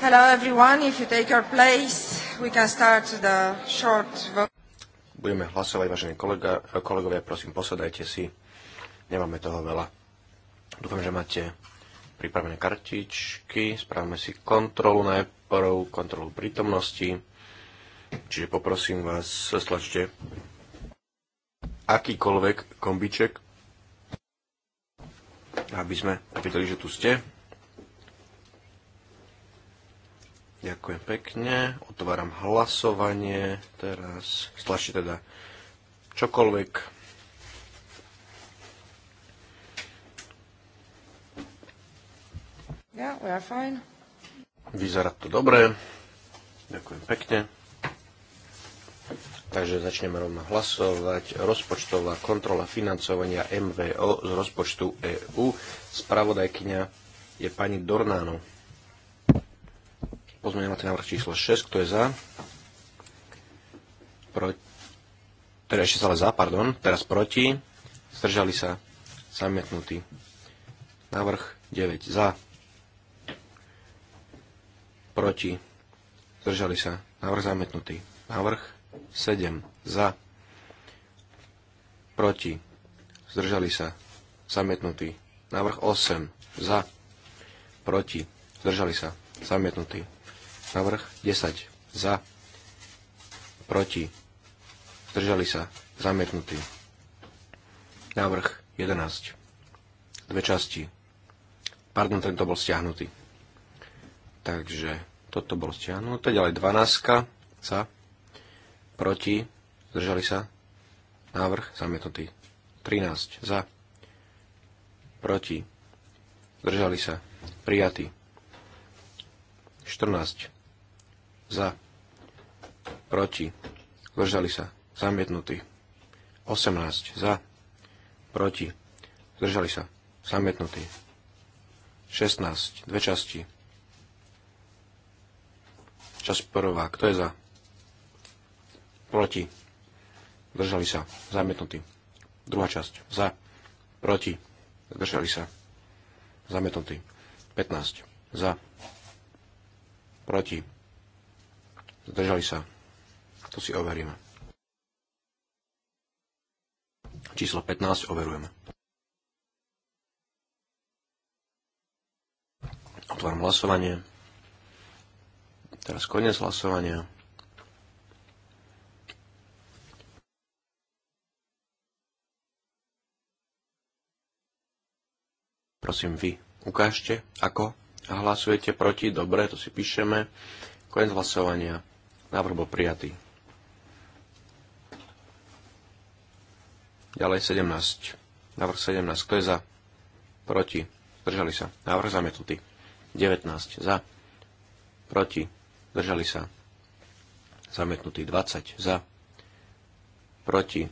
Hello everyone, if you take your place, we can start the short vote. Budeme hlasovať, vážení kolegovia, prosím, posadajte si. Nemáme toho veľa. Dúfam, že máte pripravené kartičky. Správame si kontrolu najprv, kontrolu prítomnosti. Čiže poprosím vás, stlačte akýkoľvek kombiček, aby sme videli, že tu ste. Ďakujem pekne. Otváram hlasovanie. Teraz stlačte teda čokoľvek. Yeah, we are fine. Vyzerá to dobre. Ďakujem pekne. Takže začneme rovno hlasovať. Rozpočtová kontrola financovania MVO z rozpočtu EÚ. Spravodajkyňa je pani Dornáno. Pozmeňovací návrh číslo 6, kto je za? Proti. Teda ešte stále za, pardon. Teraz proti. Zdržali sa. Zamietnutý. Návrh 9 za. Proti. Zdržali sa. Návrh zamietnutý. Návrh 7 za. Proti. Zdržali sa. Zamietnutý. Návrh 8 za. Proti. Zdržali sa. Zamietnutý. Navrh 10. Za. Proti. Zdržali sa. Zamietnutý. Návrh 11. Dve časti. Pardon, tento bol stiahnutý. Takže toto bol stiahnuté. Ďalej 12. Za. Proti. Zdržali sa. Návrh zamietnutý. 13. Za. Proti. Zdržali sa. Prijatý. 14 za, proti, zdržali sa, zamietnutí. 18 za, proti, zdržali sa, zamietnutí. 16, dve časti. Čas prvá, kto je za? Proti. Zdržali sa. Zamietnutí. Druhá časť. Za. Proti. Zdržali sa. Zamietnutí. 15. Za. Proti. Zdržali sa. To si overíme. Číslo 15 overujeme. Otváram hlasovanie. Teraz koniec hlasovania. Prosím vy, ukážte, ako hlasujete proti. Dobre, to si píšeme. Koniec hlasovania. Návrh bol prijatý. Ďalej 17. Návrh 17. Kto je za? Proti. Zdržali sa. Návrh zamietnutý. 19. Za. Proti. Zdržali sa. Zamietnutý. 20. Za. Proti.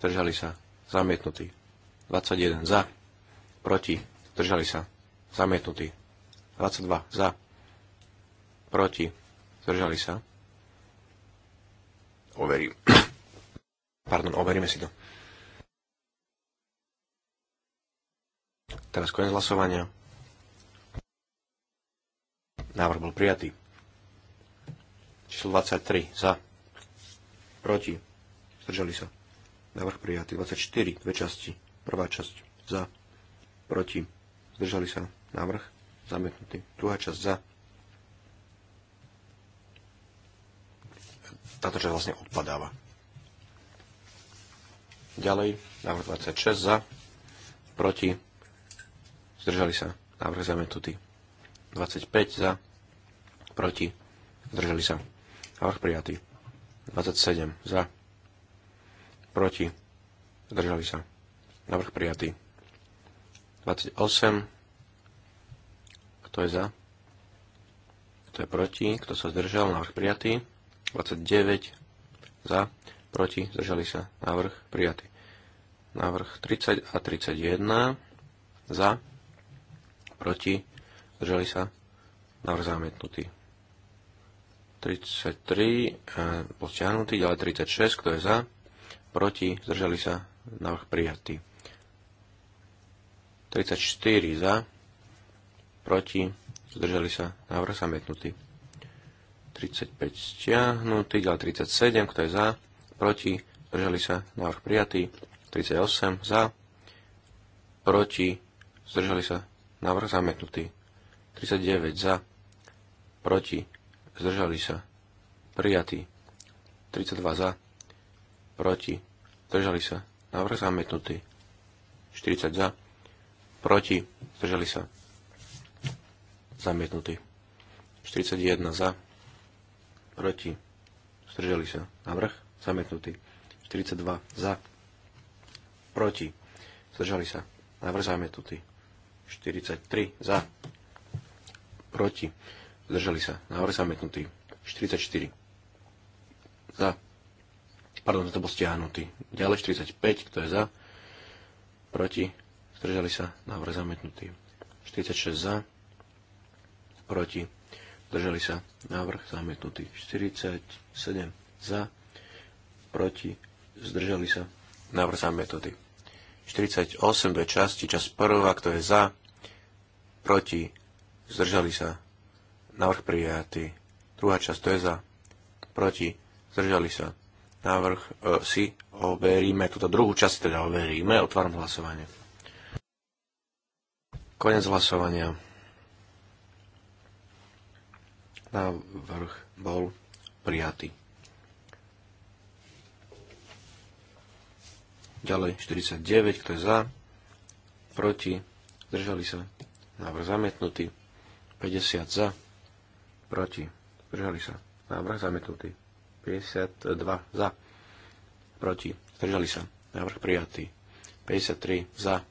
Zdržali sa. Zamietnutý. 21. Za. Proti. Zdržali sa. Zamietnutý. 22. Za. Proti. Zdržali sa overím. Pardon, overíme si to. Teraz koniec hlasovania. Návrh bol prijatý. Číslo 23. Za. Proti. Zdržali sa. Návrh prijatý. 24. Dve časti. Prvá časť. Za. Proti. Zdržali sa. Návrh. Zamietnutý. Druhá časť. Za táto časť vlastne odpadáva. Ďalej, návrh 26 za, proti, zdržali sa, návrh zamietnutý. 25 za, proti, zdržali sa, návrh prijatý. 27 za, proti, zdržali sa, návrh prijatý. 28, kto je za, kto je proti, kto sa zdržal, návrh prijatý. 29 za, proti, zdržali sa, návrh prijatý. Návrh 30 a 31 za, proti, zdržali sa, návrh zamietnutý. 33 e, ďalej 36, kto je za, proti, zdržali sa, návrh prijatý. 34 za, proti, zdržali sa, návrh zamietnutý. 35 stiahnutý, ďalej 37, kto je za, proti, zdržali sa, návrh prijatý, 38 za, proti, zdržali sa, návrh zamietnutý, 39 za, proti, zdržali sa, prijatý, 32 za, proti, zdržali sa, návrh zamietnutý, 40 za, proti, zdržali sa, zamietnutý, 41 za, proti, zdržali sa, návrh zamietnutý. 42 za, proti, zdržali sa, návrh zamietnutý. 43 za, proti, zdržali sa, návrh zamietnutý. 44 za, pardon, to bol stiahnutý. Ďalej 45, kto je za, proti, zdržali sa, návrh zamietnutý. 46 za, proti, zdržali sa, návrh zamietnutý. 47 za, proti, zdržali sa, návrh zamietnutý. 48 do časti, čas prvá, kto je za, proti, zdržali sa, návrh prijatý. Druhá časť, to je za, proti, zdržali sa. Návrh e, si overíme, túto druhú časť teda overíme, otváram hlasovanie. Konec hlasovania vrch bol prijatý. Ďalej 49, kto je za, proti, zdržali sa, návrh zamietnutý, 50 za, proti, zdržali sa, návrh zamietnutý, 52 za, proti, zdržali sa, návrh prijatý, 53 za,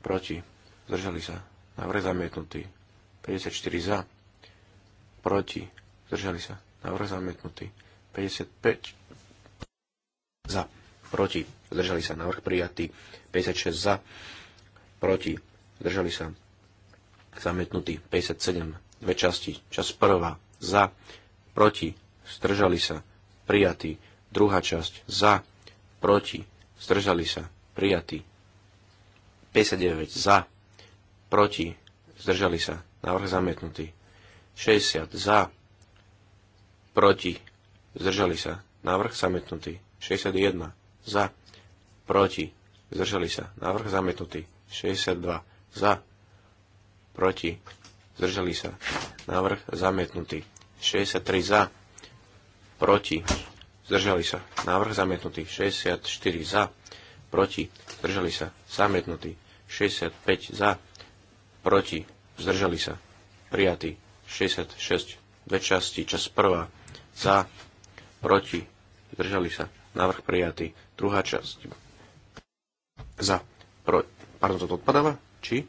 proti, zdržali sa, návrh zamietnutý, 54 za, proti, zdržali sa, návrh zamietnutý. 55 za, proti, zdržali sa, návrh prijatý. 56 za, proti, zdržali sa, zamietnutý. 57, dve časti, čas prvá, za, proti, zdržali sa, prijatý. Druhá časť, za, proti, zdržali sa, prijatý. 59 za, proti, zdržali sa, návrh zamietnutý. 60 za, proti, zdržali sa, návrh zamietnutý. 61 za, proti, zdržali sa, návrh zamietnutý. 62 za, proti, zdržali sa, návrh zamietnutý. 63 za, proti, zdržali sa, návrh zamietnutý. 64 za, proti, zdržali sa, zamietnutý. 65 za, proti, zdržali sa, prijatý. 66. Dve časti. Čas prvá. Za. Proti. Zdržali sa. Návrh prijatý. Druhá časť. Za. Pro... Pardon, toto odpadáva? Či?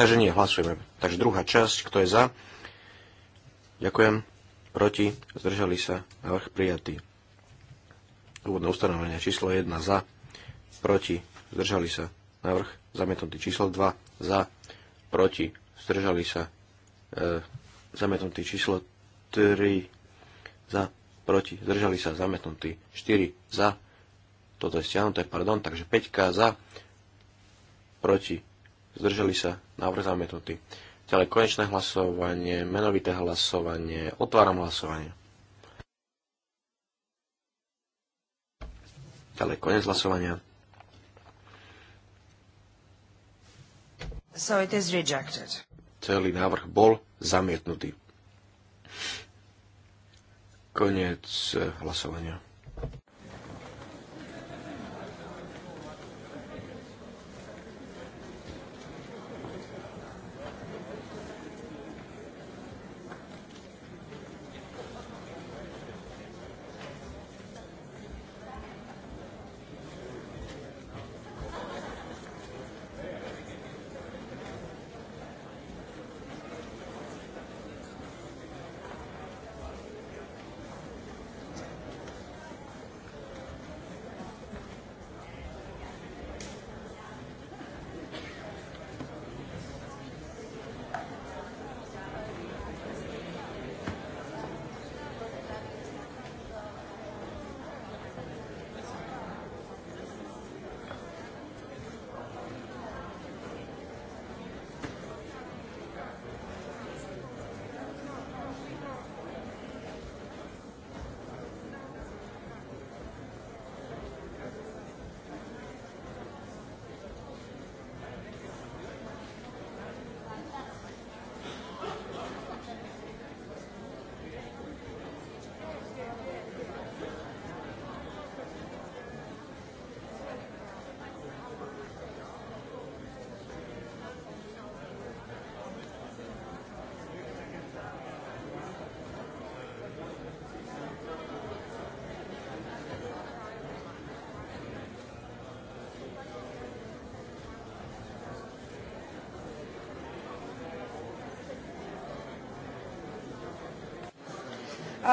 Takže nie, hlasujeme. Takže druhá časť. Kto je za? Ďakujem. Proti. Zdržali sa. Návrh prijatý. Úvodné ustanovenie číslo 1 za. Proti. Zdržali sa. Návrh zamietnutý. Číslo 2 za. Proti. Zdržali sa. E zametnutý číslo 3 za, proti, zdržali sa, zametnutý 4 za, toto je stiahnuté, pardon, takže 5 za, proti, zdržali sa, návrh zametnutý. Ďalej konečné hlasovanie, menovité hlasovanie, otváram hlasovanie. Ďalej koniec hlasovania. So it is rejected celý návrh bol zamietnutý. Koniec eh, hlasovania.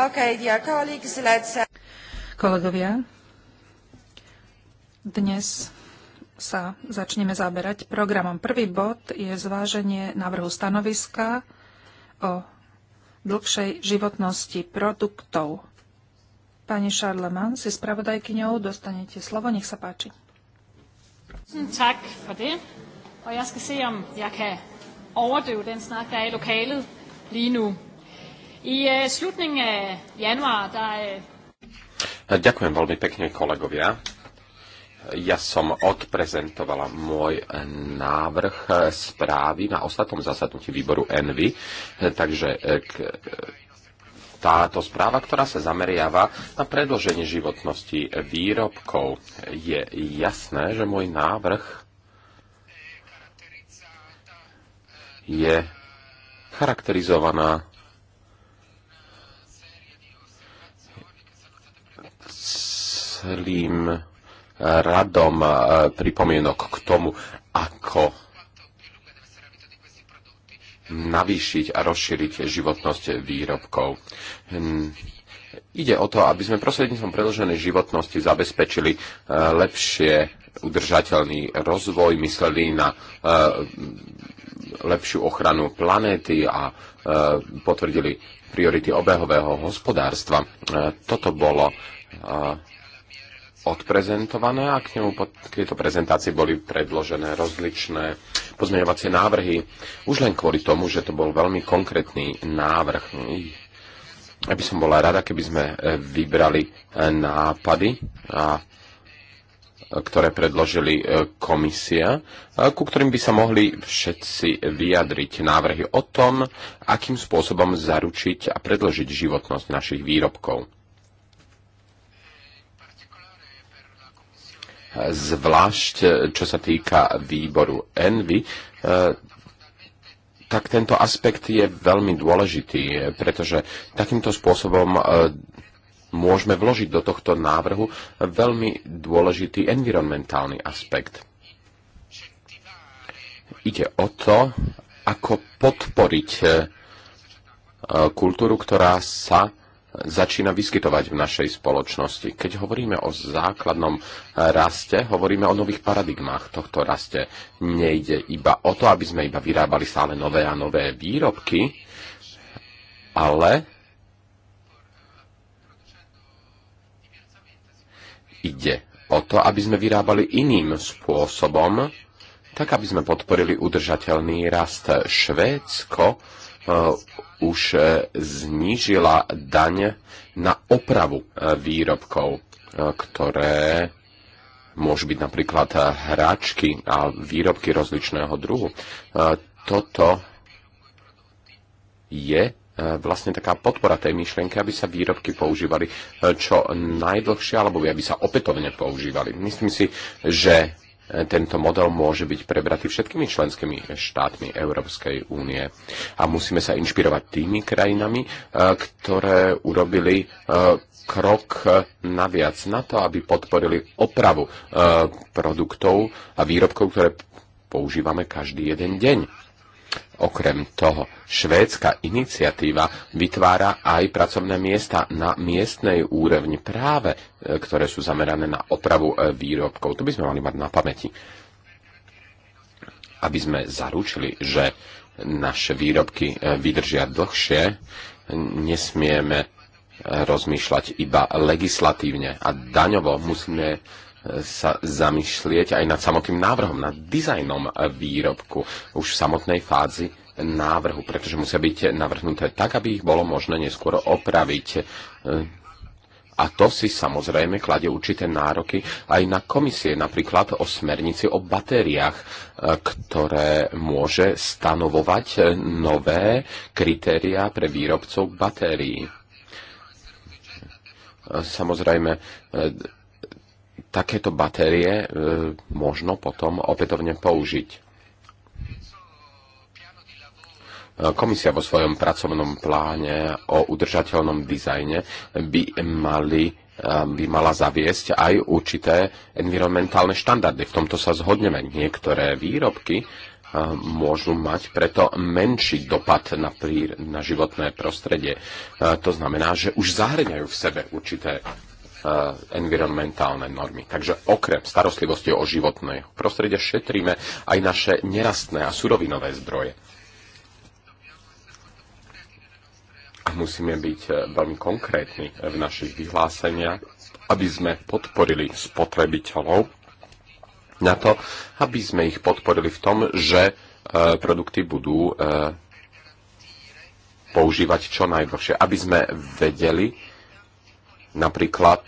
Uh, Kolegovia, dnes sa začneme zaberať programom. Prvý bod je zváženie návrhu stanoviska o dlhšej životnosti produktov. Pani Charlemagne, si spravodajkyňou, dostanete slovo, nech sa páči. Tak for Og jeg skal se, om jeg kan overdøve den snak, der er i lokalet lige nu. I øh, slutningen af januar, der øh, Ďakujem veľmi pekne, kolegovia. Ja som odprezentovala môj návrh správy na ostatnom zasadnutí výboru Envy, takže e, k, táto správa, ktorá sa zameriava na predloženie životnosti výrobkov, je jasné, že môj návrh je charakterizovaná celým eh, radom eh, pripomienok k tomu, ako navýšiť a rozšíriť životnosť výrobkov. Hm, ide o to, aby sme prostredníctvom predlženej životnosti zabezpečili eh, lepšie udržateľný rozvoj, mysleli na lepšiu ochranu planéty a potvrdili priority obehového hospodárstva. Toto bolo odprezentované a k, nemu, k tejto prezentácii boli predložené rozličné pozmeňovacie návrhy. Už len kvôli tomu, že to bol veľmi konkrétny návrh. Ja by som bola rada, keby sme e, vybrali e, nápady, a, ktoré predložili e, komisia, ku ktorým by sa mohli všetci vyjadriť návrhy o tom, akým spôsobom zaručiť a predložiť životnosť našich výrobkov. zvlášť čo sa týka výboru Envy, e, tak tento aspekt je veľmi dôležitý, pretože takýmto spôsobom e, môžeme vložiť do tohto návrhu veľmi dôležitý environmentálny aspekt. Ide o to, ako podporiť e, kultúru, ktorá sa začína vyskytovať v našej spoločnosti. Keď hovoríme o základnom raste, hovoríme o nových paradigmách tohto raste. Nejde iba o to, aby sme iba vyrábali stále nové a nové výrobky, ale ide o to, aby sme vyrábali iným spôsobom, tak aby sme podporili udržateľný rast. Švédsko Eh, už eh, znížila daň na opravu eh, výrobkov, ktoré môžu byť napríklad hračky a výrobky rozličného druhu. Toto je vlastne taká podpora tej myšlienky, aby sa výrobky používali čo najdlhšie, alebo aby sa opätovne používali. Myslím si, že tento model môže byť prebratý všetkými členskými štátmi Európskej únie. A musíme sa inšpirovať tými krajinami, e, ktoré urobili e, krok naviac na to, aby podporili opravu e, produktov a výrobkov, ktoré používame každý jeden deň. Okrem toho, švédska iniciatíva vytvára aj pracovné miesta na miestnej úrovni práve, e, ktoré sú zamerané na opravu e, výrobkov. To by sme mali mať na pamäti. Aby sme zaručili, že naše výrobky e, vydržia dlhšie, nesmieme rozmýšľať iba legislatívne a daňovo. Musíme sa zamýšlieť aj nad samotným návrhom, nad dizajnom výrobku už v samotnej fázi návrhu, pretože musia byť navrhnuté tak, aby ich bolo možné neskôr opraviť. E, a to si samozrejme kladie určité nároky aj na komisie, napríklad o smernici o batériách, e, ktoré môže stanovovať e, nové kritériá pre výrobcov batérií. Samozrejme, takéto batérie e, možno potom opätovne použiť. E, komisia vo svojom pracovnom pláne o udržateľnom dizajne by, mali, e, by mala zaviesť aj určité environmentálne štandardy. V tomto sa zhodneme. Niektoré výrobky môžu mať preto menší dopad na, prí, na životné prostredie. To znamená, že už zahrňajú v sebe určité Eh, environmentálne normy. Takže okrem starostlivosti o životné prostredie šetríme aj naše nerastné a surovinové zdroje. A musíme byť eh, veľmi konkrétni v našich vyhláseniach, aby sme podporili spotrebiteľov na to, aby sme ich podporili v tom, že eh, produkty budú používať čo najdlhšie, aby sme vedeli, Napríklad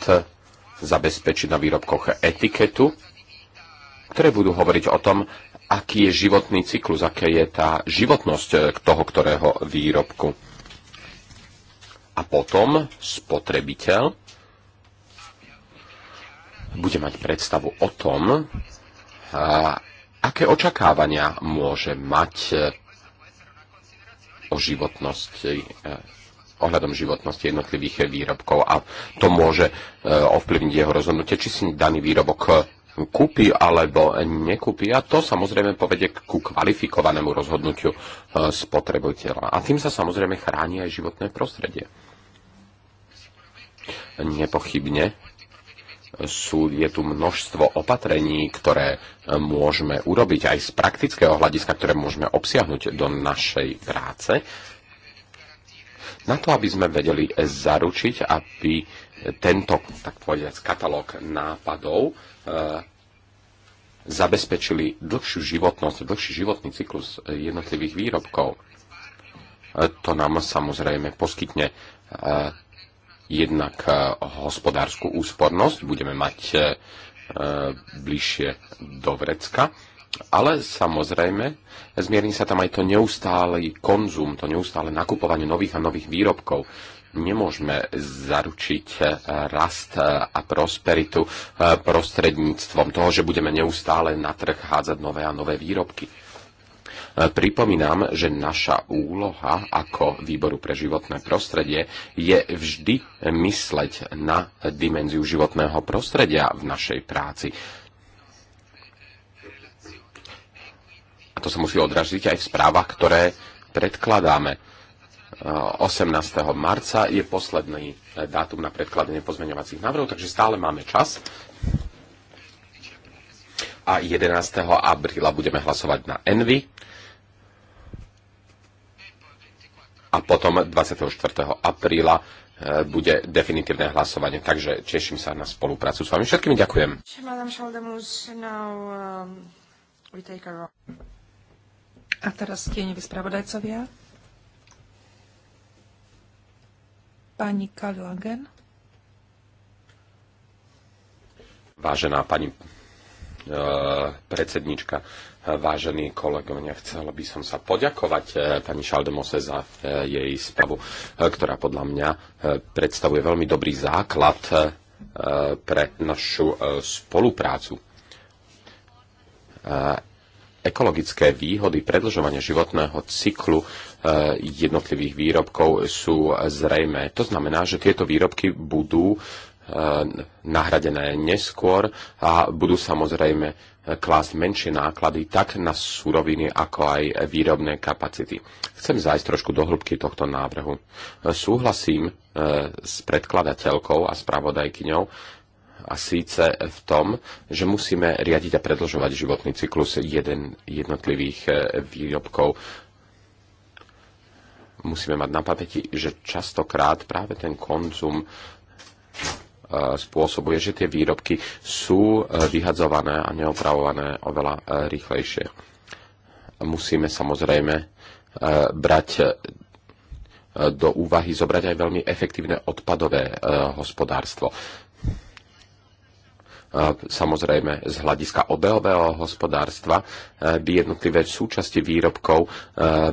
zabezpečiť na výrobkoch etiketu, ktoré budú hovoriť o tom, aký je životný cyklus, aká je tá životnosť eh, toho, ktorého výrobku. A potom spotrebiteľ bude mať predstavu o tom, a eh, aké očakávania môže mať eh, o životnosti ohľadom životnosti jednotlivých eh, výrobkov a to môže eh, ovplyvniť jeho rozhodnutie, či si daný výrobok eh, kúpi alebo nekúpi a to samozrejme povedie ku kvalifikovanému rozhodnutiu spotrebiteľa. A tým sa samozrejme chráni aj životné prostredie. Nepochybne sú, je tu množstvo opatrení, ktoré môžeme urobiť aj z praktického hľadiska, ktoré môžeme obsiahnuť do našej práce na to, aby sme vedeli zaručiť, aby tento, tak povediac, katalóg nápadov e, zabezpečili dlhšiu životnosť, dlhší životný cyklus jednotlivých výrobkov. E, to nám samozrejme poskytne e, jednak e, hospodárskú úspornosť, budeme mať e, e, bližšie do vrecka ale samozrejme, zmierni sa tam aj to neustály konzum, to neustále nakupovanie nových a nových výrobkov. Nemôžeme zaručiť eh, rast eh, a prosperitu eh, prostredníctvom toho, že budeme neustále na trh hádzať nové a nové výrobky. Pripomínam, že naša úloha ako výboru pre životné prostredie je vždy mysleť na dimenziu životného prostredia v našej práci to sa musí odražiť aj v správach, ktoré predkladáme. 18. Ehm, marca je posledný eh, dátum na predkladanie pozmeňovacích návrhov, takže stále máme čas. A 11. apríla budeme hlasovať na Envy. A potom 24. apríla eh, bude definitívne hlasovanie. Takže teším sa na spoluprácu s vami. Všetkým ďakujem. A teraz tieňoví spravodajcovia. Pani Langen. Vážená pani e, predsednička, vážení kolegovia, chcel by som sa poďakovať e, pani Šaldemose za e, jej spravu, e, ktorá podľa mňa e, predstavuje veľmi dobrý základ e, pre našu spoluprácu ekologické výhody predlžovania životného cyklu e, jednotlivých výrobkov sú zrejmé. To znamená, že tieto výrobky budú e, nahradené neskôr a budú samozrejme e, klásť menšie náklady tak na suroviny, ako aj výrobné kapacity. Chcem zájsť trošku do hĺbky tohto návrhu. Súhlasím s predkladateľkou a spravodajkyňou, a síce v tom, že musíme riadiť a predlžovať životný cyklus jeden, jednotlivých e, výrobkov. Musíme mať na pamäti, že častokrát práve ten konzum e, spôsobuje, že tie výrobky sú e, vyhadzované a neopravované oveľa rýchlejšie. Musíme samozrejme brať do úvahy zobrať aj veľmi efektívne odpadové hospodárstvo Samozrejme, z hľadiska obehového hospodárstva eh, by jednotlivé súčasti výrobkov eh,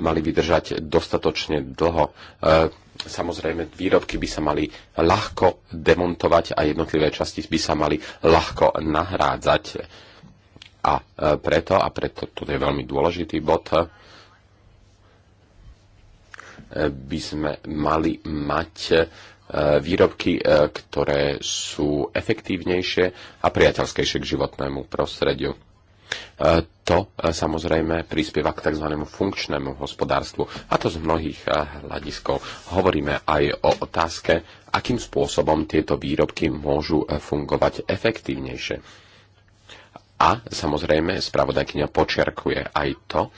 mali vydržať dostatočne dlho. Eh, samozrejme, výrobky by sa mali ľahko demontovať a jednotlivé časti by sa mali ľahko nahrádzať. A preto, a preto toto je veľmi dôležitý bod, by sme mali mať Eh, výrobky, eh, ktoré sú efektívnejšie a priateľskejšie k životnému prostrediu. Eh, to samozrejme prispieva k tzv. funkčnému hospodárstvu a to z mnohých hľadiskov. Hovoríme aj o otázke, akým spôsobom tieto výrobky môžu fungovať efektívnejšie. A samozrejme spravodajkynia počiarkuje aj to,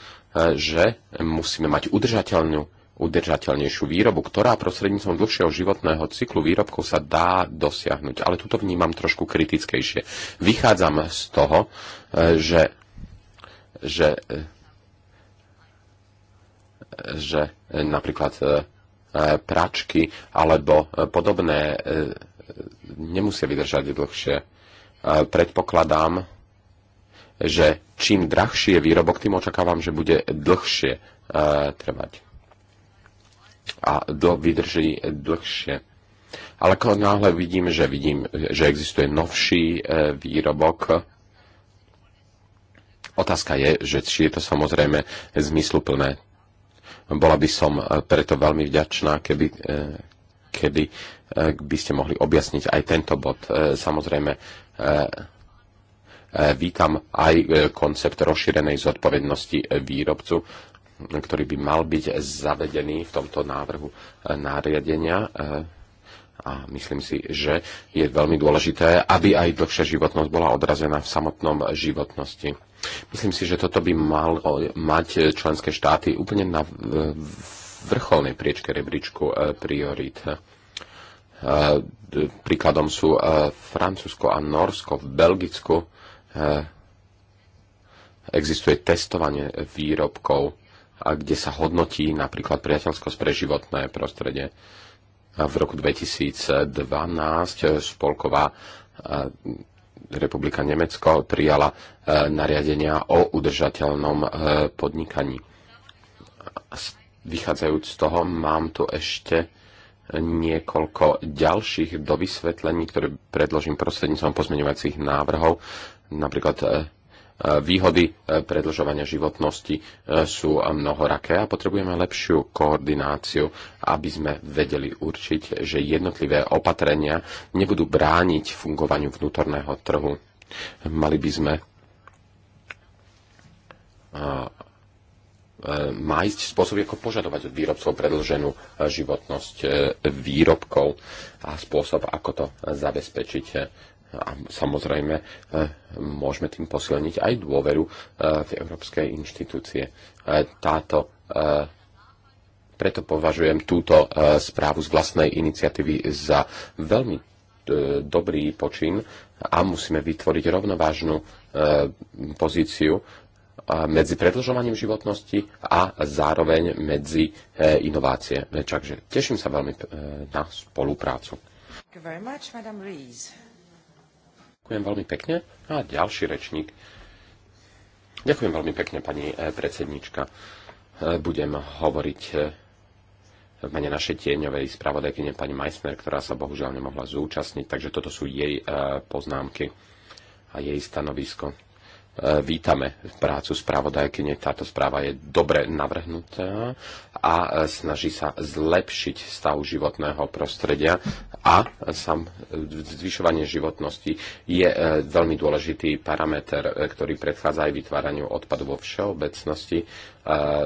že musíme mať udržateľnú udržateľnejšiu výrobu, ktorá prostredníctvom dlhšieho životného cyklu výrobkov sa dá dosiahnuť. Ale tuto vnímam trošku kritickejšie. Vychádzam z toho, eh, že, že, eh, že eh, napríklad pračky alebo podobné nemusia vydržať dlhšie. Predpokladám, že čím drahší je výrobok, tým očakávam, že bude dlhšie trvať a do, vydrží dlhšie. Ale ako náhle vidím, že, vidím, že existuje novší e, výrobok, otázka je, že či je to samozrejme zmysluplné. Bola by som e, preto veľmi vďačná, keby, e, keby by ste mohli objasniť aj tento bod. Samozrejme, vítam aj koncept rozšírenej zodpovednosti výrobcu, ktorý by mal byť zavedený v tomto návrhu e, nariadenia. E, a myslím si, že je veľmi dôležité, aby aj dlhšia životnosť bola odrazená v samotnom životnosti. Myslím si, že toto by mal mať členské štáty úplne na vrcholnej priečke rebríčku e, priorít. Príkladom sú Francúzsko a Norsko. V Belgicku existuje testovanie výrobkov kde sa hodnotí napríklad priateľskosť pre životné prostredie. A v roku 2012 Spolková e, republika Nemecko prijala e, nariadenia o udržateľnom e, podnikaní. Vychádzajúc z toho, mám tu ešte niekoľko ďalších dovysvetlení, ktoré predložím prostredníctvom pozmeňovacích návrhov, napríklad výhody e, predlžovania životnosti e, sú mnohoraké a potrebujeme lepšiu koordináciu, aby sme vedeli určiť, že jednotlivé opatrenia nebudú brániť fungovaniu vnútorného trhu. Mali by sme má e, spôsob, ako požadovať od výrobcov predlženú životnosť výrobkov a spôsob, ako to zabezpečiť a samozrejme e, môžeme tým posilniť aj dôveru e, v európske inštitúcie. E, táto preto považujem túto správu z vlastnej iniciatívy za veľmi dobrý počin a musíme vytvoriť rovnovážnu pozíciu medzi predlžovaním životnosti a zároveň medzi inovácie. Takže teším sa veľmi na spoluprácu. Thank you very much, Madam Rees. Ďakujem veľmi pekne. A ďalší rečník. Ďakujem veľmi pekne, pani eh, predsednička. Eh, budem hovoriť eh, v mene našej tieňovej spravodajkyne pani Meissner, ktorá sa bohužiaľ nemohla zúčastniť, takže toto sú jej poznámky a jej stanovisko. E, vítame prácu spravodajkyne. Táto správa je dobre navrhnutá a e, snaží sa zlepšiť stav životného prostredia a sam e, zvyšovanie životnosti je veľmi dôležitý parameter, ktorý predchádza aj vytváraniu odpadu vo všeobecnosti.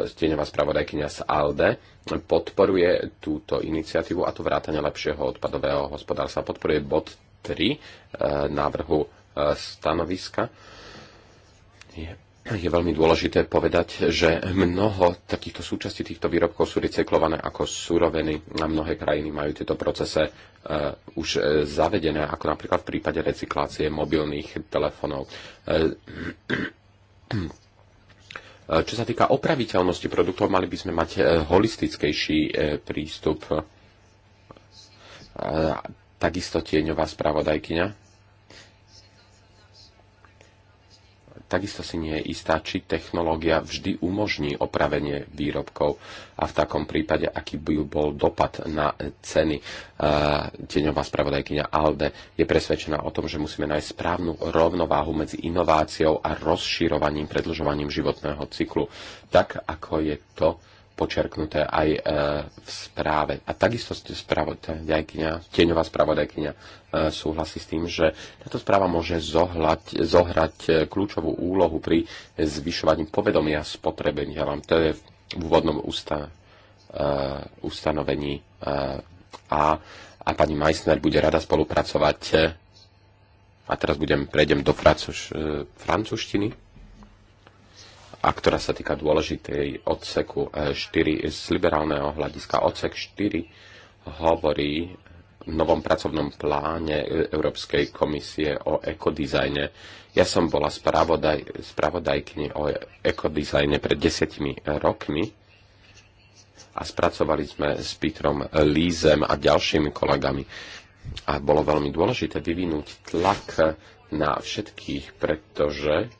Stieňová spravodajkynia z ALDE podporuje túto iniciatívu a to vrátanie lepšieho odpadového hospodárstva. Podporuje bod 3 návrhu stanoviska je, je veľmi dôležité povedať, že mnoho takýchto súčastí týchto výrobkov sú recyklované ako suroviny a mnohé krajiny majú tieto procese uh, už uh, zavedené, ako napríklad v prípade recyklácie mobilných telefónov. Uh, Čo sa týka opraviteľnosti produktov, mali by sme mať holistickejší prístup. Takisto tieňová spravodajkyňa. takisto si nie je istá, či technológia vždy umožní opravenie výrobkov a v takom prípade, aký by bol dopad na ceny. E, tieňová spravodajkyňa Alde je presvedčená o tom, že musíme nájsť správnu rovnováhu medzi inováciou a rozširovaním, predlžovaním životného cyklu, tak ako je to počerknuté aj e, v správe. A takisto spravodajkyňa, tieňová spravodajkyňa e, súhlasí s tým, že táto správa môže zohľať, zohrať e, kľúčovú úlohu pri zvyšovaní povedomia spotrebenia, vám To je v úvodnom usta, ustanovení a, a pani Meissner bude rada spolupracovať a teraz budem, prejdem do francúz, francúzštiny a ktorá sa týka dôležitej odseku 4 e, z liberálneho hľadiska. Odsek 4 hovorí v novom pracovnom pláne e, Európskej komisie o ekodizajne. Ja som bola spravodaj, spravodajkni o ekodizajne pred desiatimi rokmi a spracovali sme s Petrom Lízem a ďalšími kolegami. A bolo veľmi dôležité vyvinúť tlak na všetkých, pretože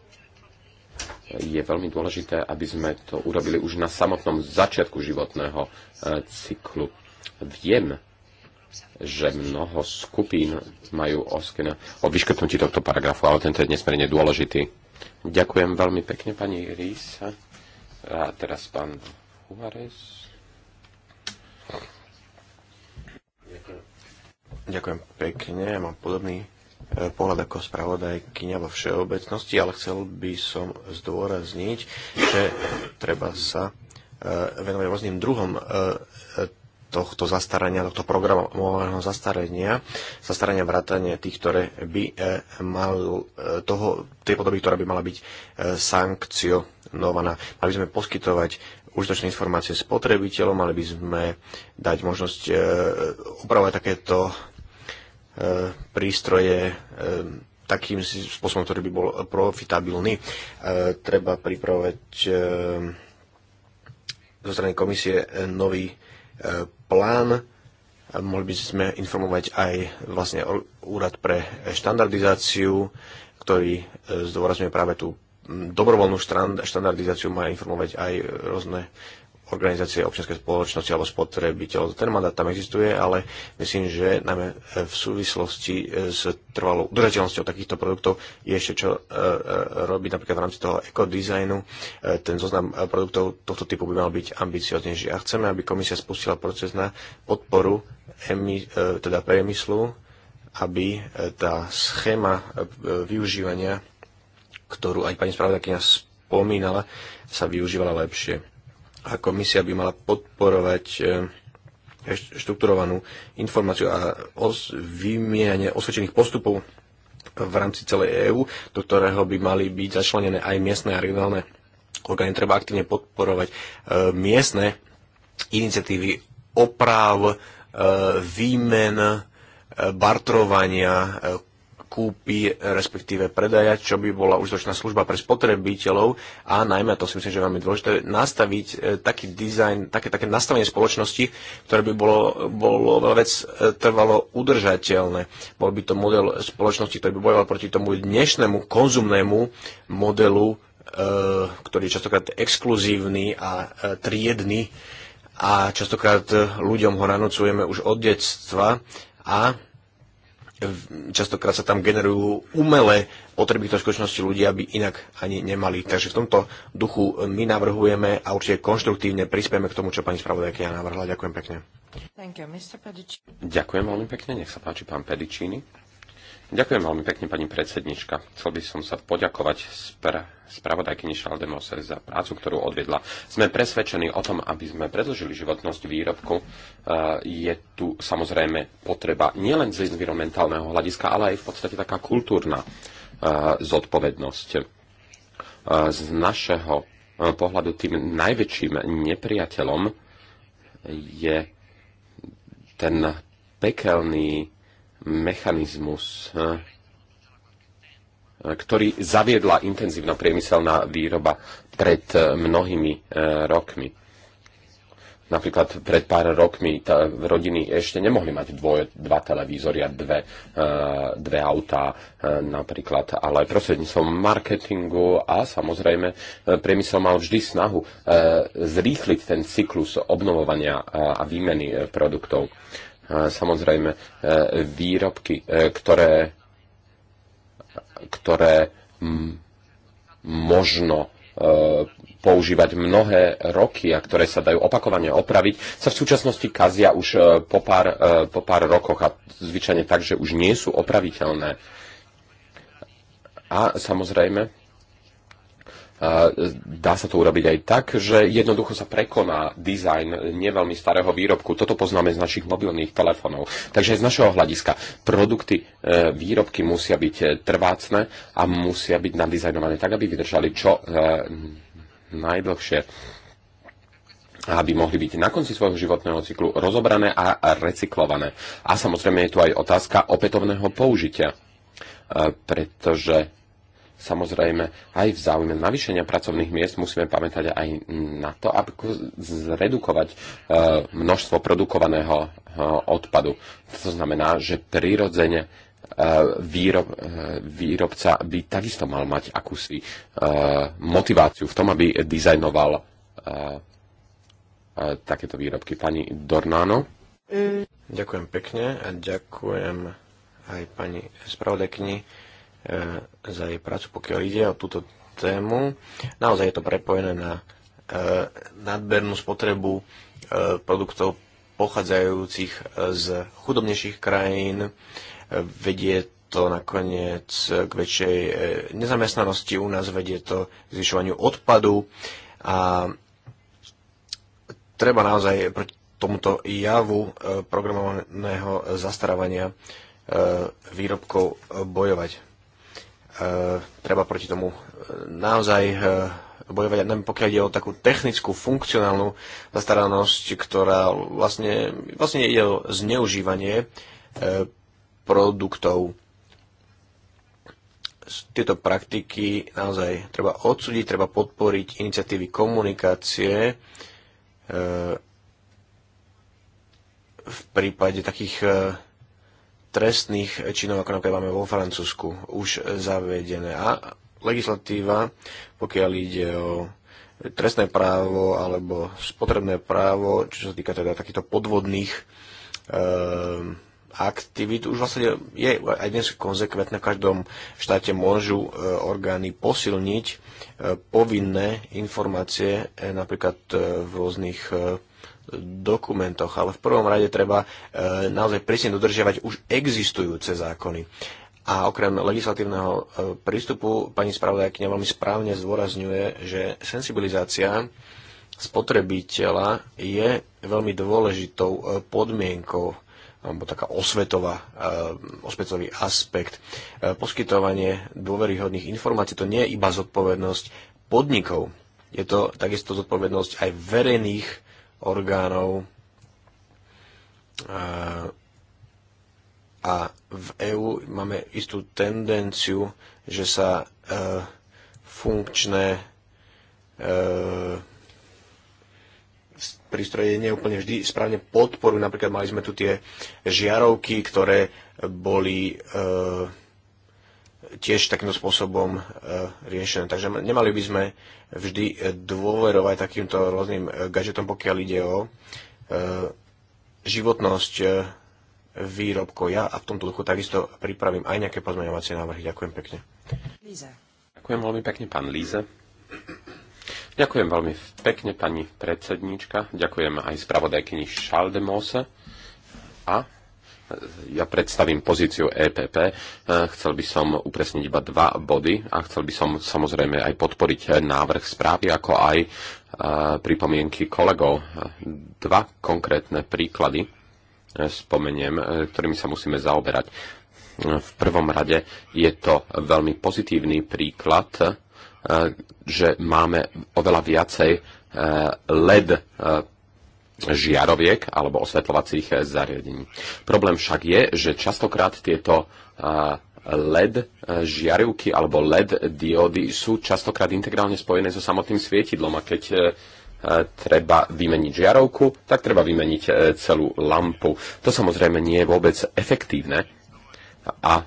je veľmi dôležité, aby sme to urobili už na samotnom začiatku životného e, cyklu. Viem, že mnoho skupín majú oskena o vyškrtnutí tohto paragrafu, ale tento je nesmierne dôležitý. Ďakujem veľmi pekne, pani Rísa. A teraz pán Huvarez. Ďakujem. Ďakujem pekne, ja mám podobný E, pohľad ako spravodajkyňa vo všeobecnosti, ale chcel by som zdôrazniť, že treba sa e, venovať rôznym druhom e, tohto zastarania, tohto programového zastarania, zastarania vrátania tých, ktoré by mal toho, tej podoby, ktorá by mala byť sankcionovaná. Mali by sme poskytovať užitočné informácie spotrebiteľom, mali by sme dať možnosť upravovať takéto E, prístroje e, takým spôsobom, ktorý by bol profitabilný. E, treba pripravovať zo strany komisie nový plán. Mohli by sme informovať aj vlastne úrad pre štandardizáciu, ktorý zdôrazňuje práve tú dobrovoľnú štandardizáciu, má informovať aj rôzne organizácie občianskej spoločnosti alebo spotrebiteľ. Ten mandát tam existuje, ale myslím, že najmä v súvislosti s trvalou udržateľnosťou takýchto produktov je ešte čo e, e robiť napríklad v rámci toho ekodizajnu. E, ten zoznam e, produktov tohto typu by mal byť ambicioznejší a chceme, aby komisia spustila proces na podporu emi, e, teda priemyslu, aby e, tá schéma využívania, ktorú aj pani spravodajkynia spomínala, sa využívala lepšie a komisia by mala podporovať e, e, štrukturovanú informáciu a os- vymieňanie osvedčených postupov v rámci celej EÚ, do ktorého by mali byť začlenené aj miestne a regionálne orgány. Treba aktívne podporovať e, miestne iniciatívy oprav, e, výmen, e, bartrovania, e, kúpy, respektíve predaja, čo by bola užitočná služba pre spotrebiteľov a najmä, to si myslím, že je veľmi dôležité, nastaviť e, taký dizajn, také, také nastavenie spoločnosti, ktoré by bolo, bolo veľa vec e, trvalo udržateľné. Bol by to model spoločnosti, ktorý by bojoval proti tomu dnešnému konzumnému modelu, e, ktorý je častokrát exkluzívny a triedny a častokrát ľuďom ho nanúcujeme už od detstva a častokrát sa tam generujú umelé potreby, v skutočnosti ľudí, aby inak ani nemali. Takže v tomto duchu my navrhujeme a určite konštruktívne prispieme k tomu, čo pani ja navrhla. Ďakujem pekne. You, Ďakujem veľmi pekne, nech sa páči pán Pedicini. Ďakujem veľmi pekne, pani predsednička. Chcel by som sa poďakovať spra- spravodajkyni Šaldemose za prácu, ktorú odvedla. Sme presvedčení o tom, aby sme predlžili životnosť výrobku. E, je tu samozrejme potreba nielen z environmentálneho hľadiska, ale aj v podstate taká kultúrna e, zodpovednosť. E, z našeho pohľadu tým najväčším nepriateľom je ten pekelný mechanizmus, hm, ktorý zaviedla intenzívna priemyselná výroba pred eh, mnohými eh, rokmi. Napríklad pred pár rokmi rodiny ešte nemohli mať dvoje, dva televízory a dve, e, dve autá e, napríklad, ale prostredníctvom marketingu a samozrejme e, priemysel mal vždy snahu e, zrýchliť ten cyklus obnovovania a, a výmeny e, produktov. E, Samozrejme, e, výrobky, e, ktoré, ktoré možno e, používať mnohé roky a ktoré sa dajú opakovane opraviť, sa v súčasnosti kazia už po pár, po pár rokoch a zvyčajne tak, že už nie sú opraviteľné. A samozrejme, E, dá sa to urobiť aj tak, že jednoducho sa prekoná dizajn neveľmi starého výrobku. Toto poznáme z našich mobilných telefónov. Takže aj z našeho hľadiska produkty, e, výrobky musia byť e, trvácne a musia byť nadizajnované tak, aby vydržali čo najdlhšie aby mohli byť na konci svojho životného cyklu rozobrané a recyklované. A samozrejme je tu aj otázka opätovného použitia, pretože Samozrejme, aj v záujme navýšenia pracovných miest musíme pamätať aj na to, aby zredukovať e, množstvo produkovaného e, odpadu. To znamená, že prirodzene e, výrob, výrobca by takisto mal mať akúsi motiváciu v tom, aby dizajnoval takéto výrobky. Pani Dornáno. Ďakujem pekne a ďakujem aj pani spravodajkyni E, za jej prácu, pokiaľ ide o túto tému. Naozaj je to prepojené na e, nadbernú spotrebu e, produktov pochádzajúcich z chudobnejších krajín. Vedie to nakoniec k väčšej nezamestnanosti u nás, vedie to k zvyšovaniu odpadu a treba naozaj proti tomuto javu programovaného zastarávania výrobkov bojovať. E, treba proti tomu e, naozaj e, bojovať aj pokiaľ ide o takú technickú, funkcionálnu zastaranosť, ktorá vlastne, vlastne ide o zneužívanie produktov. Tieto praktiky naozaj treba odsúdiť, treba podporiť iniciatívy komunikácie v prípade takých trestných činov, ako napríklad máme vo Francúzsku, už zavedené. A legislatíva, pokiaľ ide o trestné právo alebo spotrebné právo, čo sa týka teda takýchto podvodných e, aktivít, už vlastne je aj dnes konzekventné, v každom štáte môžu e, orgány posilniť e, povinné informácie e, napríklad e, v rôznych e, dokumentoch, ale v prvom rade treba e, naozaj presne dodržiavať už existujúce zákony. A okrem legislatívneho e, prístupu pani spravodajkňa veľmi správne zdôrazňuje, že sensibilizácia spotrebiteľa je veľmi dôležitou e, podmienkou alebo taká osvetová, osvetový aspekt. Poskytovanie dôveryhodných informácií to nie je iba zodpovednosť podnikov, je to takisto zodpovednosť aj verejných orgánov a v EÚ máme istú tendenciu, že sa e, funkčné e, prístroje neúplne vždy správne podporujú. Napríklad mali sme tu tie žiarovky, ktoré boli e, tiež takýmto spôsobom e, riešené. Takže nemali by sme vždy e, dôverovať takýmto rôznym e, gadžetom, pokiaľ ide o životnosť výrobkov. Ja a v tomto duchu takisto pripravím aj nejaké pozmeňovacie návrhy. Ďakujem pekne. Líza. Ďakujem veľmi pekne, pán Líze. Ďakujem veľmi pekne, pani predsedníčka. Ďakujem aj spravodajkyni Šaldemose. A ja predstavím pozíciu EPP. E, chcel by som upresniť iba dva body a chcel by som samozrejme aj podporiť návrh správy, ako aj e, pripomienky kolegov. Dva konkrétne príklady e, spomeniem, ktorými sa musíme zaoberať. V prvom rade je to veľmi pozitívny príklad, že máme oveľa viacej LED žiaroviek alebo osvetľovacích zariadení. Problém však je, že častokrát tieto LED e, žiarivky alebo LED diódy sú častokrát integrálne spojené so samotným svietidlom a keď e, e, treba vymeniť žiarovku, tak treba vymeniť celú lampu. To samozrejme nie je vôbec efektívne a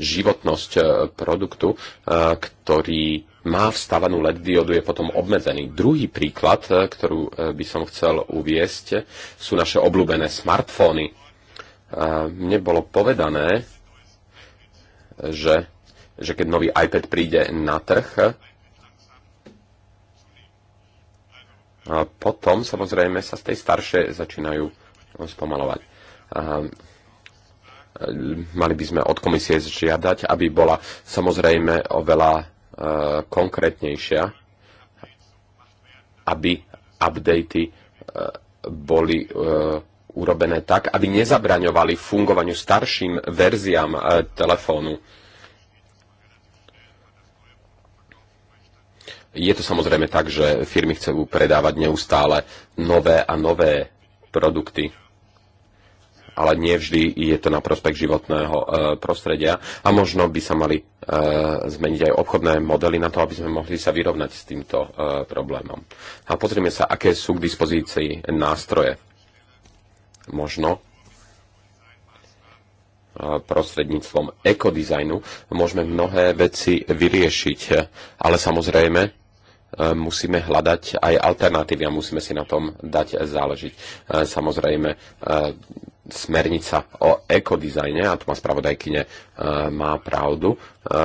životnosť produktu, ktorý má vstavanú LED diodu, je potom obmedzený. Druhý príklad, e, ktorú e, by som chcel uviesť, sú naše obľúbené smartfóny. E, mne bolo povedané, že, že keď nový iPad príde na trh, a potom samozrejme sa z tej staršej začínajú spomalovať mali by sme od komisie žiadať, aby bola samozrejme oveľa konkrétnejšia, aby updaty e, boli e, urobené tak, aby nezabraňovali fungovaniu starším verziám e, telefónu. Je to samozrejme tak, že firmy chcú predávať neustále nové a nové produkty ale nevždy je to na prospech životného e, prostredia a možno by sa mali e, zmeniť aj obchodné modely na to, aby sme mohli sa vyrovnať s týmto e, problémom. A pozrieme sa, aké sú k dispozícii nástroje. Možno prostredníctvom ekodizajnu môžeme mnohé veci vyriešiť, ale samozrejme E, musíme hľadať aj alternatívy a musíme si na tom dať záležiť. E, samozrejme, e, smernica o ekodizajne, a tu má spravodajkyne, má pravdu,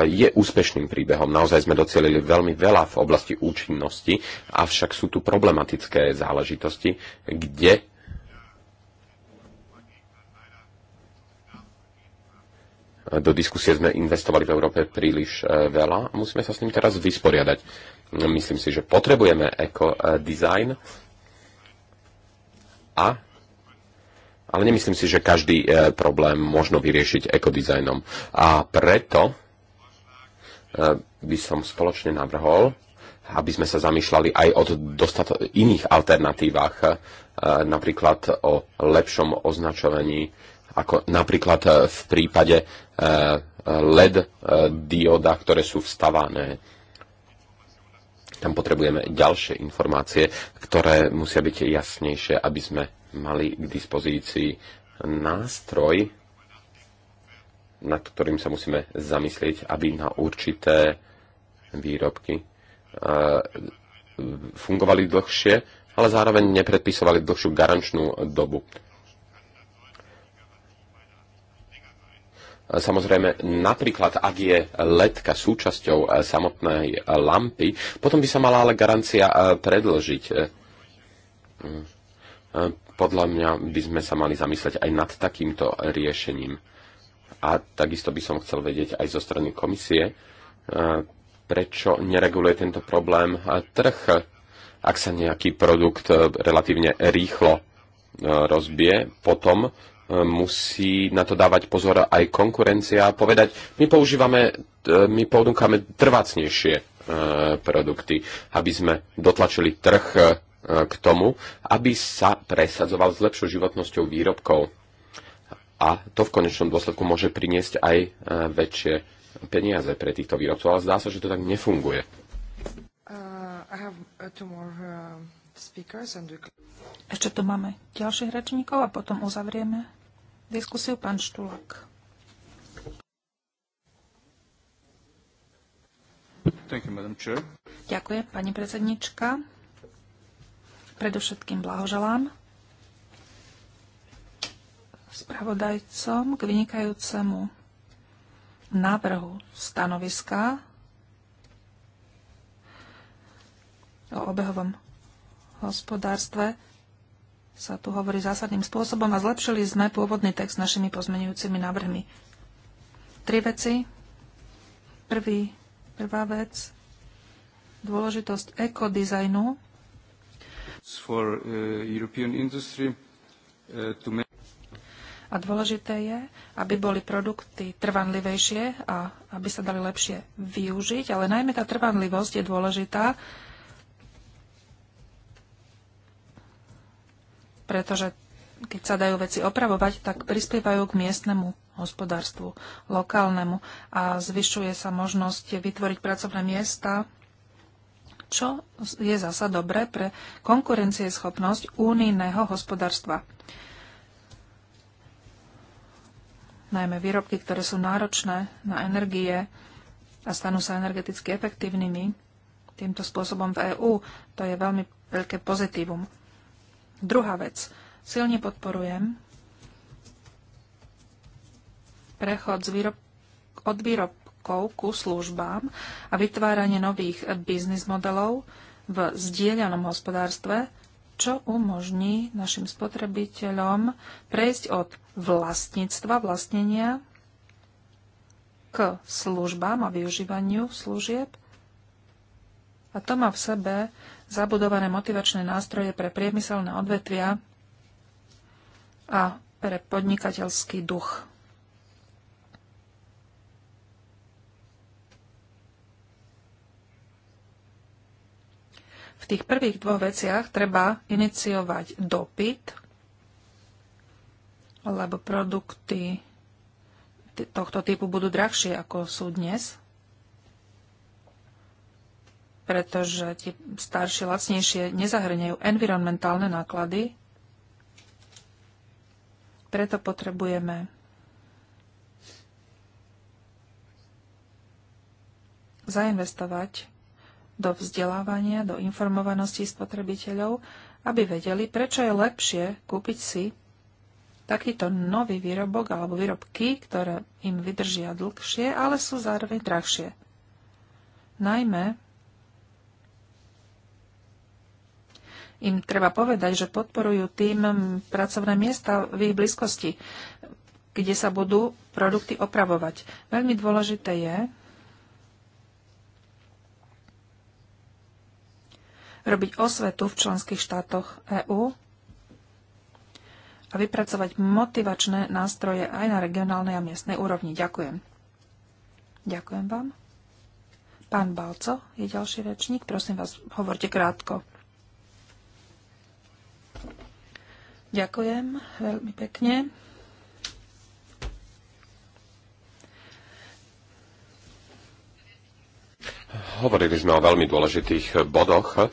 je úspešným príbehom. Naozaj sme docielili veľmi veľa v oblasti účinnosti, avšak sú tu problematické záležitosti, kde do diskusie sme investovali v Európe príliš e, veľa a musíme sa s ním teraz vysporiadať. Myslím si, že potrebujeme ekodizajn e, a ale nemyslím si, že každý e, problém možno vyriešiť ekodizajnom. A preto by som spoločne navrhol, aby sme sa zamýšľali aj o iných alternatívach, napríklad o lepšom označovaní ako napríklad e, v prípade e, LED e, dioda, ktoré sú vstavané. Tam potrebujeme ďalšie informácie, ktoré musia byť jasnejšie, aby sme mali k dispozícii nástroj, nad ktorým sa musíme zamyslieť, aby na určité výrobky fungovali dlhšie, ale zároveň nepredpisovali dlhšiu garančnú dobu. E, samozrejme, napríklad, ak je ledka súčasťou e, samotnej e, lampy, potom by sa mala ale garancia predlžiť. Podľa mňa by sme sa mali zamyslieť aj nad takýmto riešením. A takisto by som chcel vedieť aj zo strany komisie, prečo nereguluje tento problém trh, ak sa nejaký produkt relatívne rýchlo rozbije, potom musí na to dávať pozor aj konkurencia a povedať, my používame, e, my ponúkame trvácnejšie e, produkty, aby sme dotlačili trh e, k tomu, aby sa presadzoval s lepšou životnosťou výrobkov. A to v konečnom dôsledku môže priniesť aj väčšie peniaze pre týchto výrobcov, ale zdá sa, že to tak nefunguje. Uh, I have uh... Ešte tu máme ďalších rečníkov a potom uzavrieme diskusiu. Pán Štulak. Ďakujem, pani predsednička. Predovšetkým blahoželám spravodajcom k vynikajúcemu návrhu stanoviska o obehovom hospodárstve sa tu hovorí zásadným spôsobom a zlepšili sme pôvodný text našimi pozmenujúcimi návrhmi. Tri veci. Prvý, prvá vec, dôležitosť ekodizajnu. For, uh, uh a dôležité je, aby boli produkty trvanlivejšie a aby sa dali lepšie využiť, ale najmä tá trvanlivosť je dôležitá, pretože keď sa dajú veci opravovať, tak prispievajú k miestnemu hospodárstvu, lokálnemu a zvyšuje sa možnosť vytvoriť pracovné miesta, čo je zasa dobré pre konkurencieschopnosť únijného hospodárstva. Najmä výrobky, ktoré sú náročné na energie a stanú sa energeticky efektívnymi, týmto spôsobom v EÚ, to je veľmi veľké pozitívum. Druhá vec. Silne podporujem prechod z výrob, od výrobkov ku službám a vytváranie nových biznis modelov v zdieľanom hospodárstve, čo umožní našim spotrebiteľom prejsť od vlastníctva, vlastnenia k službám a využívaniu služieb. A to má v sebe zabudované motivačné nástroje pre priemyselné odvetvia a pre podnikateľský duch. V tých prvých dvoch veciach treba iniciovať dopyt, lebo produkty tohto typu budú drahšie, ako sú dnes pretože tie staršie, lacnejšie nezahrňajú environmentálne náklady. Preto potrebujeme zainvestovať do vzdelávania, do informovanosti spotrebiteľov, aby vedeli, prečo je lepšie kúpiť si takýto nový výrobok alebo výrobky, ktoré im vydržia dlhšie, ale sú zároveň drahšie. Najmä im treba povedať, že podporujú tým pracovné miesta v ich blízkosti, kde sa budú produkty opravovať. Veľmi dôležité je robiť osvetu v členských štátoch EÚ a vypracovať motivačné nástroje aj na regionálnej a miestnej úrovni. Ďakujem. Ďakujem vám. Pán Balco je ďalší rečník. Prosím vás, hovorte krátko. Ďakujem veľmi pekne. Hovorili sme o veľmi dôležitých bodoch, eh,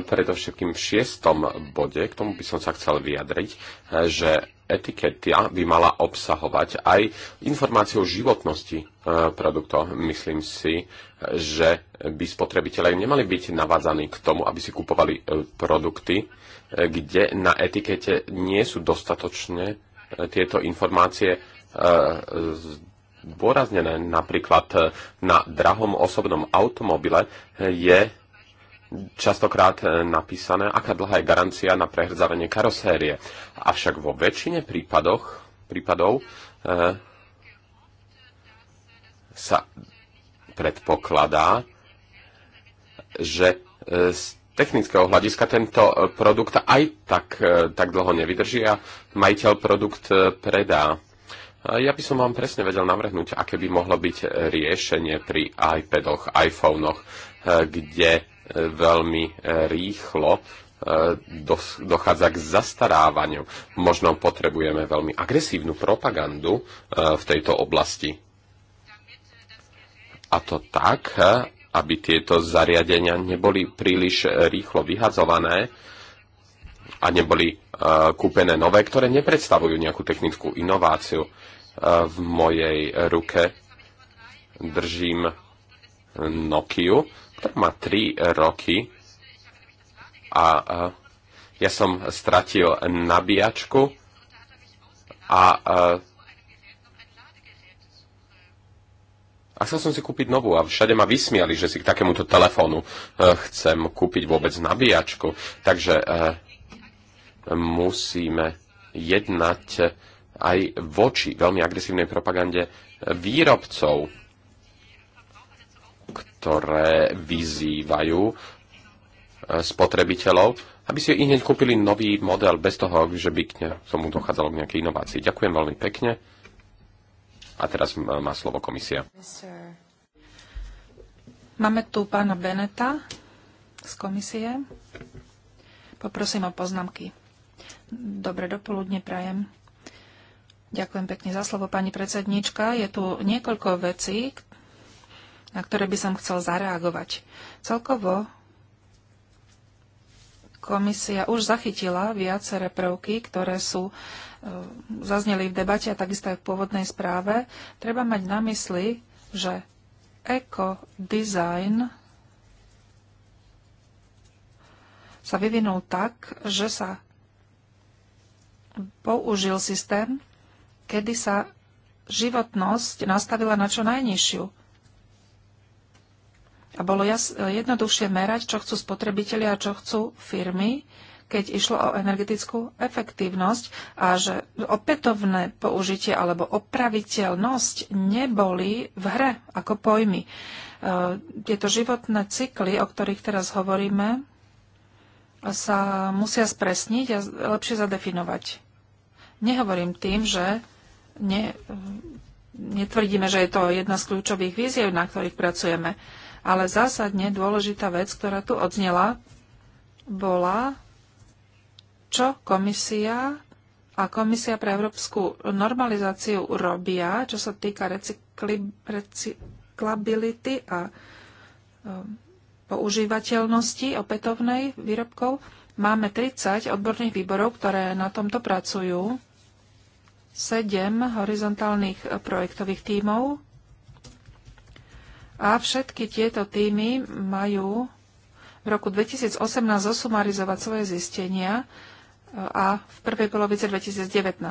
predovšetkým v šiestom bode, k tomu by som sa chcel vyjadriť, eh, že etikety by mala obsahovať aj informáciu o životnosti e, produktov. Myslím si, že by spotrebitelia nemali byť navádzaní k tomu, aby si kupovali e, produkty, e, kde na etikete nie sú dostatočne tieto informácie zdôraznené. Napríklad na drahom osobnom automobile je častokrát e, napísané, aká dlhá je garancia na prehrdzavenie karosérie. Avšak vo väčšine prípadoch, prípadov e, sa predpokladá, že e, z technického hľadiska tento produkt aj tak, e, tak dlho nevydrží a majiteľ produkt predá. Ja by som vám presne vedel navrhnúť, aké by mohlo byť riešenie pri iPadoch, iPhonech, kde veľmi e, rýchlo e, dochádza k zastarávaniu. Možno potrebujeme veľmi agresívnu propagandu e, v tejto oblasti. A to tak, aby tieto zariadenia neboli príliš rýchlo vyhadzované a neboli kúpené nové, ktoré nepredstavujú nejakú technickú inováciu. V mojej ruke držím Nokiu, ktorá má 3 roky a ja som stratil nabíjačku a a chcel som si kúpiť novú a všade ma vysmiali, že si k takémuto telefónu e, chcem kúpiť vôbec nabíjačku. Takže e, musíme jednať aj voči veľmi agresívnej propagande výrobcov ktoré vyzývajú e, spotrebiteľov, aby si hneď kúpili nový model bez toho, že by k tomu dochádzalo k nejakej inovácii. Ďakujem veľmi pekne. A teraz má slovo komisia. Máme tu pána Beneta z komisie. Poprosím o poznámky. Dobre dopoludne prajem. Ďakujem pekne za slovo, pani predsednička. Je tu niekoľko vecí, na ktoré by som chcel zareagovať. Celkovo komisia už zachytila viaceré prvky, ktoré sú e, zazneli v debate a takisto aj v pôvodnej správe. Treba mať na mysli, že ekodizajn sa vyvinul tak, že sa použil systém, kedy sa životnosť nastavila na čo najnižšiu a bolo jednoduchšie merať, čo chcú spotrebitelia a čo chcú firmy, keď išlo o energetickú efektívnosť a že opätovné použitie alebo opraviteľnosť neboli v hre ako pojmy. E, tieto životné cykly, o ktorých teraz hovoríme, sa musia spresniť a lepšie zadefinovať. Nehovorím tým, že ne, e, netvrdíme, že je to jedna z kľúčových víziev, na ktorých pracujeme ale zásadne dôležitá vec, ktorá tu odznela, bola, čo komisia a Komisia pre európsku normalizáciu robia, čo sa týka recykli, recyklability a um, používateľnosti opätovnej výrobkov. Máme 30 odborných výborov, ktoré na tomto pracujú, 7 horizontálnych projektových tímov a všetky tieto týmy majú v roku 2018 zosumarizovať svoje zistenia a v prvej polovici 2019.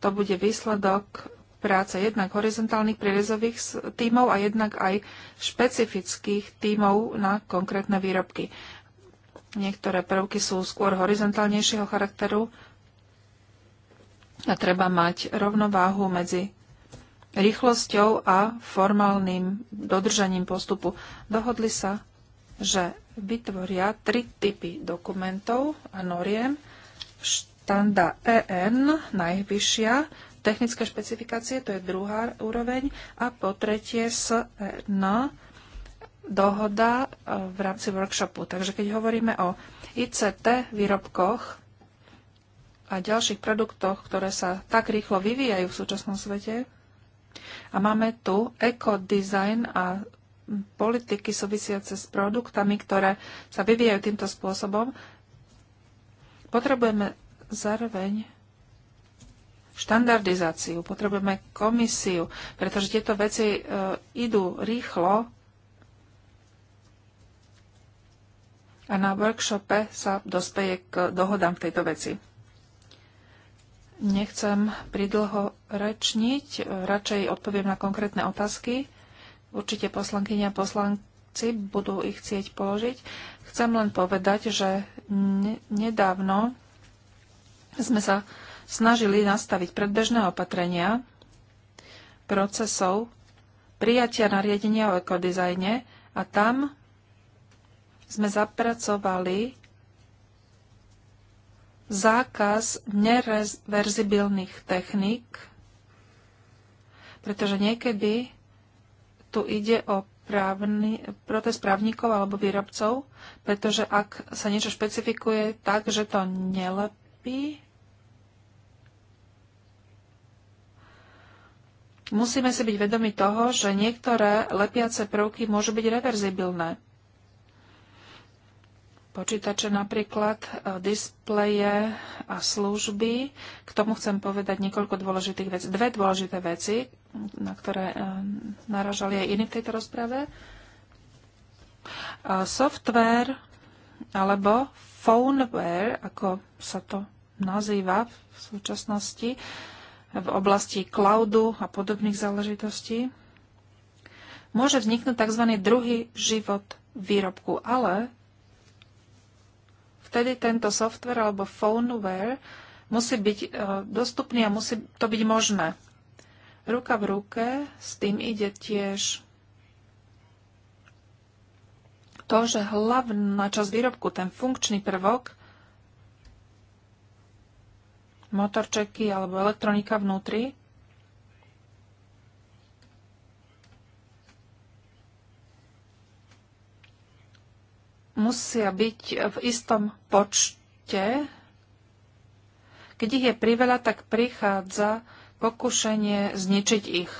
To bude výsledok práce jednak horizontálnych prierezových tímov a jednak aj špecifických tímov na konkrétne výrobky. Niektoré prvky sú skôr horizontálnejšieho charakteru a treba mať rovnováhu medzi rýchlosťou a formálnym dodržaním postupu. Dohodli sa, že vytvoria tri typy dokumentov a noriem. Štanda EN, najvyššia, technické špecifikácie, to je druhá úroveň, a po tretie SN, e dohoda e, v rámci workshopu. Takže keď hovoríme o ICT výrobkoch a ďalších produktoch, ktoré sa tak rýchlo vyvíjajú v súčasnom svete, a máme tu ekodizajn a politiky súvisiace s produktami, ktoré sa vyvíjajú týmto spôsobom. Potrebujeme zároveň štandardizáciu, potrebujeme komisiu, pretože tieto veci e, idú rýchlo a na workshope sa dospeje k dohodám v tejto veci. Nechcem pridlho rečniť, e, radšej odpoviem na konkrétne otázky. Určite poslankyňa a poslanci budú ich chcieť položiť. Chcem len povedať, že nedávno sme sa snažili nastaviť predbežné opatrenia procesov prijatia nariadenia o ekodizajne a tam sme zapracovali zákaz nereverzibilných technik, pretože niekedy tu ide o právny, protest právnikov alebo výrobcov, pretože ak sa niečo špecifikuje tak, že to nelepí, musíme si byť vedomi toho, že niektoré lepiace prvky môžu byť reverzibilné počítače napríklad, e, displeje a služby. K tomu chcem povedať niekoľko dôležitých vecí. Dve dôležité veci, na ktoré e, naražali aj iní v tejto rozprave. E, software alebo phoneware, ako sa to nazýva v súčasnosti, v oblasti cloudu a podobných záležitostí, môže vzniknúť tzv. druhý život výrobku, ale vtedy tento software alebo phoneware musí byť e, dostupný a musí to byť možné. Ruka v ruke s tým ide tiež to, že hlavná časť výrobku, ten funkčný prvok, motorčeky alebo elektronika vnútri, musia byť v istom počte. Keď ich je priveľa, tak prichádza pokušenie zničiť ich.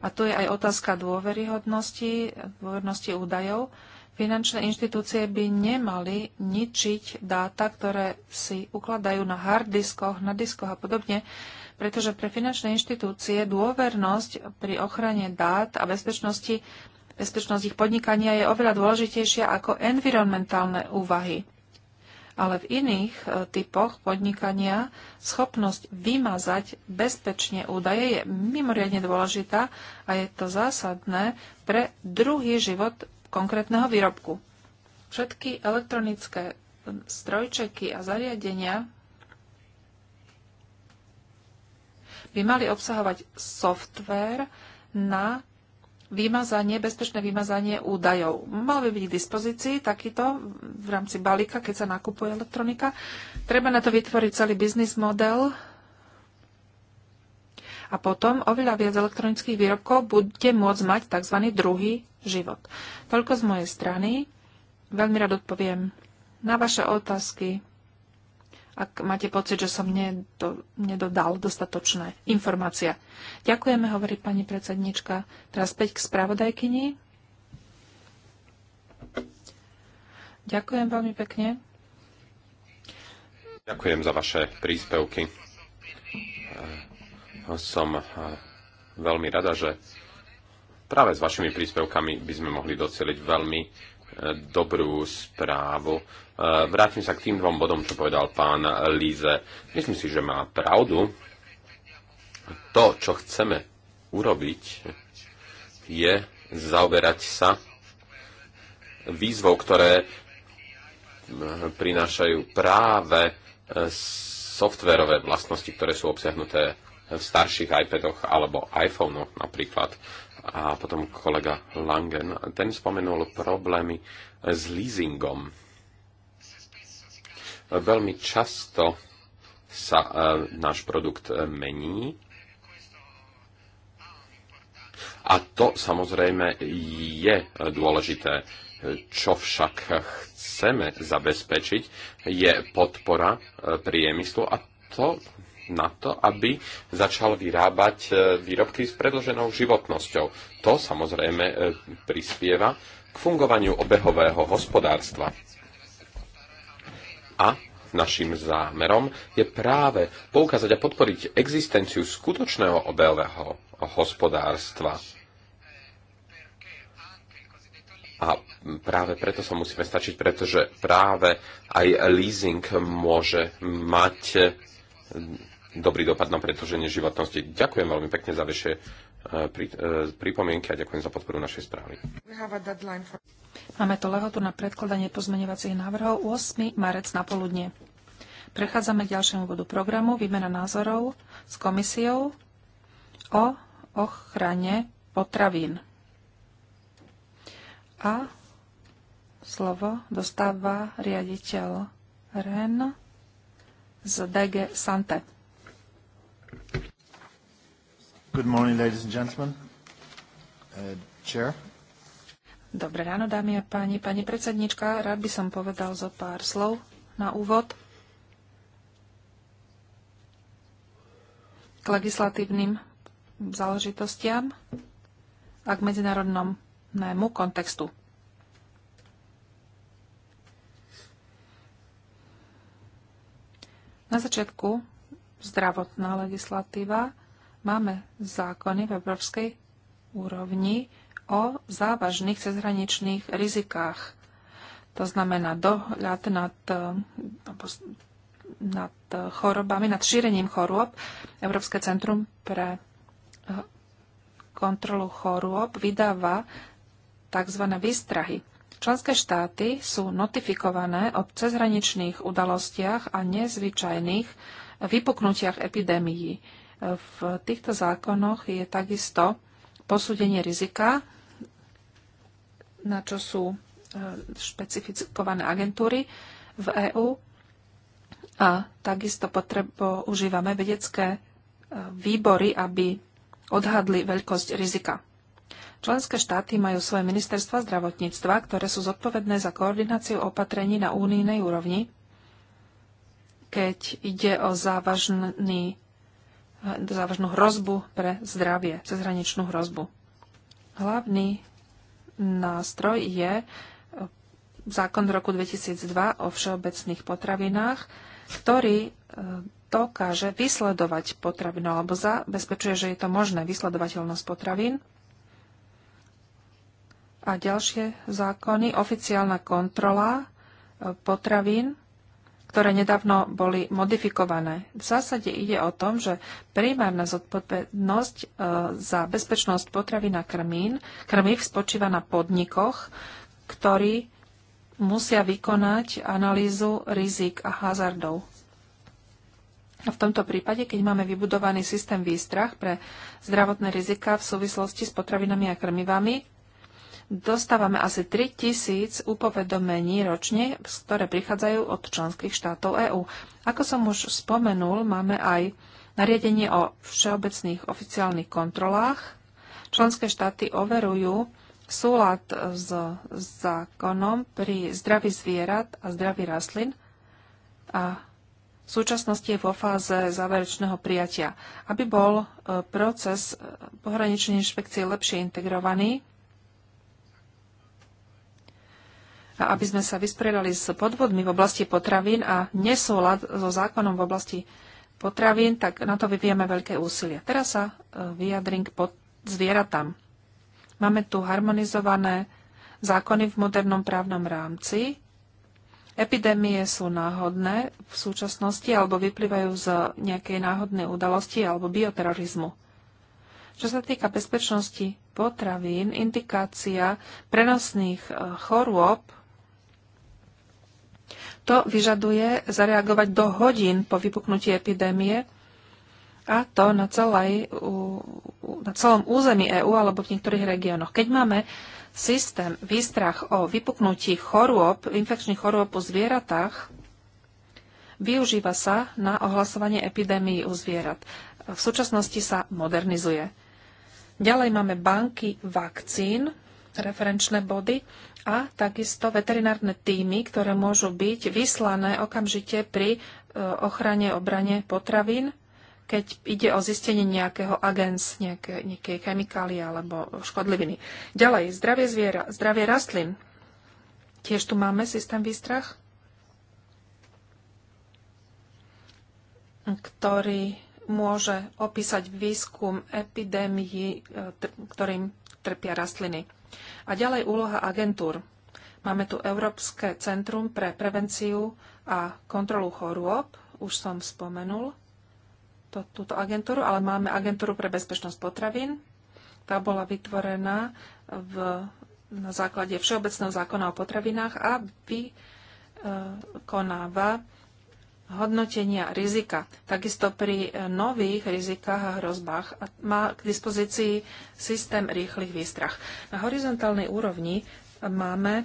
A tu je aj otázka dôveryhodnosti, dôvernosti údajov. Finančné inštitúcie by nemali ničiť dáta, ktoré si ukladajú na hard diskoch, na diskoch a podobne, pretože pre finančné inštitúcie dôvernosť pri ochrane dát a bezpečnosti bezpečnosť ich podnikania je oveľa dôležitejšia ako environmentálne úvahy. Ale v iných e, typoch podnikania schopnosť vymazať bezpečne údaje je mimoriadne dôležitá a je to zásadné pre druhý život konkrétneho výrobku. Všetky elektronické strojčeky a zariadenia by mali obsahovať software na vymazanie, bezpečné vymazanie údajov. Mal by byť k dispozícii takýto v rámci balíka, keď sa nakupuje elektronika. Treba na to vytvoriť celý biznis model a potom oveľa viac elektronických výrobkov bude môcť mať tzv. druhý život. Toľko z mojej strany. Veľmi rád odpoviem na vaše otázky, ak máte pocit, že som nedo, nedodal dostatočné informácie. Ďakujeme, hovorí pani predsednička. Teraz späť k spravodajkyni. Ďakujem veľmi pekne. Ďakujem za vaše príspevky. Eh, som eh, veľmi rada, že práve s vašimi príspevkami by sme mohli doceliť veľmi dobrú správu. E, vrátim sa k tým dvom bodom, čo povedal pán Líze. Myslím si, že má pravdu. To, čo chceme urobiť, je zaoberať sa výzvou, ktoré e, prinášajú práve e, softverové vlastnosti, ktoré sú obsiahnuté v starších iPadoch alebo iPhonoch napríklad a potom kolega Langen. Ten spomenul problémy s leasingom. Veľmi často sa e, náš produkt e, mení a to samozrejme je dôležité. Čo však chceme zabezpečiť, je podpora e, priemyslu a to na to, aby začal vyrábať e, výrobky s predloženou životnosťou. To samozrejme e, prispieva k fungovaniu obehového hospodárstva. A našim zámerom je práve poukázať a podporiť existenciu skutočného obehového hospodárstva. A práve preto sa musíme stačiť, pretože práve aj leasing môže mať dobrý dopad na pretoženie životnosti. Ďakujem veľmi pekne za vaše e, e, pripomienky a ďakujem za podporu našej správy. Máme to lehotu na predkladanie pozmeňovacích návrhov 8. marec na poludne. Prechádzame k ďalšiemu bodu programu Výmena názorov s komisiou o ochrane potravín. A slovo dostáva riaditeľ REN z DG Sante. Good morning, ladies and gentlemen. Uh, chair. Dobré ráno, dámy a páni. Pani predsednička, rád by som povedal zo pár slov na úvod k legislatívnym záležitostiam a k medzinárodnému kontextu. Na začiatku zdravotná legislatíva. Máme zákony v európskej úrovni o závažných cezhraničných rizikách. To znamená dohľad nad, nad chorobami, nad šírením chorôb. Európske centrum pre eh, kontrolu chorôb vydáva tzv. výstrahy. Členské štáty sú notifikované o cezhraničných udalostiach a nezvyčajných vypuknutiach epidémií. V týchto zákonoch je takisto posúdenie rizika, na čo sú e, špecifikované agentúry v EÚ a takisto potrebo, užívame vedecké e, výbory, aby odhadli veľkosť rizika. Členské štáty majú svoje ministerstva zdravotníctva, ktoré sú zodpovedné za koordináciu opatrení na únijnej úrovni keď ide o závažný, závažnú hrozbu pre zdravie, cezhraničnú hrozbu. Hlavný nástroj je zákon z roku 2002 o všeobecných potravinách, ktorý e, dokáže vysledovať potravinu alebo zabezpečuje, že je to možné, vysledovateľnosť potravín. A ďalšie zákony, oficiálna kontrola e, potravín, ktoré nedávno boli modifikované. V zásade ide o tom, že primárna zodpovednosť e, za bezpečnosť potravina krmín, krmív spočíva na podnikoch, ktorí musia vykonať analýzu rizik a hazardov. A v tomto prípade, keď máme vybudovaný systém výstrach pre zdravotné rizika v súvislosti s potravinami a krmivami, dostávame asi 3000 upovedomení ročne, ktoré prichádzajú od členských štátov EÚ. Ako som už spomenul, máme aj nariadenie o všeobecných oficiálnych kontrolách. Členské štáty overujú súlad s zákonom pri zdraví zvierat a zdraví rastlin a v súčasnosti je vo fáze záverečného prijatia. Aby bol e, proces e, pohraničnej inšpekcie lepšie integrovaný, a aby sme sa vysporiadali s podvodmi v oblasti potravín a nesúlad so zákonom v oblasti potravín, tak na to vyvíjame veľké úsilie. Teraz sa e, vyjadrím k pod- zvieratám. Máme tu harmonizované zákony v modernom právnom rámci. Epidémie sú náhodné v súčasnosti alebo vyplývajú z nejakej náhodnej udalosti alebo bioterorizmu. Čo sa týka bezpečnosti potravín, indikácia prenosných e, chorôb to vyžaduje zareagovať do hodín po vypuknutí epidémie a to na, celej, na celom území EÚ alebo v niektorých regiónoch. Keď máme systém výstrach o vypuknutí chorôb, infekčných chorôb po zvieratách, využíva sa na ohlasovanie epidémií u zvierat. V súčasnosti sa modernizuje. Ďalej máme banky vakcín, referenčné body a takisto veterinárne týmy, ktoré môžu byť vyslané okamžite pri e, ochrane, obrane potravín, keď ide o zistenie nejakého agens, nejaké, nejakej chemikálie alebo škodliviny. Ďalej, zdravie zviera, zdravie rastlín. Tiež tu máme systém výstrach, ktorý môže opísať výskum epidémií, e, ktorým trpia rastliny. A ďalej úloha agentúr. Máme tu Európske centrum pre prevenciu a kontrolu chorôb, už som spomenul to, túto agentúru, ale máme agentúru pre bezpečnosť potravín. Tá bola vytvorená v, na základe Všeobecného zákona o potravinách a vykonáva e, hodnotenia rizika. Takisto pri e, nových rizikách a hrozbách má k dispozícii systém rýchlych výstrach. Na horizontálnej úrovni máme e,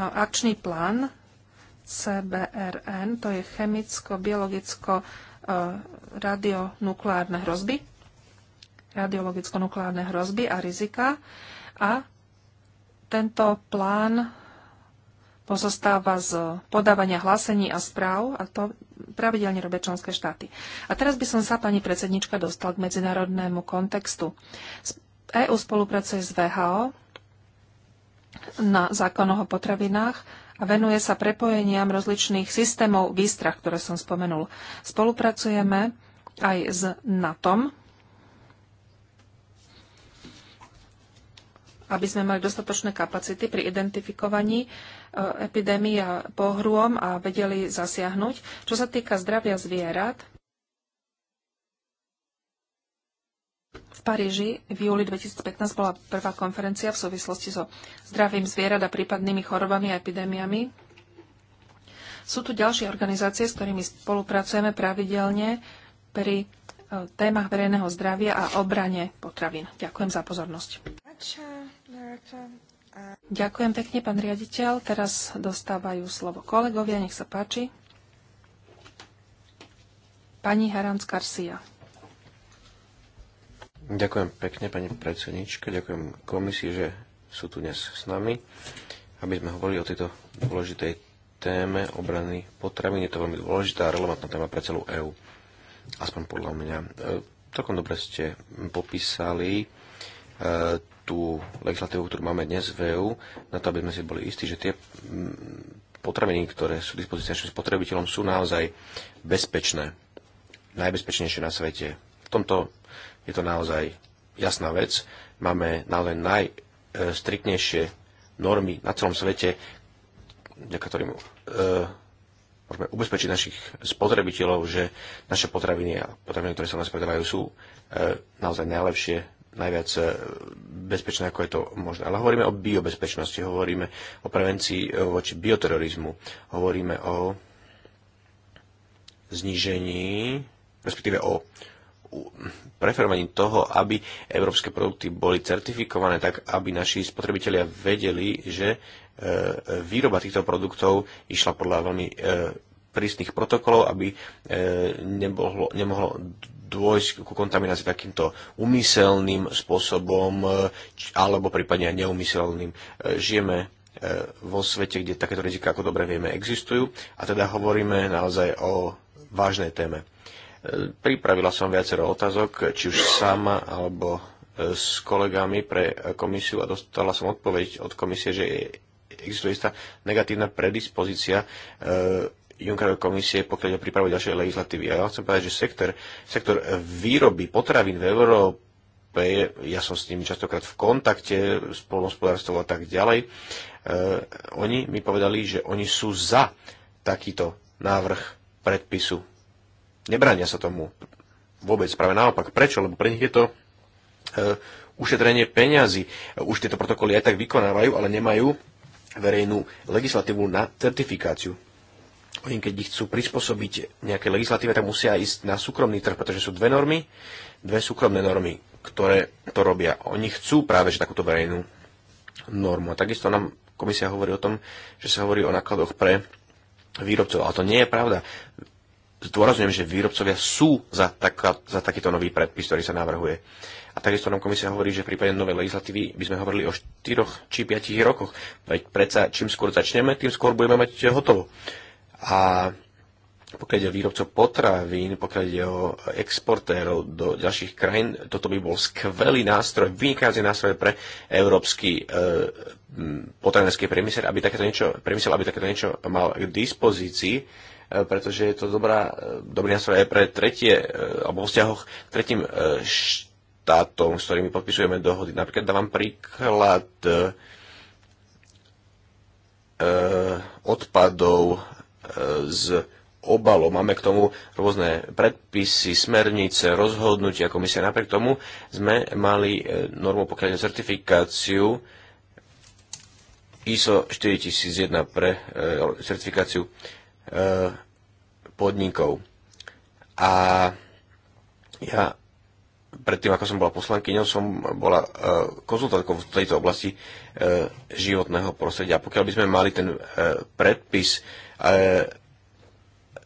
akčný plán CBRN, to je chemicko-biologicko e, radionukleárne hrozby, radiologicko-nukleárne hrozby a rizika. A tento plán pozostáva z podávania hlásení a správ a to pravidelne robia členské štáty. A teraz by som sa, pani predsednička, dostal k medzinárodnému kontextu. EU spolupracuje s VHO na zákonoch o potravinách a venuje sa prepojeniam rozličných systémov výstrach, ktoré som spomenul. Spolupracujeme aj s NATO, aby sme mali dostatočné kapacity pri identifikovaní E, epidémia pohrôm a vedeli zasiahnuť. Čo sa týka zdravia zvierat, V Paríži v júli 2015 bola prvá konferencia v súvislosti so zdravím zvierat a prípadnými chorobami a epidémiami. Sú tu ďalšie organizácie, s ktorými spolupracujeme pravidelne pri e, témach verejného zdravia a obrane potravín. Ďakujem za pozornosť. Ďakujem pekne, pán riaditeľ. Teraz dostávajú slovo kolegovia. Nech sa páči. Pani Haranc Karsia. Ďakujem pekne, pani predsednička. Ďakujem komisii, že sú tu dnes s nami, aby sme hovorili o tejto dôležitej téme obrany potravín. Je to veľmi dôležitá a relevantná téma pre celú EÚ. Aspoň podľa mňa. E, celkom dobre ste popísali e, tú legislatívu, ktorú máme dnes v EU, na to, aby sme si boli istí, že tie mm, potraviny, ktoré sú našim spotrebiteľom, sú naozaj bezpečné. Najbezpečnejšie na svete. V tomto je to naozaj jasná vec. Máme naozaj najstriktnejšie normy na celom svete, vďaka ktorým e, môžeme ubezpečiť našich spotrebiteľov, že naše potraviny a potraviny, ktoré sa nás predávajú, sú e, naozaj najlepšie najviac e, bezpečné, ako je to možné. Ale hovoríme o biobezpečnosti, hovoríme o prevencii e, voči bioterorizmu, hovoríme o znížení, respektíve o preferovaní toho, aby európske produkty boli certifikované tak, aby naši spotrebitelia vedeli, že e, výroba týchto produktov išla podľa veľmi prísnych protokolov, aby nemohlo, nemohlo dôjsť ku kontaminácii takýmto umyselným spôsobom e, alebo prípadne aj neumyselným. E, žijeme e, vo svete, kde takéto rizika, ako dobre vieme, existujú a teda hovoríme naozaj o vážnej téme. Pripravila som viacero otázok, či už sama alebo s kolegami pre komisiu a dostala som odpoveď od komisie, že existuje istá negatívna predispozícia Junckerovej komisie, pokiaľ ide o ďalšej legislatívy. A ja chcem povedať, že sektor, sektor výroby potravín v Európe, ja som s nimi častokrát v kontakte, s polnospodárstvom a tak ďalej, eh, oni mi povedali, že oni sú za takýto návrh predpisu. Nebrania sa tomu vôbec, práve naopak. Prečo? Lebo pre nich je to eh, ušetrenie peňazí. Už tieto protokoly aj tak vykonávajú, ale nemajú verejnú legislatívu na certifikáciu oni keď ich chcú prispôsobiť nejaké legislatíve, tak musia ísť na súkromný trh, pretože sú dve normy, dve súkromné normy, ktoré to robia. Oni chcú práve že takúto verejnú normu. A takisto nám komisia hovorí o tom, že sa hovorí o nákladoch pre výrobcov. Ale to nie je pravda. Zdôrazňujem, že výrobcovia sú za, taká, za takýto nový predpis, ktorý sa navrhuje. A takisto nám komisia hovorí, že v prípade novej legislatívy by sme hovorili o 4 či 5 rokoch. Veď predsa čím skôr začneme, tým skôr budeme mať hotovo. A pokiaľ ide o výrobcov potravín, pokiaľ ide o exportérov do ďalších krajín, toto by bol skvelý nástroj, vynikajúci nástroj pre európsky e, potravinársky priemysel, aby takéto niečo, priemysel, aby takéto niečo mal k dispozícii, e, pretože je to dobrá, e, dobrý nástroj aj pre tretie, e, alebo v vzťahoch k tretím e, štátom, s ktorými podpisujeme dohody. Napríklad dávam príklad e, e odpadov s obalom. Máme k tomu rôzne predpisy, smernice, rozhodnutia komisie. Napriek tomu sme mali e, normu pokiaľ certifikáciu ISO 4001 pre e, certifikáciu e, podnikov. A ja predtým, ako som bola poslankyňou, som bola e, konzultantkou v tejto oblasti e, životného prostredia. Pokiaľ by sme mali ten e, predpis E,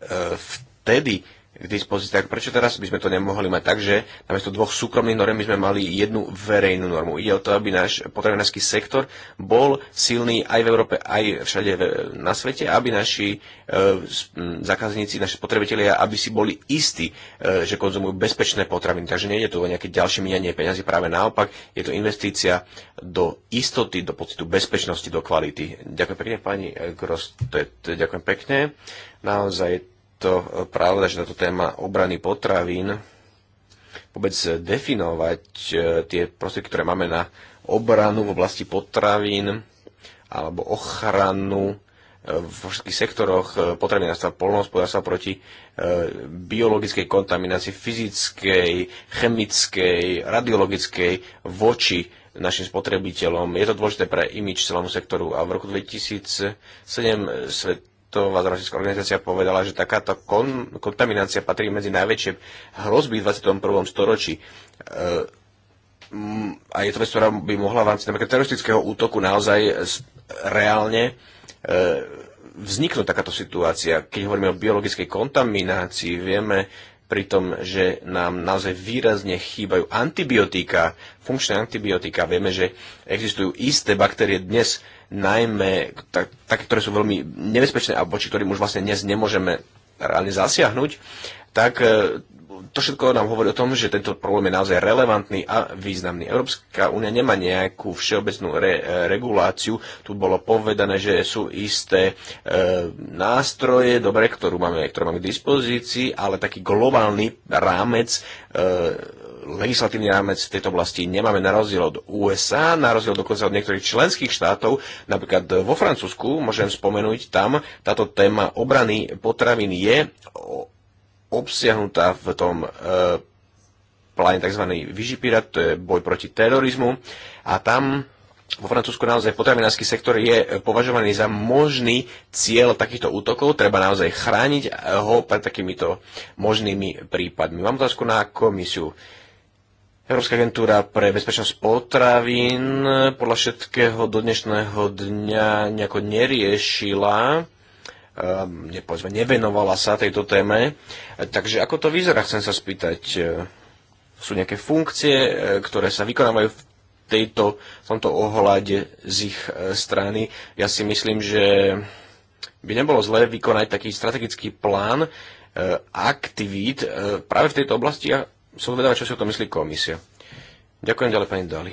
e, vtedy k dispozícii. Tak prečo teraz by sme to nemohli mať tak, že namiesto dvoch súkromných norm by sme mali jednu verejnú normu? Ide o to, aby náš potravinársky sektor bol silný aj v Európe, aj všade na svete, aby naši e, zákazníci, naši spotrebitelia, aby si boli istí, e, že konzumujú bezpečné potraviny. Takže je tu o nejaké ďalšie minanie peňazí, práve naopak je to investícia do istoty, do pocitu bezpečnosti, do kvality. Ďakujem pekne, pani Gross, to je, to je, ďakujem pekne. Naozaj to pravda, že táto téma obrany potravín vôbec definovať e, tie prostriedky, ktoré máme na obranu v oblasti potravín alebo ochranu e, vo všetkých sektoroch e, potravinárstva, polnohospodárstva proti biologickej kontaminácii, fyzickej, chemickej, radiologickej voči našim spotrebiteľom. Je to dôležité pre imič celému sektoru a v roku 2007 svet Svetová zdravotnícká organizácia povedala, že takáto kon- kontaminácia patrí medzi najväčšie hrozby v 21. storočí. E, a je to vec, ktorá by mohla v rámci teroristického útoku naozaj reálne e, vzniknúť takáto situácia. Keď hovoríme o biologickej kontaminácii, vieme pritom, že nám naozaj výrazne chýbajú antibiotika, funkčné antibiotika. Vieme, že existujú isté baktérie dnes, najmä tak, také, ktoré sú veľmi nebezpečné a voči ktorým už vlastne dnes nemôžeme reálne zasiahnuť, tak e, to všetko nám hovorí o tom, že tento problém je naozaj relevantný a významný. Európska únia nemá nejakú všeobecnú re, e, reguláciu. Tu bolo povedané, že sú isté e, nástroje, dobre, ktorú máme, ktoré máme k dispozícii, ale taký globálny rámec e, legislatívny rámec v tejto oblasti nemáme na rozdiel od USA, na rozdiel dokonca od niektorých členských štátov, napríklad vo Francúzsku, môžem spomenúť, tam táto téma obrany potravín je obsiahnutá v tom e, pláne tzv. Vigipirat, to je boj proti terorizmu a tam vo Francúzsku naozaj potravinársky sektor je považovaný za možný cieľ takýchto útokov, treba naozaj chrániť ho pred takýmito možnými prípadmi. Mám otázku na komisiu. E, Európska agentúra pre bezpečnosť potravín podľa všetkého do dnešného dňa nejako neriešila, ehm, nepovedzme, nevenovala sa tejto téme. Takže ako to vyzerá, chcem sa spýtať, sú nejaké funkcie, e, ktoré sa vykonávajú v tejto, v tomto ohľade z ich e, strany. Ja si myslím, že by nebolo zlé vykonať taký strategický plán e, aktivít práve v tejto oblasti som vedavá, čo si o tom myslí komisia. Ďakujem ďalej pani Dali.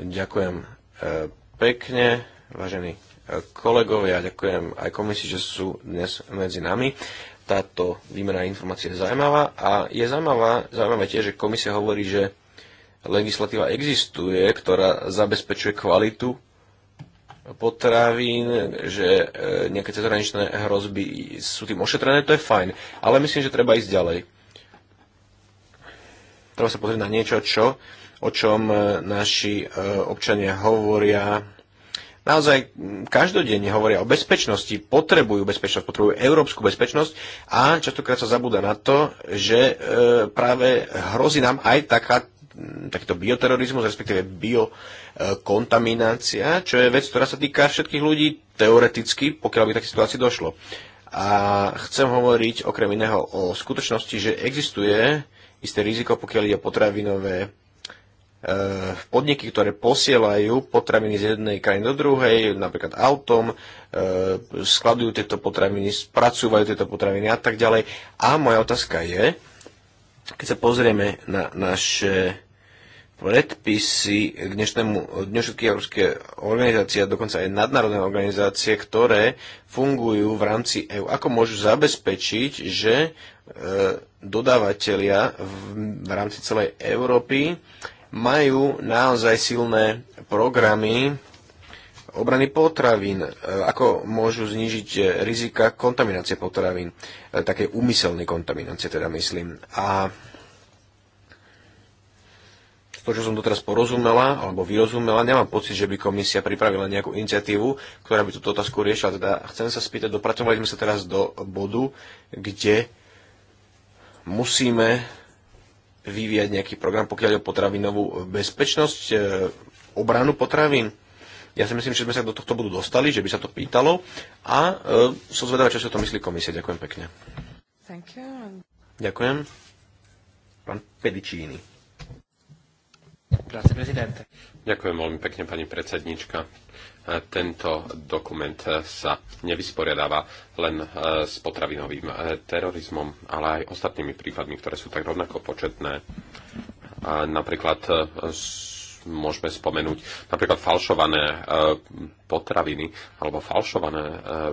Ďakujem eh, pekne, vážení eh, kolegovia, ďakujem aj komisii, že sú dnes medzi nami. Táto výmena informácie je zaujímavá a je zaujímavá, zaujímavé tiež, že komisia hovorí, že legislatíva existuje, ktorá zabezpečuje kvalitu potravín, že e, nejaké cezhraničné hrozby sú tým ošetrené, to je fajn. Ale myslím, že treba ísť ďalej. Treba sa pozrieť na niečo, čo, o čom e, naši e, občania hovoria naozaj každodenne hovoria o bezpečnosti, potrebujú bezpečnosť, potrebujú európsku bezpečnosť a častokrát sa zabúda na to, že práve hrozí nám aj taká takýto bioterorizmus, respektíve biokontaminácia, čo je vec, ktorá sa týka všetkých ľudí teoreticky, pokiaľ by také situácii došlo. A chcem hovoriť okrem iného o skutočnosti, že existuje isté riziko, pokiaľ ide o potravinové e, podniky, ktoré posielajú potraviny z jednej krajiny do druhej, napríklad autom, e, skladujú tieto potraviny, spracúvajú tieto potraviny a tak ďalej. A moja otázka je, keď sa pozrieme na naše predpisy k dnešnému dňu všetky európske organizácie a dokonca aj nadnárodné organizácie, ktoré fungujú v rámci EÚ. Ako môžu zabezpečiť, že e, dodávateľia v rámci celej Európy majú naozaj silné programy obrany potravín, e, ako môžu znižiť rizika kontaminácie potravín, e, také úmyselnej kontaminácie teda myslím. A to, čo som doteraz porozumela alebo vyrozumela, nemám pocit, že by komisia pripravila nejakú iniciatívu, ktorá by túto otázku riešila. Teda chcem sa spýtať, dopracovali sme sa teraz do bodu, kde musíme vyvíjať nejaký program, pokiaľ o potravinovú bezpečnosť, e, obranu potravín. Ja si myslím, že sme sa do tohto bodu dostali, že by sa to pýtalo a e, som zvedavá, čo si o to myslí komisia. Ďakujem pekne. Ďakujem. Pán Pedicini. Ďakujem veľmi pekne, pani predsednička. E, tento dokument e, sa nevysporiadáva len e, s potravinovým terorizmom, ale aj ostatnými prípadmi, ktoré sú tak rovnako početné. Napríklad môžeme spomenúť napríklad falšované potraviny alebo falšované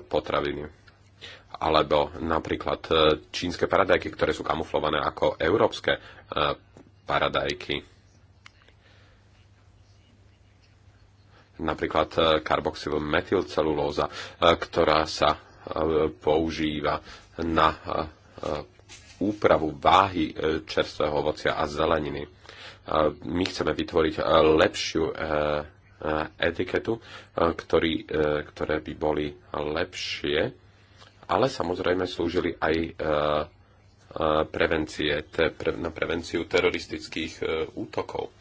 potraviny alebo napríklad čínske paradajky, ktoré sú kamuflované ako európske paradajky napríklad e, karboxylmetylcelulóza, e, ktorá sa e, používa na úpravu váhy čerstvého ovocia a zeleniny. My chceme vytvoriť lepšiu etiketu, ktorý, ktoré by boli lepšie, ale samozrejme slúžili aj prevencie, na prevenciu teroristických útokov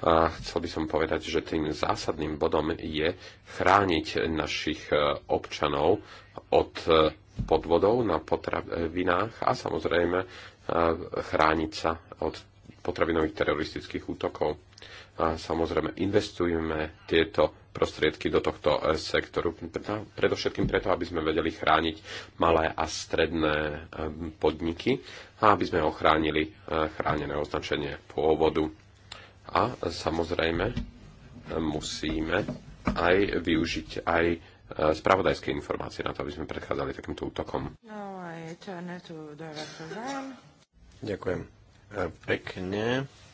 a chcel by som povedať, že tým zásadným bodom je chrániť našich e, občanov od e, podvodov na potravinách a samozrejme e, chrániť sa od potravinových teroristických útokov. A samozrejme, investujeme tieto prostriedky do tohto sektoru, predovšetkým preto, aby sme vedeli chrániť malé a stredné podniky a aby sme ochránili chránené označenie pôvodu a samozrejme musíme aj využiť aj e, spravodajské informácie na to, aby sme predchádzali takýmto útokom. Ďakujem e, pekne.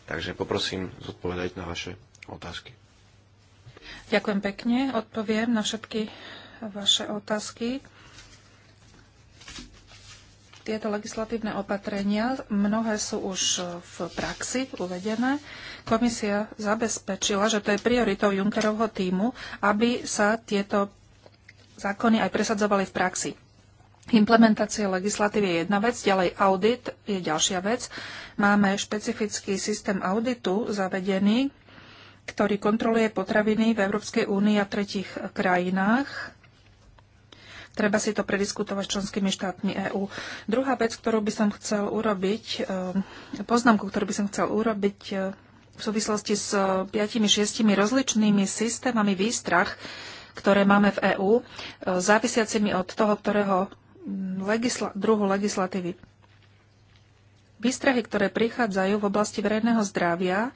Takže poprosím zodpovedať na vaše otázky. Ďakujem pekne. Odpoviem na všetky vaše otázky tieto legislatívne opatrenia, mnohé sú už e, v praxi uvedené. Komisia zabezpečila, že to je prioritou Junckerovho týmu, aby sa tieto zákony aj presadzovali v praxi. Implementácia legislatívy je jedna vec, ďalej audit je ďalšia vec. Máme špecifický systém auditu zavedený, ktorý kontroluje potraviny v Európskej únii a tretich krajinách Treba si to prediskutovať s členskými štátmi EÚ. Druhá vec, ktorú by som chcel urobiť, e, poznámku, ktorú by som chcel urobiť e, v súvislosti s 5-6 e, rozličnými systémami výstrach, ktoré máme v EÚ, závisiacimi od toho, ktorého legisla- druhu legislatívy. Výstrahy, ktoré prichádzajú v oblasti verejného zdravia,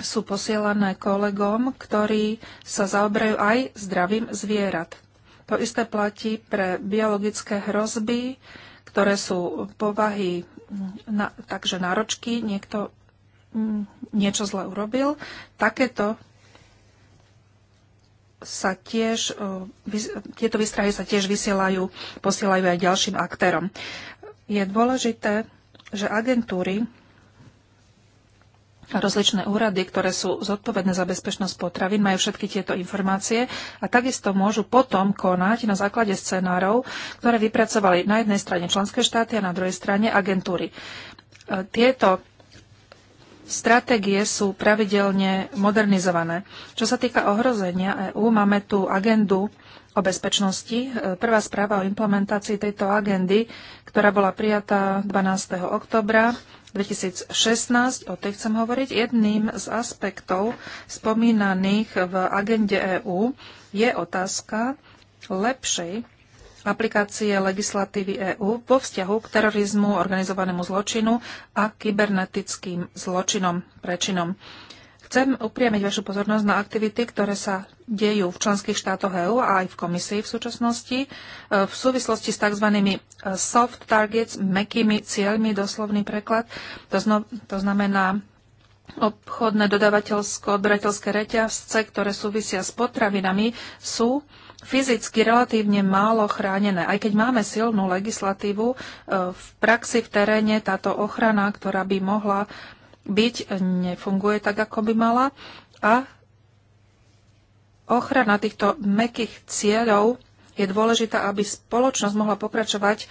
sú posielané kolegom, ktorí sa zaoberajú aj zdravím zvierat. To isté platí pre biologické hrozby, ktoré sú povahy mm, na, takže náročky, niekto mm, niečo zle urobil. Takéto sa tiež, tieto výstrahy sa tiež vysielajú, posielajú aj ďalším aktérom. Je dôležité, že agentúry Rozličné úrady, ktoré sú zodpovedné za bezpečnosť potravín, majú všetky tieto informácie a takisto môžu potom konať na základe scenárov, ktoré vypracovali na jednej strane členské štáty a na druhej strane agentúry. E, tieto stratégie sú pravidelne modernizované. Čo sa týka ohrozenia EÚ, máme tu agendu o bezpečnosti. E, prvá správa o implementácii tejto agendy, ktorá bola prijatá 12. oktobra 2016, o tej chcem hovoriť. Jedným z aspektov spomínaných v agende EÚ je otázka lepšej aplikácie legislatívy EÚ vo vzťahu k terorizmu, organizovanému zločinu a kybernetickým zločinom, prečinom. Chcem upriamiť vašu pozornosť na aktivity, ktoré sa dejú v členských štátoch EÚ a aj v komisii v súčasnosti e, v súvislosti s tzv. E, soft targets, mekými cieľmi, doslovný preklad. To, zno, to znamená obchodné, dodavateľsko-odberateľské reťazce, ktoré súvisia s potravinami, sú fyzicky relatívne málo chránené. Aj keď máme silnú legislatívu, e, v praxi v teréne táto ochrana, ktorá by mohla byť, nefunguje tak, ako by mala. A ochrana týchto mekých cieľov je dôležitá, aby spoločnosť mohla pokračovať e,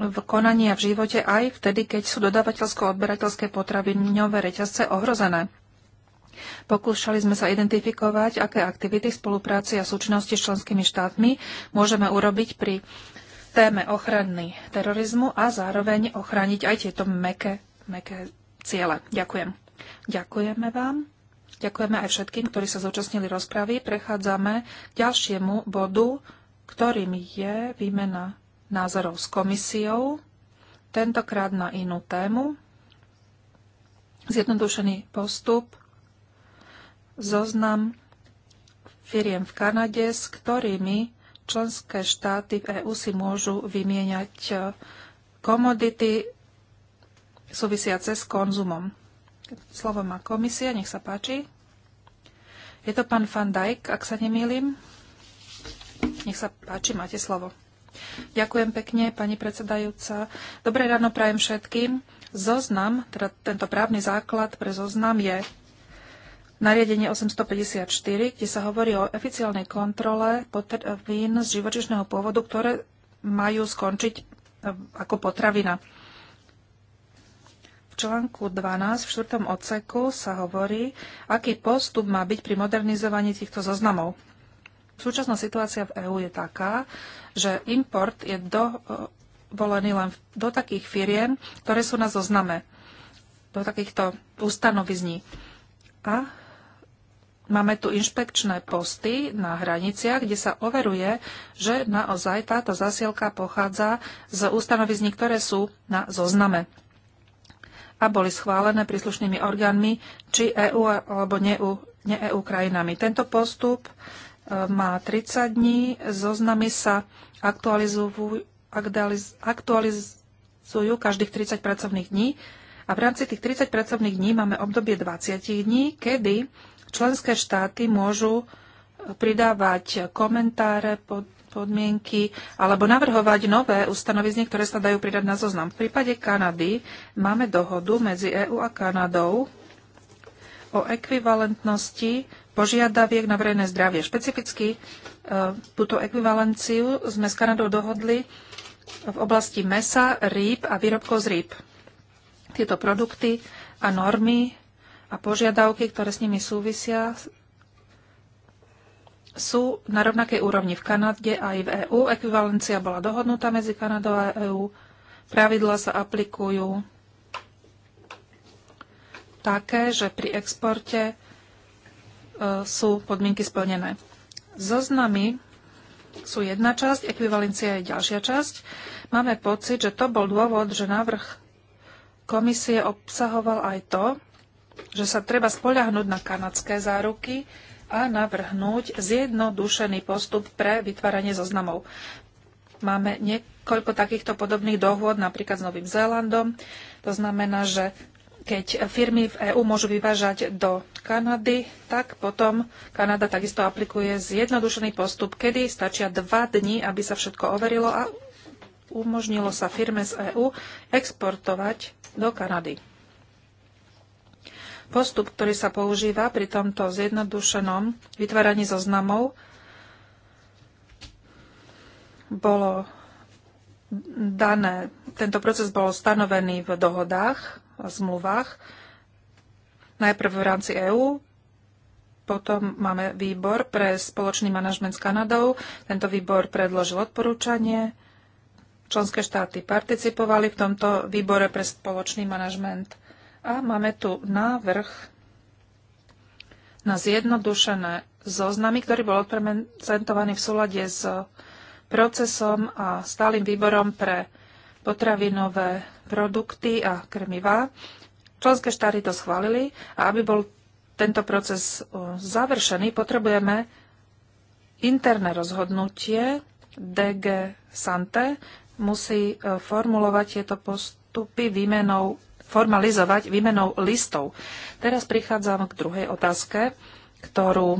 v konaní a v živote aj vtedy, keď sú dodávateľsko-odberateľské potravinové reťazce ohrozené. Pokúšali sme sa identifikovať, aké aktivity spolupráci a súčinnosti s členskými štátmi môžeme urobiť pri téme ochrany terorizmu a zároveň ochrániť aj tieto meké meké ciele. Ďakujem. Ďakujeme vám. Ďakujeme aj všetkým, ktorí sa zúčastnili rozpravy. Prechádzame k ďalšiemu bodu, ktorým je výmena názorov s komisiou, tentokrát na inú tému. Zjednodušený postup, zoznam firiem v Kanade, s ktorými členské štáty v EÚ si môžu vymieňať eh, komodity súvisiace s konzumom. Slovo má komisia, nech sa páči. Je to pán Van Dijk, ak sa nemýlim. Nech sa páči, máte slovo. Ďakujem pekne, pani predsedajúca. Dobré ráno prajem všetkým. Zoznam, teda tento právny základ pre zoznam je nariadenie 854, kde sa hovorí o oficiálnej kontrole vín z živočišného pôvodu, ktoré majú skončiť eh, ako potravina článku 12 v 4. odseku sa hovorí, aký postup má byť pri modernizovaní týchto zoznamov. Súčasná situácia v EÚ je taká, že import je dovolený len do takých firiem, ktoré sú na zozname, do takýchto ustanovizní. A Máme tu inšpekčné posty na hraniciach, kde sa overuje, že naozaj táto zasielka pochádza z ustanovizní, ktoré sú na zozname a boli schválené príslušnými orgánmi, či EU alebo ne-EU e krajinami. Tento postup e, má 30 dní, zoznamy sa aktualizujú, aktualizujú každých 30 pracovných dní a v rámci tých 30 pracovných dní máme obdobie 20 dní, kedy členské štáty môžu e, pridávať komentáre, pod, podmienky alebo navrhovať nové ustanovizne, ktoré sa dajú pridať na zoznam. V prípade Kanady máme dohodu medzi EÚ a Kanadou o ekvivalentnosti požiadaviek na verejné zdravie. Špecificky e, túto ekvivalenciu sme s Kanadou dohodli v oblasti mesa, rýb a výrobkov z rýb. Tieto produkty a normy a požiadavky, ktoré s nimi súvisia, sú na rovnakej úrovni v Kanade aj v EÚ. Ekvivalencia bola dohodnutá medzi Kanadou a EÚ. Pravidla sa aplikujú také, že pri exporte e, sú podmienky splnené. Zoznamy sú jedna časť, ekvivalencia je ďalšia časť. Máme pocit, že to bol dôvod, že návrh komisie obsahoval aj to, že sa treba spoľahnúť na kanadské záruky, a navrhnúť zjednodušený postup pre vytváranie zoznamov. Máme niekoľko takýchto podobných dohôd, napríklad s Novým Zélandom. To znamená, že keď firmy v EÚ môžu vyvážať do Kanady, tak potom Kanada takisto aplikuje zjednodušený postup, kedy stačia dva dni, aby sa všetko overilo a umožnilo sa firme z EÚ exportovať do Kanady. Postup, ktorý sa používa pri tomto zjednodušenom vytváraní zoznamov, bolo dané, tento proces bol stanovený v dohodách, v zmluvách, najprv v rámci EÚ, potom máme výbor pre spoločný manažment s Kanadou. Tento výbor predložil odporúčanie. Členské štáty participovali v tomto výbore pre spoločný manažment a máme tu návrh na zjednodušené zoznamy, ktorý bol odprezentovaný v súlade s procesom a stálym výborom pre potravinové produkty a krmivá. Členské štáty to schválili a aby bol tento proces završený, potrebujeme interné rozhodnutie DG Sante musí e, formulovať tieto postupy výmenou formalizovať výmenou listov. Teraz prichádzam k druhej otázke, ktorú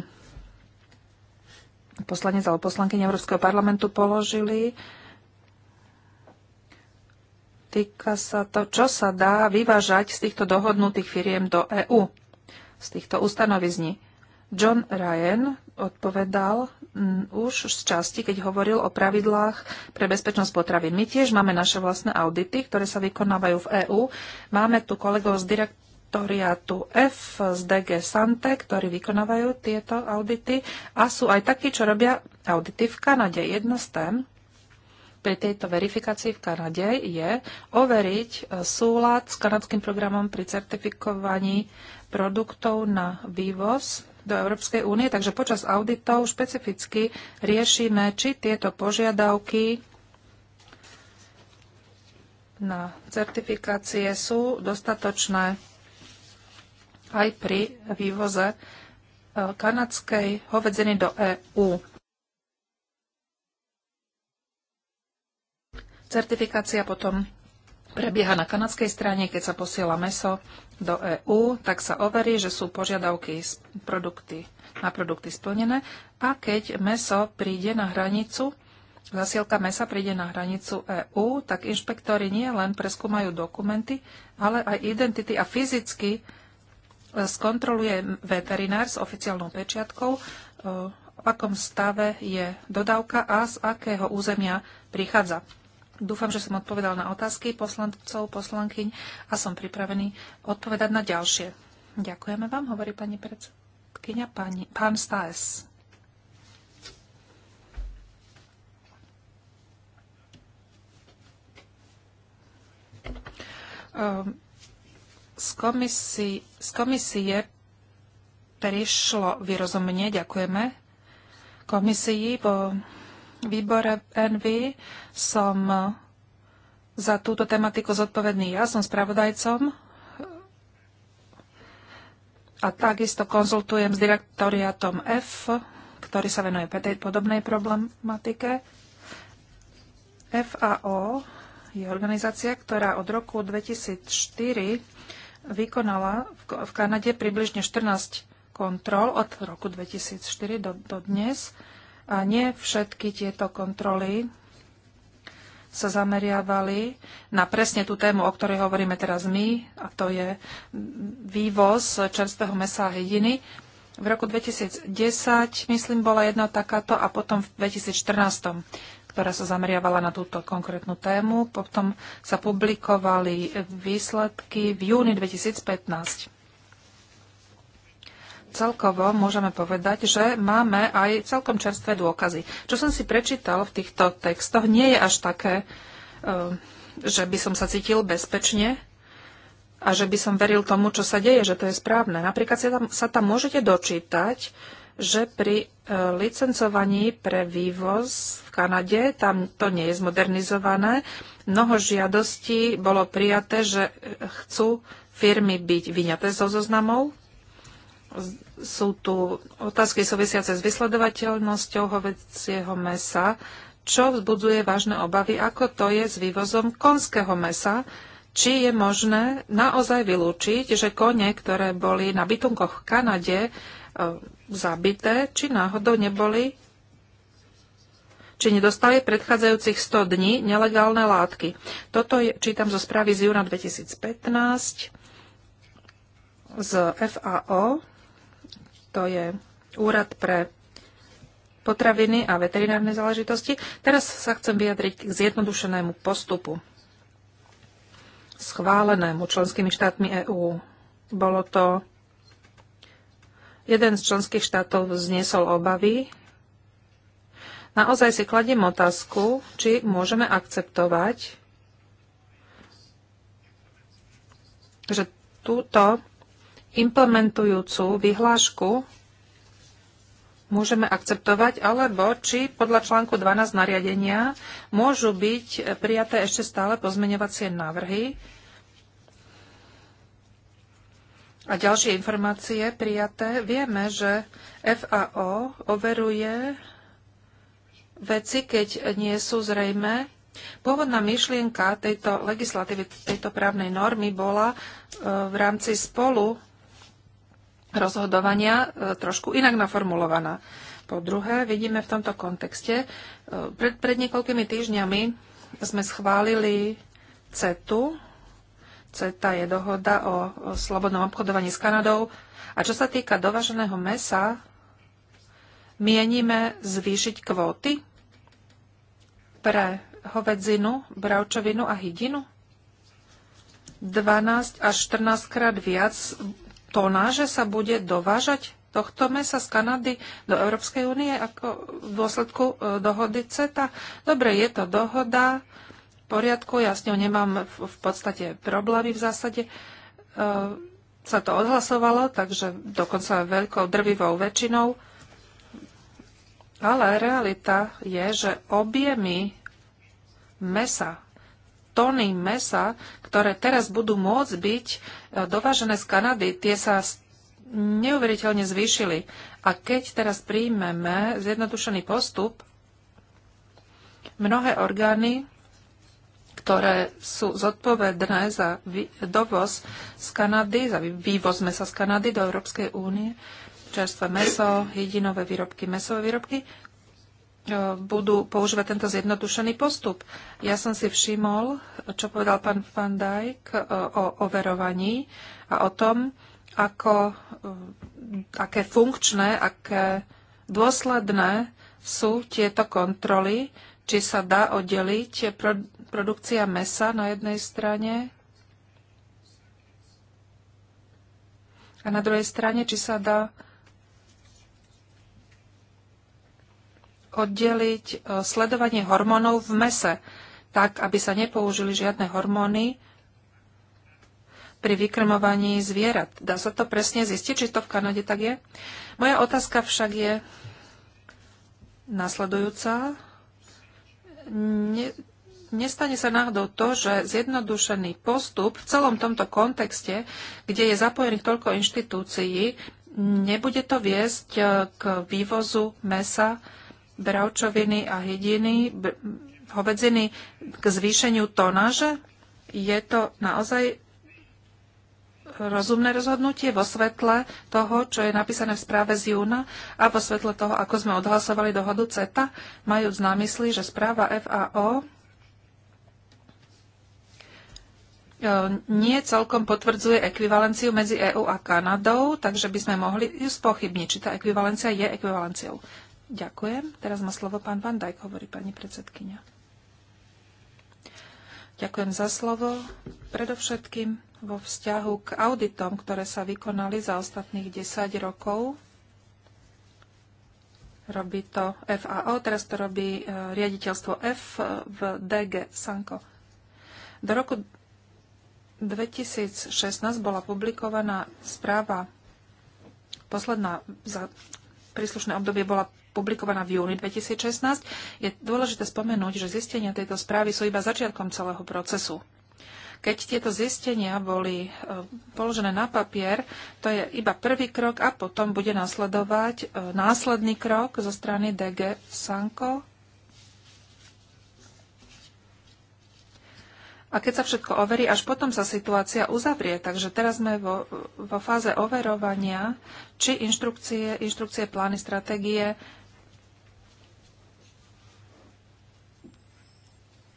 poslanec alebo poslankyne Európskeho parlamentu položili. Týka sa to, čo sa dá vyvážať z týchto dohodnutých firiem do EÚ, z týchto ustanovizní. John Ryan odpovedal Mm, už z časti, keď hovoril o pravidlách pre bezpečnosť potravín. My tiež máme naše vlastné audity, ktoré sa vykonávajú v EÚ. Máme tu kolegov z direktoriátu F z DG Sante, ktorí vykonávajú tieto audity a sú aj takí, čo robia audity v Kanade. Jedna z tém pri tejto verifikácii v Kanade je overiť e, súlad s kanadským programom pri certifikovaní produktov na vývoz do Európskej únie, takže počas auditov špecificky riešime, či tieto požiadavky na certifikácie sú dostatočné aj pri vývoze e, kanadskej hovedziny do EÚ. Certifikácia potom prebieha na kanadskej strane, keď sa posiela meso do EÚ, tak sa overí, že sú požiadavky produkty, na produkty splnené a keď meso príde na hranicu, Zasielka mesa príde na hranicu EÚ, tak inšpektori nie len preskúmajú dokumenty, ale aj identity a fyzicky e, skontroluje veterinár s oficiálnou pečiatkou, e, v akom stave je dodávka a z akého územia prichádza. Dúfam, že som odpovedal na otázky poslancov, poslankyň a som pripravený odpovedať na ďalšie. Ďakujeme vám, hovorí pani predsedkynia, pani, pán Staes. Ehm, z, komisii, z komisie prišlo vyrozumenie, ďakujeme komisii po výbore NV som za túto tematiku zodpovedný ja, som spravodajcom a takisto konzultujem s direktoriátom F, ktorý sa venuje tej podobnej problematike. FAO je organizácia, ktorá od roku 2004 vykonala v Kanade približne 14 kontrol od roku 2004 do, do dnes. A nie všetky tieto kontroly sa zameriavali na presne tú tému, o ktorej hovoríme teraz my, a to je vývoz čerstvého mesa a hydiny. V roku 2010, myslím, bola jedna takáto a potom v 2014, ktorá sa zameriavala na túto konkrétnu tému. Potom sa publikovali výsledky v júni 2015 celkovo môžeme povedať, že máme aj celkom čerstvé dôkazy. Čo som si prečítal v týchto textoch, nie je až také, e, že by som sa cítil bezpečne a že by som veril tomu, čo sa deje, že to je správne. Napríklad sa tam, sa tam môžete dočítať, že pri e, licencovaní pre vývoz v Kanade, tam to nie je zmodernizované, mnoho žiadostí bolo prijaté, že chcú firmy byť vyňaté zo zoznamov sú tu otázky súvisiace s vysledovateľnosťou hovedzieho mesa, čo vzbudzuje vážne obavy, ako to je s vývozom konského mesa, či je možné naozaj vylúčiť, že kone, ktoré boli na bytunkoch v Kanade e, zabité, či náhodou neboli, či nedostali predchádzajúcich 100 dní nelegálne látky. Toto je, čítam zo správy z júna 2015 z FAO to je Úrad pre potraviny a veterinárne záležitosti. Teraz sa chcem vyjadriť k zjednodušenému postupu schválenému členskými štátmi EÚ. Bolo to... Jeden z členských štátov vzniesol obavy. Naozaj si kladím otázku, či môžeme akceptovať, že túto implementujúcu vyhlášku môžeme akceptovať, alebo či podľa článku 12 nariadenia môžu byť prijaté ešte stále pozmeňovacie návrhy a ďalšie informácie prijaté. Vieme, že FAO overuje veci, keď nie sú zrejme. Pôvodná myšlienka tejto legislatívy, tejto právnej normy bola e, v rámci spolu rozhodovania e, trošku inak naformulovaná. Po druhé, vidíme v tomto kontexte, e, pred, pred niekoľkými týždňami sme schválili CETu. CETA je dohoda o, o slobodnom obchodovaní s Kanadou. A čo sa týka dovaženého mesa, mienime zvýšiť kvóty pre hovedzinu, bravčovinu a hydinu. 12 až 14 krát viac tonáže sa bude dovážať tohto mesa z Kanady do Európskej únie ako v dôsledku e, dohody CETA. Dobre, je to dohoda, v poriadku, ja s ňou nemám v podstate problémy v zásade. E, sa to odhlasovalo, takže dokonca veľkou drvivou väčšinou. Ale realita je, že objemy mesa tony mesa, ktoré teraz budú môcť byť e, dovážené z Kanady, tie sa neuveriteľne zvýšili. A keď teraz príjmeme zjednodušený postup, mnohé orgány, ktoré sú zodpovedné za dovoz z Kanady, za vývoz mesa z Kanady do Európskej únie, čerstvé meso, hydinové výrobky, mesové výrobky, E, budú používať tento zjednodušený postup. Ja som si všimol, čo povedal pán Van Dijk e, o overovaní a o tom, ako, e, aké funkčné, aké dôsledné sú tieto kontroly, či sa dá oddeliť produkcia mesa na jednej strane a na druhej strane, či sa dá oddeliť e, sledovanie hormónov v mese, tak aby sa nepoužili žiadne hormóny pri vykrmovaní zvierat. Dá sa to presne zistiť, či to v Kanade tak je? Moja otázka však je nasledujúca. Ne, nestane sa náhodou to, že zjednodušený postup v celom tomto kontexte, kde je zapojených toľko inštitúcií, nebude to viesť e, k vývozu mesa bravčoviny a hydiny, hovedziny k zvýšeniu tonáže? Je to naozaj rozumné rozhodnutie vo svetle toho, čo je napísané v správe z júna a vo svetle toho, ako sme odhlasovali dohodu CETA, majúc známysly, že správa FAO e, nie celkom potvrdzuje ekvivalenciu medzi EÚ a Kanadou, takže by sme mohli ju spochybniť, či tá ekvivalencia je ekvivalenciou. Ďakujem. Teraz má slovo pán Van Dijk, hovorí pani predsedkynia. Ďakujem za slovo. Predovšetkým vo vzťahu k auditom, ktoré sa vykonali za ostatných 10 rokov, robí to FAO, teraz to robí e, riaditeľstvo F e, v DG Sanko. Do roku 2016 bola publikovaná správa posledná za príslušné obdobie bola publikovaná v júni 2016, je dôležité spomenúť, že zistenia tejto správy sú iba začiatkom celého procesu. Keď tieto zistenia boli e, položené na papier, to je iba prvý krok a potom bude nasledovať e, následný krok zo strany DG Sanko a keď sa všetko overí, až potom sa situácia uzavrie. Takže teraz sme vo, vo fáze overovania, či inštrukcie, inštrukcie, plány, stratégie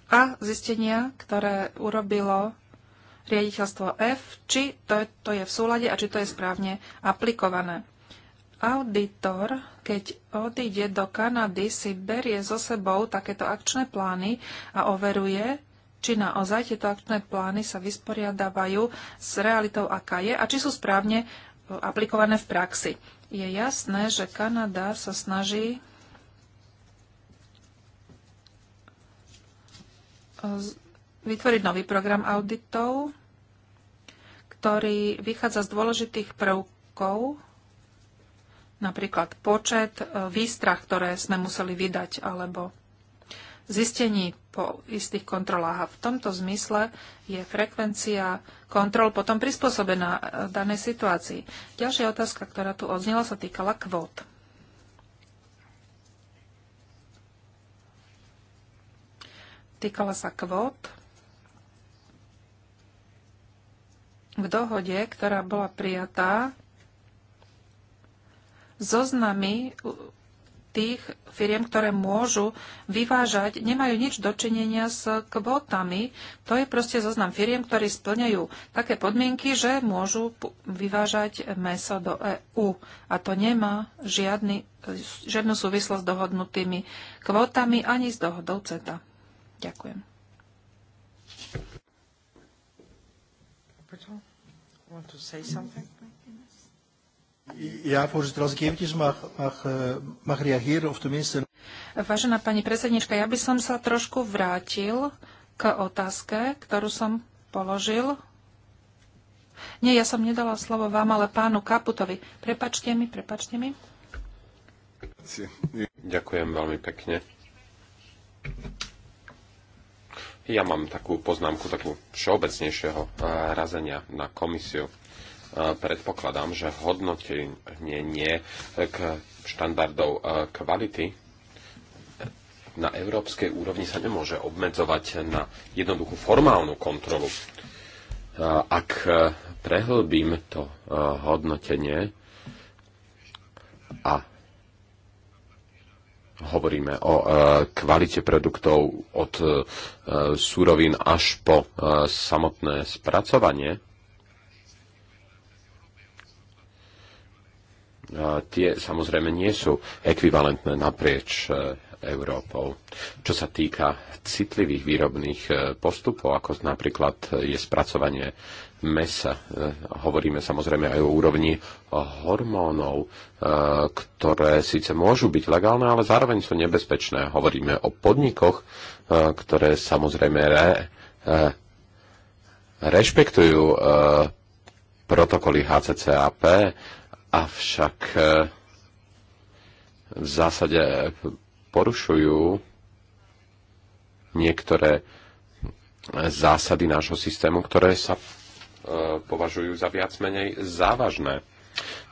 a zistenia, ktoré urobilo riaditeľstvo F, či to, to je v súlade a či to je správne aplikované. Auditor, keď odíde do Kanady, si berie so sebou takéto akčné plány a overuje, či naozaj tieto akčné plány sa vysporiadávajú s realitou, aká je a či sú správne e, aplikované v praxi. Je jasné, že Kanada sa snaží e, vytvoriť nový program auditov, ktorý vychádza z dôležitých prvkov, napríklad počet e, výstrah, ktoré sme museli vydať, alebo zistení po istých kontrolách. A v tomto zmysle je frekvencia kontrol potom prispôsobená e, danej situácii. Ďalšia otázka, ktorá tu odznela, sa týkala kvót. Týkala sa kvót v dohode, ktorá bola prijatá zoznamy tých firiem, ktoré môžu vyvážať, nemajú nič dočinenia s kvótami. To je proste zoznam firiem, ktorí splňajú také podmienky, že môžu vyvážať meso do EÚ. A to nemá žiadny, žiadnu súvislosť s dohodnutými kvótami ani s dohodou CETA. Ďakujem. Want to say something? Ja, voorzitter, als ik eventjes mag, mag, eh, mag reageren, of tenminste... Vážená pani predsednička, ja by som sa trošku vrátil k otázke, ktorú som položil. Nie, ja som nedala slovo vám, ale pánu Kaputovi. Prepačte mi, prepačte mi. Ďakujem veľmi pekne. Ja mám takú poznámku, takú všeobecnejšieho eh, razenia na komisiu predpokladám, že hodnotenie k štandardov e, kvality na európskej úrovni sa nemôže obmedzovať na jednoduchú formálnu kontrolu. Ak e, prehlbím to e, hodnotenie a hovoríme o kvalite produktov od súrovín až po samotné spracovanie, tie samozrejme nie sú ekvivalentné naprieč e, Európou. Čo sa týka citlivých výrobných e, postupov, ako napríklad e, je spracovanie mesa, hovoríme samozrejme aj o úrovni hormónov, ktoré síce môžu byť legálne, ale zároveň sú nebezpečné. Hovoríme o podnikoch, ktoré samozrejme re, rešpektujú protokoly HCCAP avšak e, v zásade e, porušujú niektoré zásady nášho systému, ktoré sa e, považujú za viac menej závažné.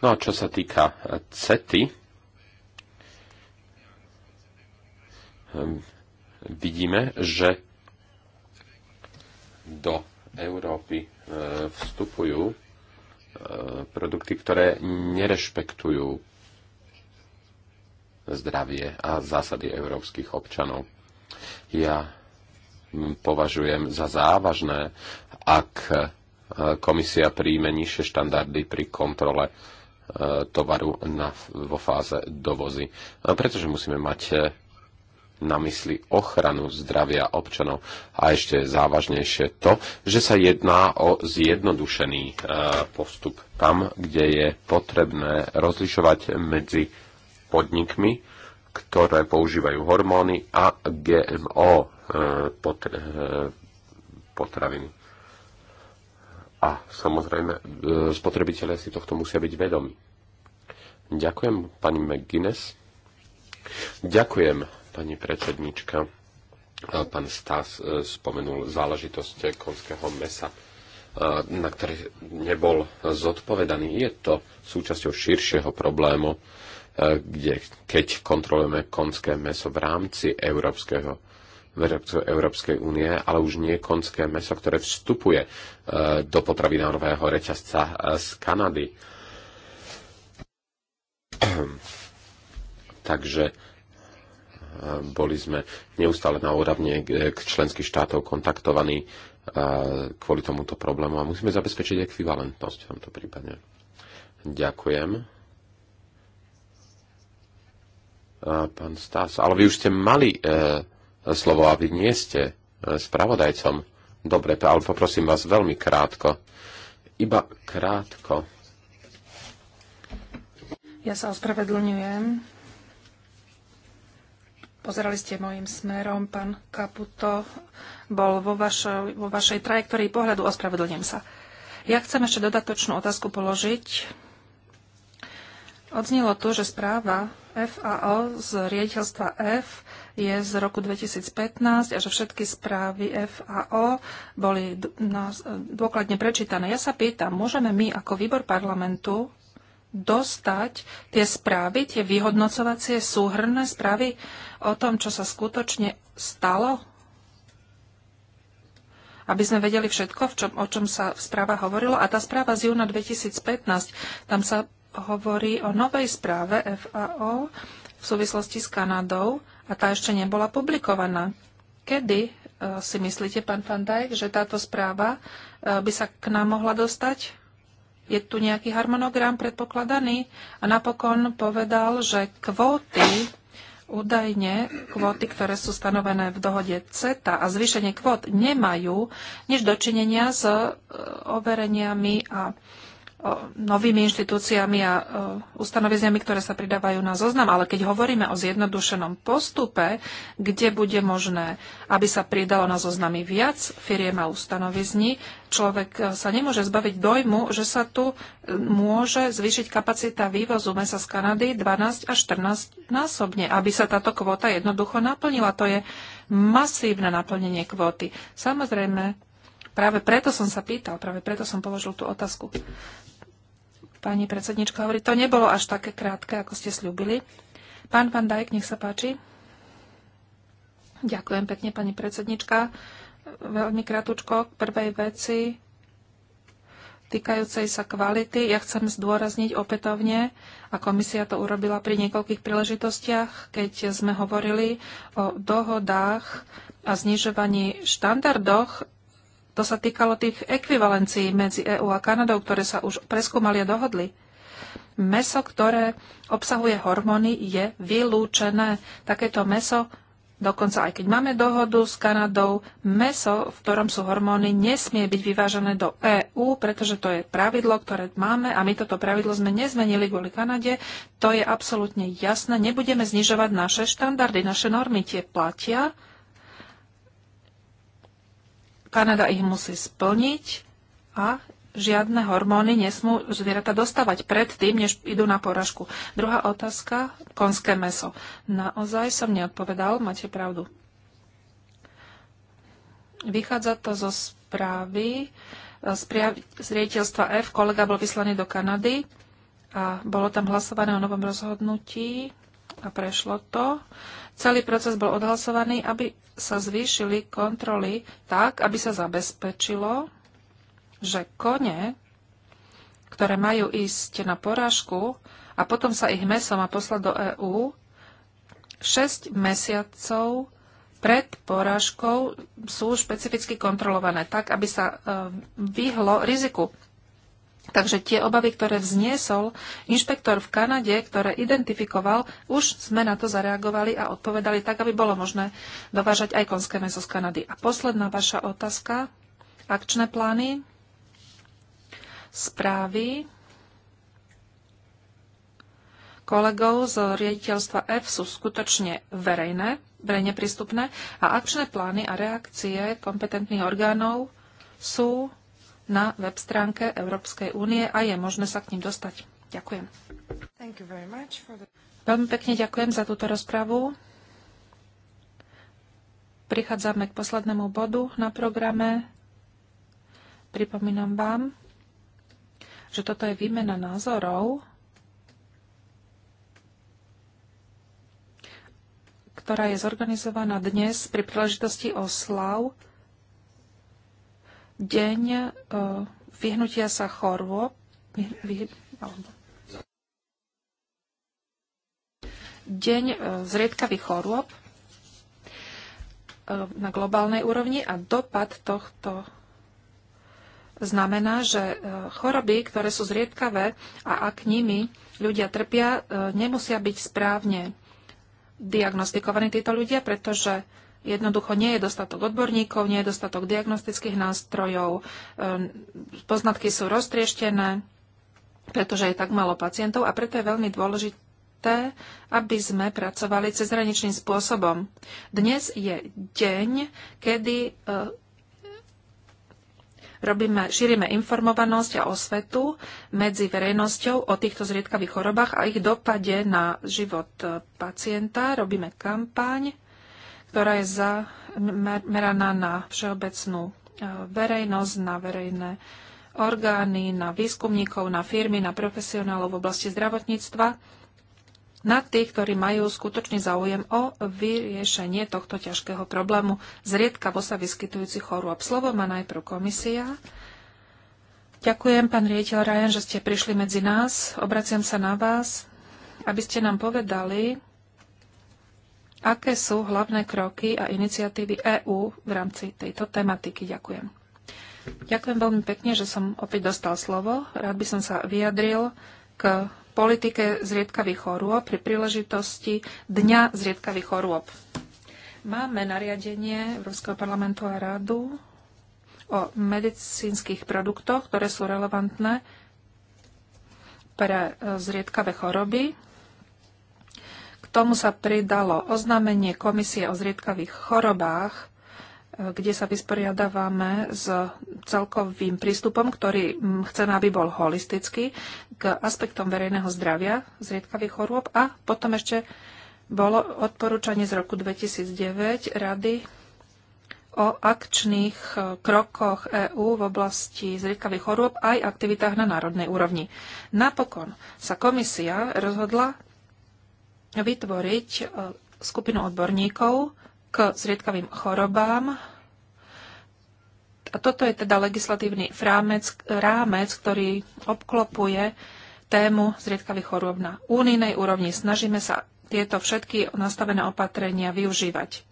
No a čo sa týka CETY, vidíme, že do Európy vstupujú produkty, ktoré nerešpektujú zdravie a zásady európskych občanov. Ja považujem za závažné, ak komisia príjme nižšie štandardy pri kontrole eh, tovaru na, vo fáze dovozy. Pretože musíme mať eh, na mysli ochranu zdravia občanov a ešte závažnejšie to, že sa jedná o zjednodušený e, postup tam, kde je potrebné rozlišovať medzi podnikmi, ktoré používajú hormóny a GMO e, e, potraviny. A samozrejme, spotrebitelia si tohto musia byť vedomi. Ďakujem, pani McGuinness. Ďakujem pani predsednička. Pán Stas e, spomenul záležitosť konského mesa, e, na ktorý nebol zodpovedaný. Je to súčasťou širšieho problému, e, kde keď kontrolujeme konské meso v rámci Európskeho Európskej únie, ale už nie konské meso, ktoré vstupuje do potravinárového reťazca z Kanady. Takže boli sme neustále na úrovni k členských štátov kontaktovaní e, kvôli tomuto problému a musíme zabezpečiť ekvivalentnosť v tomto prípade. Ďakujem. E, pán Stas, ale vy už ste mali e, slovo a vy nie ste spravodajcom. Dobre, ale poprosím vás veľmi krátko. Iba krátko. Ja sa ospravedlňujem Pozerali ste mojim smerom, pán Kaputo bol vo, vašo, vo vašej trajektórii pohľadu, ospravedlňujem sa. Ja chcem ešte dodatočnú otázku položiť. Odznilo to, že správa FAO z riaditeľstva F je z roku 2015 a že všetky správy FAO boli dôkladne prečítané. Ja sa pýtam, môžeme my ako výbor parlamentu dostať tie správy, tie vyhodnocovacie súhrné správy o tom, čo sa skutočne stalo? Aby sme vedeli všetko, v čom, o čom sa v správa hovorilo. A tá správa z júna 2015, tam sa hovorí o novej správe FAO v súvislosti s Kanadou a tá ešte nebola publikovaná. Kedy e, si myslíte, pán Van Dijk, že táto správa e, by sa k nám mohla dostať? Je tu nejaký harmonogram predpokladaný? A napokon povedal, že kvóty, údajne kvóty, ktoré sú stanovené v dohode CETA a zvýšenie kvót nemajú nič dočinenia s e, overeniami a novými inštitúciami a ustanoveniami, ktoré sa pridávajú na zoznam. Ale keď hovoríme o zjednodušenom postupe, kde bude možné, aby sa pridalo na zoznamy viac firiem a ustanovizní, človek e, sa nemôže zbaviť dojmu, že sa tu e, môže zvýšiť kapacita vývozu mesa z Kanady 12 až 14 násobne, aby sa táto kvota jednoducho naplnila. To je masívne naplnenie kvóty. Samozrejme, Práve preto som sa pýtal, práve preto som položil tú otázku. Pani predsednička hovorí, to nebolo až také krátke, ako ste slúbili. Pán Van Dijk, nech sa páči. Ďakujem pekne, pani predsednička. Veľmi krátko k prvej veci týkajúcej sa kvality. Ja chcem zdôrazniť opätovne, a komisia to urobila pri niekoľkých príležitostiach, keď sme hovorili o dohodách a znižovaní štandardoch to sa týkalo tých ekvivalencií medzi EÚ a Kanadou, ktoré sa už preskúmali a dohodli. Meso, ktoré obsahuje hormóny, je vylúčené. Takéto meso, dokonca aj keď máme dohodu s Kanadou, meso, v ktorom sú hormóny, nesmie byť vyvážené do EÚ, pretože to je pravidlo, ktoré máme a my toto pravidlo sme nezmenili kvôli Kanade. To je absolútne jasné. Nebudeme znižovať naše štandardy, naše normy tie platia Kanada ich musí splniť a žiadne hormóny nesmú zvieratá dostávať predtým, než idú na poražku. Druhá otázka, konské meso. Naozaj som neodpovedal, máte pravdu. Vychádza to zo správy z, z riaditeľstva F. Kolega bol vyslaný do Kanady a bolo tam hlasované o novom rozhodnutí a prešlo to. Celý proces bol odhlasovaný, aby sa zvýšili kontroly tak, aby sa zabezpečilo, že kone, ktoré majú ísť na porážku a potom sa ich mesom a poslať do EÚ, 6 mesiacov pred porážkou sú špecificky kontrolované, tak aby sa e, vyhlo riziku Takže tie obavy, ktoré vzniesol inšpektor v Kanade, ktoré identifikoval, už sme na to zareagovali a odpovedali tak, aby bolo možné dovážať aj konské meso z Kanady. A posledná vaša otázka. Akčné plány, správy kolegov z riaditeľstva F sú skutočne verejné, verejne prístupné a akčné plány a reakcie kompetentných orgánov sú na web stránke Európskej únie a je možné sa k ním dostať. Ďakujem. The... Veľmi pekne ďakujem za túto rozpravu. Prichádzame k poslednému bodu na programe. Pripomínam vám, že toto je výmena názorov, ktorá je zorganizovaná dnes pri príležitosti oslav deň e, vyhnutia sa chorôb, vy, deň e, zriedkavých chorôb e, na globálnej úrovni a dopad tohto znamená, že choroby, ktoré sú zriedkavé a ak nimi ľudia trpia, nemusia byť správne diagnostikovaní títo ľudia, pretože Jednoducho nie je dostatok odborníkov, nie je dostatok diagnostických nástrojov, e, poznatky sú roztrieštené, pretože je tak malo pacientov a preto je veľmi dôležité, aby sme pracovali cezhraničným spôsobom. Dnes je deň, kedy e, robíme, šírime informovanosť a osvetu medzi verejnosťou o týchto zriedkavých chorobách a ich dopade na život e, pacienta. Robíme kampaň ktorá je zameraná na všeobecnú e, verejnosť, na verejné orgány, na výskumníkov, na firmy, na profesionálov v oblasti zdravotníctva, na tých, ktorí majú skutočný záujem o vyriešenie tohto ťažkého problému zriedkavo sa vyskytujúcich chorôb. Slovo má najprv komisia. Ďakujem, pán riediteľ Rajan, že ste prišli medzi nás. Obraciam sa na vás, aby ste nám povedali, aké sú hlavné kroky a iniciatívy EÚ v rámci tejto tematiky. Ďakujem. Ďakujem veľmi pekne, že som opäť dostal slovo. Rád by som sa vyjadril k politike zriedkavých chorôb pri príležitosti Dňa zriedkavých chorôb. Máme nariadenie Európskeho parlamentu a rádu o medicínskych produktoch, ktoré sú relevantné pre e, zriedkavé choroby, tomu sa pridalo oznámenie Komisie o zriedkavých chorobách, e, kde sa vysporiadávame s celkovým prístupom, ktorý chceme, aby bol holistický k aspektom verejného zdravia zriedkavých chorôb a potom ešte bolo odporúčanie z roku 2009 Rady o akčných e, krokoch EÚ v oblasti zriedkavých chorôb aj aktivitách na národnej úrovni. Napokon sa komisia rozhodla vytvoriť e, skupinu odborníkov k zriedkavým chorobám. A toto je teda legislatívny rámec, rámec ktorý obklopuje tému zriedkavých chorôb na únijnej úrovni. Snažíme sa tieto všetky nastavené opatrenia využívať.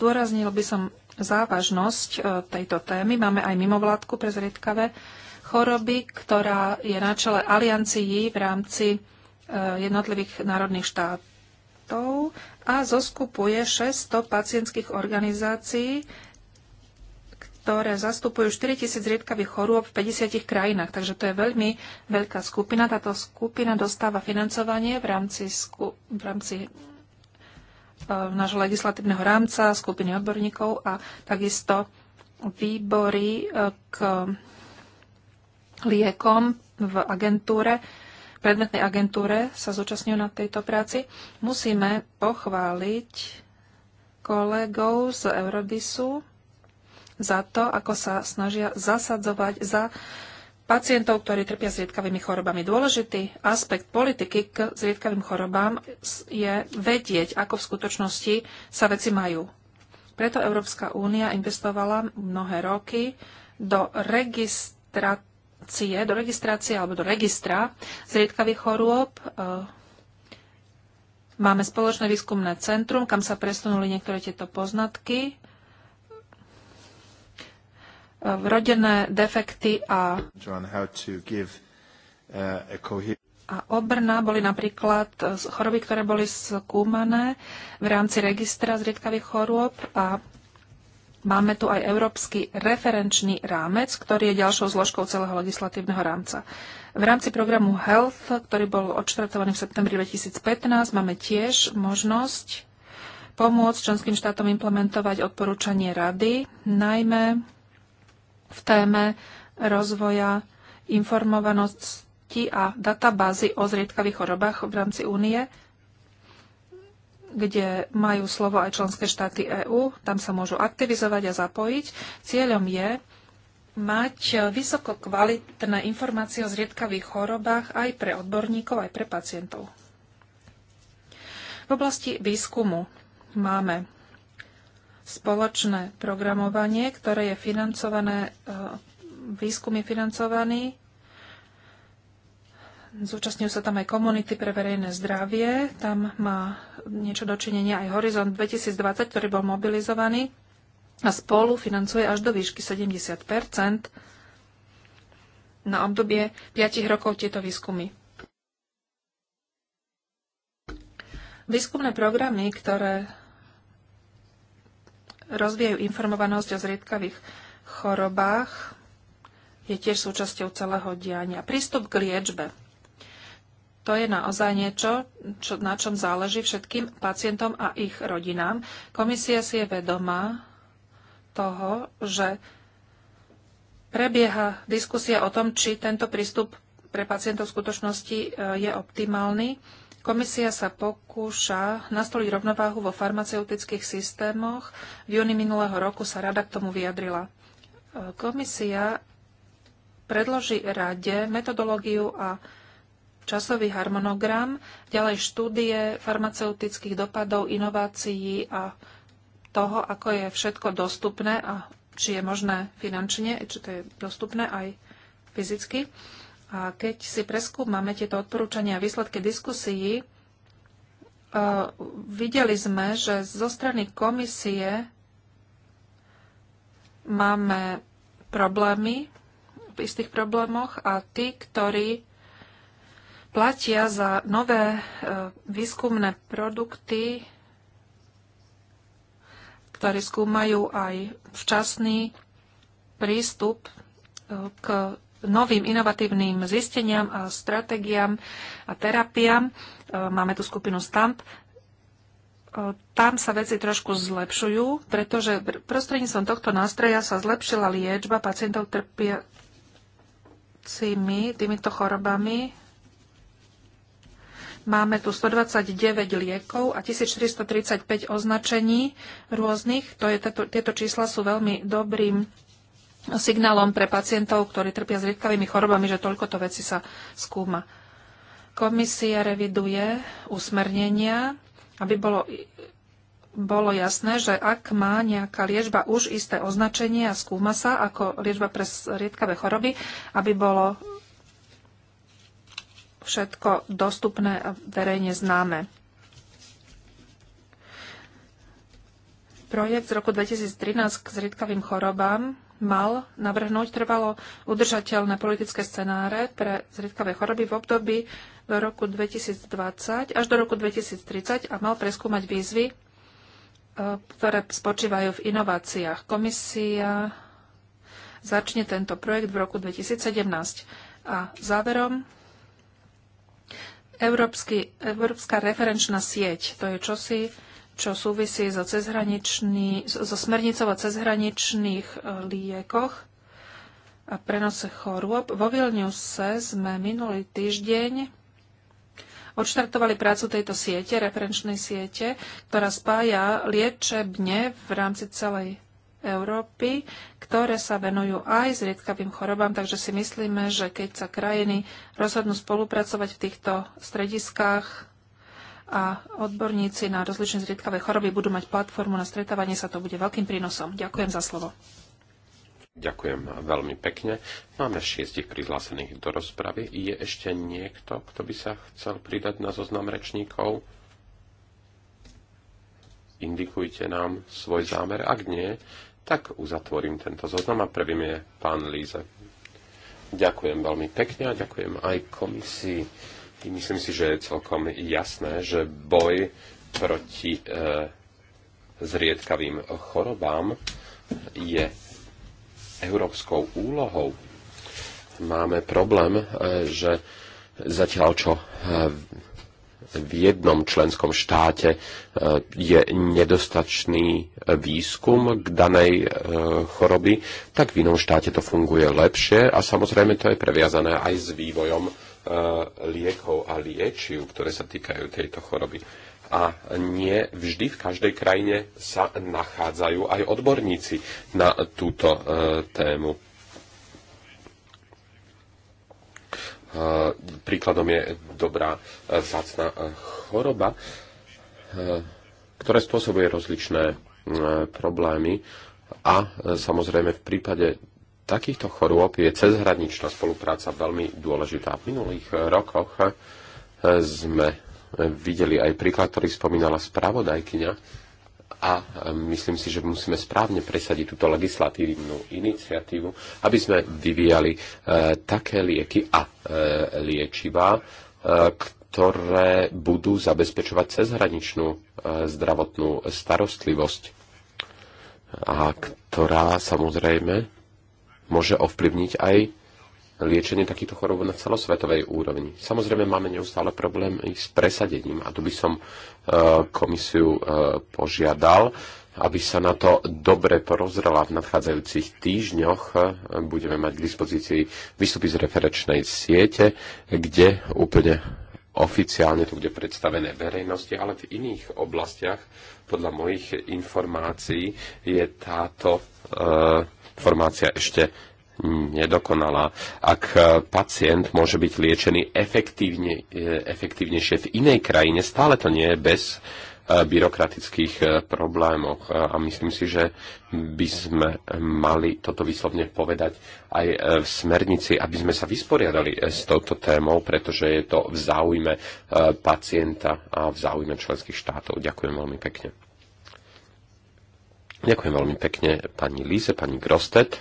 Zdôraznil by som závažnosť e, tejto témy. Máme aj mimovládku pre zriedkavé choroby, ktorá je na čele aliancií v rámci e, jednotlivých národných štátov a zoskupuje 600 pacientských organizácií, ktoré zastupujú 4000 riedkavých chorôb v 50 krajinách. Takže to je veľmi veľká skupina. Táto skupina dostáva financovanie v rámci, sku- v rámci e, nášho legislatívneho rámca, skupiny odborníkov a takisto výbory e, k liekom v agentúre, predmetnej agentúre sa zúčastňujú na tejto práci. Musíme pochváliť kolegov z Eurodisu za to, ako sa snažia zasadzovať za pacientov, ktorí trpia zriedkavými chorobami. Dôležitý aspekt politiky k zriedkavým chorobám je vedieť, ako v skutočnosti sa veci majú. Preto Európska únia investovala mnohé roky do registrat registrácie, do registrácie alebo do registra zriedkavých chorôb. E, máme spoločné výskumné centrum, kam sa presunuli niektoré tieto poznatky. E, Rodené defekty a, uh, a obrna boli napríklad e, choroby, ktoré boli skúmané v rámci registra zriedkavých chorôb a Máme tu aj Európsky referenčný rámec, ktorý je ďalšou zložkou celého legislatívneho rámca. V rámci programu Health, ktorý bol odštartovaný v septembri 2015, máme tiež možnosť pomôcť členským štátom implementovať odporúčanie rady, najmä v téme rozvoja informovanosti a databázy o zriedkavých chorobách v rámci únie kde majú slovo aj členské štáty EÚ, tam sa môžu aktivizovať a zapojiť. Cieľom je mať vysoko kvalitné informácie o zriedkavých chorobách aj pre odborníkov, aj pre pacientov. V oblasti výskumu máme spoločné programovanie, ktoré je financované, e, výskum je financovaný Zúčastňujú sa tam aj komunity pre verejné zdravie. Tam má niečo dočinenia aj Horizont 2020, ktorý bol mobilizovaný a spolu financuje až do výšky 70 na obdobie 5 rokov tieto výskumy. Výskumné programy, ktoré rozvíjajú informovanosť o zriedkavých chorobách, je tiež súčasťou celého diania. Prístup k liečbe. To je naozaj niečo, čo, na čom záleží všetkým pacientom a ich rodinám. Komisia si je vedomá toho, že prebieha diskusia o tom, či tento prístup pre pacientov v skutočnosti e, je optimálny. Komisia sa pokúša nastoliť rovnováhu vo farmaceutických systémoch. V júni minulého roku sa rada k tomu vyjadrila. E, komisia predloží rade metodológiu a časový harmonogram, ďalej štúdie farmaceutických dopadov, inovácií a toho, ako je všetko dostupné a či je možné finančne, či to je dostupné aj fyzicky. A keď si preskúmame tieto odporúčania a výsledky diskusií, e, videli sme, že zo strany komisie máme problémy v istých problémoch a tí, ktorí platia za nové e, výskumné produkty, ktoré skúmajú aj včasný prístup e, k novým inovatívnym zisteniam a stratégiám a terapiám. E, máme tu skupinu STAMP. Tam sa veci trošku zlepšujú, pretože prostredníctvom tohto nástroja sa zlepšila liečba pacientov trpiacimi týmito chorobami Máme tu 129 liekov a 1435 označení rôznych. To je, tieto, tieto čísla sú veľmi dobrým signálom pre pacientov, ktorí trpia zriedkavými chorobami, že toľkoto veci sa skúma. Komisia reviduje usmernenia, aby bolo, bolo jasné, že ak má nejaká liečba už isté označenie a skúma sa ako liečba pre riedkavé choroby, aby bolo všetko dostupné a verejne známe. Projekt z roku 2013 k zriedkavým chorobám mal navrhnúť trvalo udržateľné politické scenáre pre zriedkavé choroby v období do roku 2020 až do roku 2030 a mal preskúmať výzvy, e, ktoré spočívajú v inováciách. Komisia začne tento projekt v roku 2017. A záverom Európsky, Európska referenčná sieť, to je čosi, čo súvisí so, so smernicou o cezhraničných e, liekoch a prenose chorôb. Vo Vilniuse sme minulý týždeň odštartovali prácu tejto siete, referenčnej siete, ktorá spája liečebne v rámci celej Európy, ktoré sa venujú aj zriedkavým chorobám, takže si myslíme, že keď sa krajiny rozhodnú spolupracovať v týchto strediskách a odborníci na rozličné zriedkavé choroby budú mať platformu na stretávanie sa, to bude veľkým prínosom. Ďakujem za slovo. Ďakujem veľmi pekne. Máme šiestich prihlásených do rozpravy. Je ešte niekto, kto by sa chcel pridať na zoznam rečníkov? Indikujte nám svoj zámer. Ak nie, tak uzatvorím tento zoznam a prvým je pán Líze. Ďakujem veľmi pekne a ďakujem aj komisii. Myslím si, že je celkom jasné, že boj proti e, zriedkavým chorobám je európskou úlohou. Máme problém, e, že zatiaľ čo e, v jednom členskom štáte e, je nedostačný výskum k danej e, choroby, tak v inom štáte to funguje lepšie a samozrejme to je previazané aj s vývojom e, liekov a liečiv, ktoré sa týkajú tejto choroby. A nie vždy v každej krajine sa nachádzajú aj odborníci na túto tému Eh, príkladom je dobrá eh, vzácna eh, choroba, ktorá spôsobuje rozličné problémy a samozrejme v prípade takýchto chorôb je cezhraničná spolupráca veľmi dôležitá. V minulých rokoch sme videli aj príklad, ktorý spomínala spravodajkyňa, a e, myslím si, že musíme správne presadiť túto legislatívnu iniciatívu, aby sme vyvíjali e, také lieky a e, liečivá, e, ktoré budú zabezpečovať cezhraničnú e, zdravotnú starostlivosť a ktorá samozrejme môže ovplyvniť aj liečenie takýchto chorób na celosvetovej úrovni. Samozrejme, máme neustále problém s presadením a tu by som e, komisiu e, požiadal, aby sa na to dobre porozrela v nadchádzajúcich týždňoch. E, budeme mať k dispozícii výstupy z referečnej siete, kde úplne oficiálne to bude predstavené verejnosti, ale v iných oblastiach, podľa mojich informácií, je táto e, informácia ešte nedokonalá. Ak e, pacient môže byť liečený efektívne, e, efektívnejšie v inej krajine, stále to nie je bez e, byrokratických problémov. A myslím si, že by sme mali toto vyslovne povedať aj v smernici, aby sme sa vysporiadali s touto témou, pretože je to v záujme pacienta a v záujme členských štátov. Ďakujem veľmi pekne. Ďakujem veľmi pekne pani Líze, pani Grostet.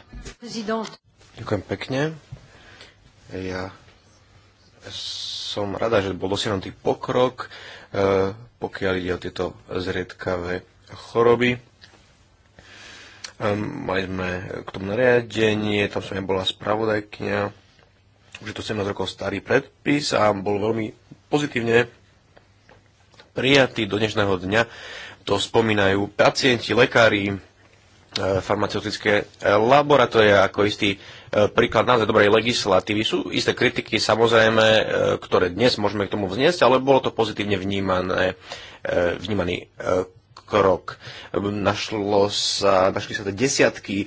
Ďakujem pekne. Ja som rada, že bol dosiahnutý pokrok, e, pokiaľ ide o tieto zriedkavé choroby. Ehm, mali sme k tomu nariadenie, tam som ja bola spravodajkňa, už je to 17 rokov starý predpis a bol veľmi pozitívne prijatý do dnešného dňa to spomínajú pacienti, lekári, e, farmaceutické e, laboratórie ako istý e, príklad naozaj dobrej legislatívy. Sú isté kritiky samozrejme, ktoré dnes môžeme k tomu vzniesť, ale bolo to pozitívne vnímané, vnímaný krok. Našlo sa, našli sa to desiatky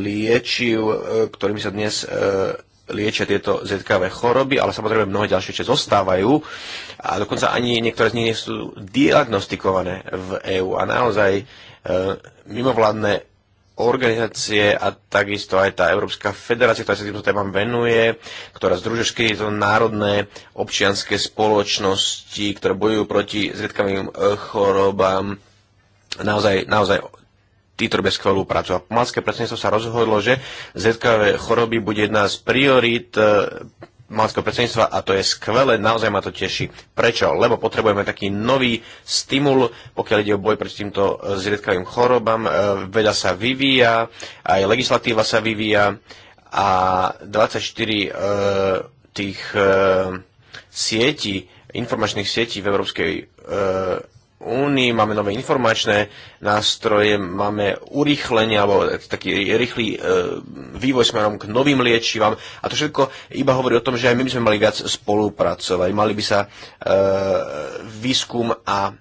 liečiv, ktorými sa dnes liečia tieto zetkavé choroby, ale samozrejme mnohé ďalšie ešte zostávajú a dokonca ani niektoré z nich nie sú diagnostikované v EÚ a naozaj e, mimovládne organizácie a takisto aj tá Európska federácia, ktorá sa týmto témam venuje, ktorá združuje tieto národné občianské spoločnosti, ktoré bojujú proti zriedkavým chorobám. Naozaj, naozaj títo robia skvelú prácu. A Malské predsedníctvo sa rozhodlo, že ZKV choroby bude jedna z priorít malského e, predsedníctva a to je skvelé, naozaj ma to teší. Prečo? Lebo potrebujeme taký nový stimul, pokiaľ ide o boj proti týmto e, zriedkavým chorobám. E, veda sa vyvíja, aj legislatíva sa vyvíja a 24 e, tých e, sietí, informačných sietí v Európskej e, únii, máme nové informačné nástroje, máme urýchlenie alebo taký rýchly e, vývoj smerom k novým liečivám a to všetko iba hovorí o tom, že aj my by sme mali viac spolupracovať. Mali by sa e, výskum a e,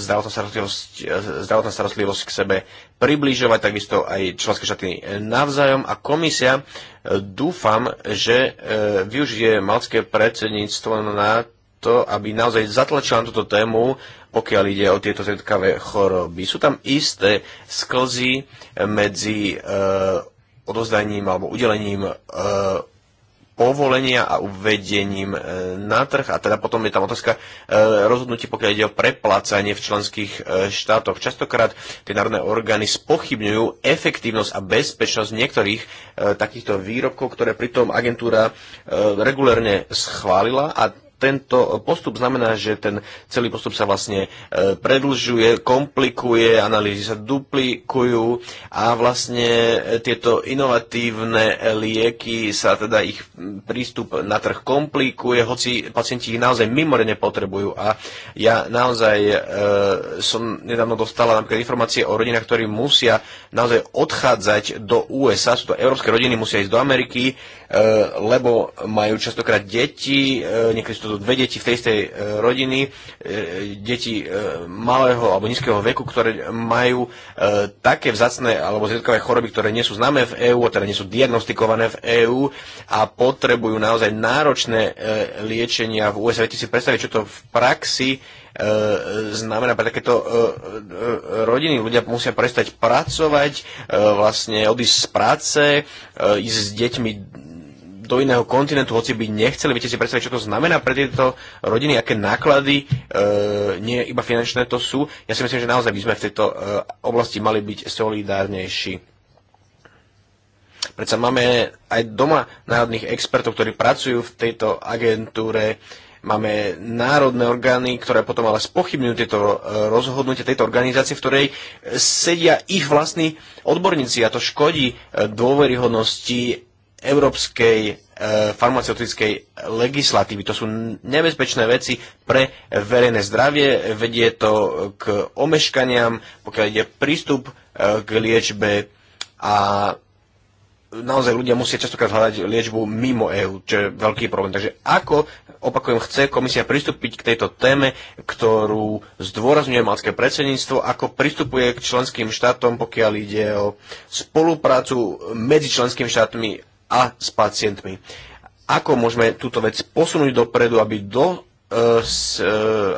zdravotná, starostlivosť, e, zdravotná starostlivosť k sebe približovať, takisto aj členské štáty navzájom a komisia e, dúfam, že e, využije malské predsedníctvo na to, aby naozaj zatlačila na túto tému pokiaľ ide o tieto zriedkavé choroby. Sú tam isté sklzy medzi e, eh, odozdaním alebo udelením e, povolenia a uvedením e, na trh. A teda potom je tam otázka e, rozhodnutí, pokiaľ ide o preplácanie v členských e, štátoch. Častokrát tie národné orgány spochybňujú efektívnosť a bezpečnosť niektorých e, takýchto výrobkov, ktoré pritom agentúra e, regulérne schválila a tento postup znamená, že ten celý postup sa vlastne e, predlžuje, komplikuje, analýzy sa duplikujú a vlastne e, tieto inovatívne lieky sa teda ich prístup na trh komplikuje, hoci pacienti ich naozaj mimorene potrebujú. A ja naozaj e, som nedávno dostala napríklad informácie o rodinách, ktorí musia naozaj odchádzať do USA, sú to európske rodiny, musia ísť do Ameriky, E, lebo majú častokrát deti, e, niekedy sú to dve deti v tej istej e, rodiny, deti malého alebo nízkeho veku, ktoré majú také vzácne alebo zriedkavé choroby, ktoré nie sú známe v EÚ, teda nie sú diagnostikované v EÚ a potrebujú naozaj náročné liečenia v USA. Viete si predstaviť, čo to v praxi znamená pre takéto rodiny. Ľudia musia prestať pracovať, vlastne odísť z práce, ísť s deťmi do iného kontinentu, hoci by nechceli. Viete si predstaviť, čo to znamená pre tieto rodiny, aké náklady, e, nie iba finančné to sú. Ja si myslím, že naozaj by sme v tejto e, oblasti mali byť solidárnejší. Predsa máme aj doma národných expertov, ktorí pracujú v tejto agentúre. Máme národné orgány, ktoré potom ale spochybňujú tieto e, rozhodnutia tejto organizácie, v ktorej sedia ich vlastní odborníci a to škodí e, dôveryhodnosti európskej e, farmaceutickej legislatívy. To sú nebezpečné veci pre verejné zdravie, vedie to k omeškaniam, pokiaľ ide prístup e, k liečbe a naozaj ľudia musia častokrát hľadať liečbu mimo EÚ, čo je veľký problém. Takže ako, opakujem, chce komisia pristúpiť k tejto téme, ktorú zdôrazňuje malské predsedníctvo, ako pristupuje k členským štátom, pokiaľ ide o spoluprácu medzi členskými štátmi a s pacientmi. Ako môžeme túto vec posunúť dopredu, aby do e, s, e,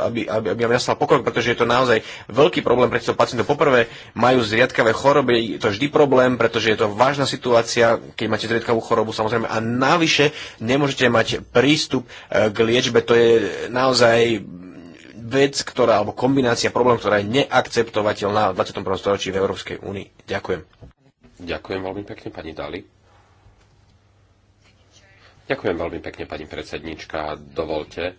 aby, aby, aby nastal pokrok, pretože je to naozaj veľký problém pre týchto pacientov. Poprvé, majú zriedkavé choroby, je to vždy problém, pretože je to vážna situácia, keď máte zriedkavú chorobu samozrejme a navyše nemôžete mať prístup e, k liečbe, to je naozaj vec, ktorá, alebo kombinácia problém, ktorá je neakceptovateľná v 21. storočí v Európskej únii. Ďakujem. Ďakujem veľmi pekne, pani Dali. Ďakujem veľmi pekne, pani predsednička. Dovolte,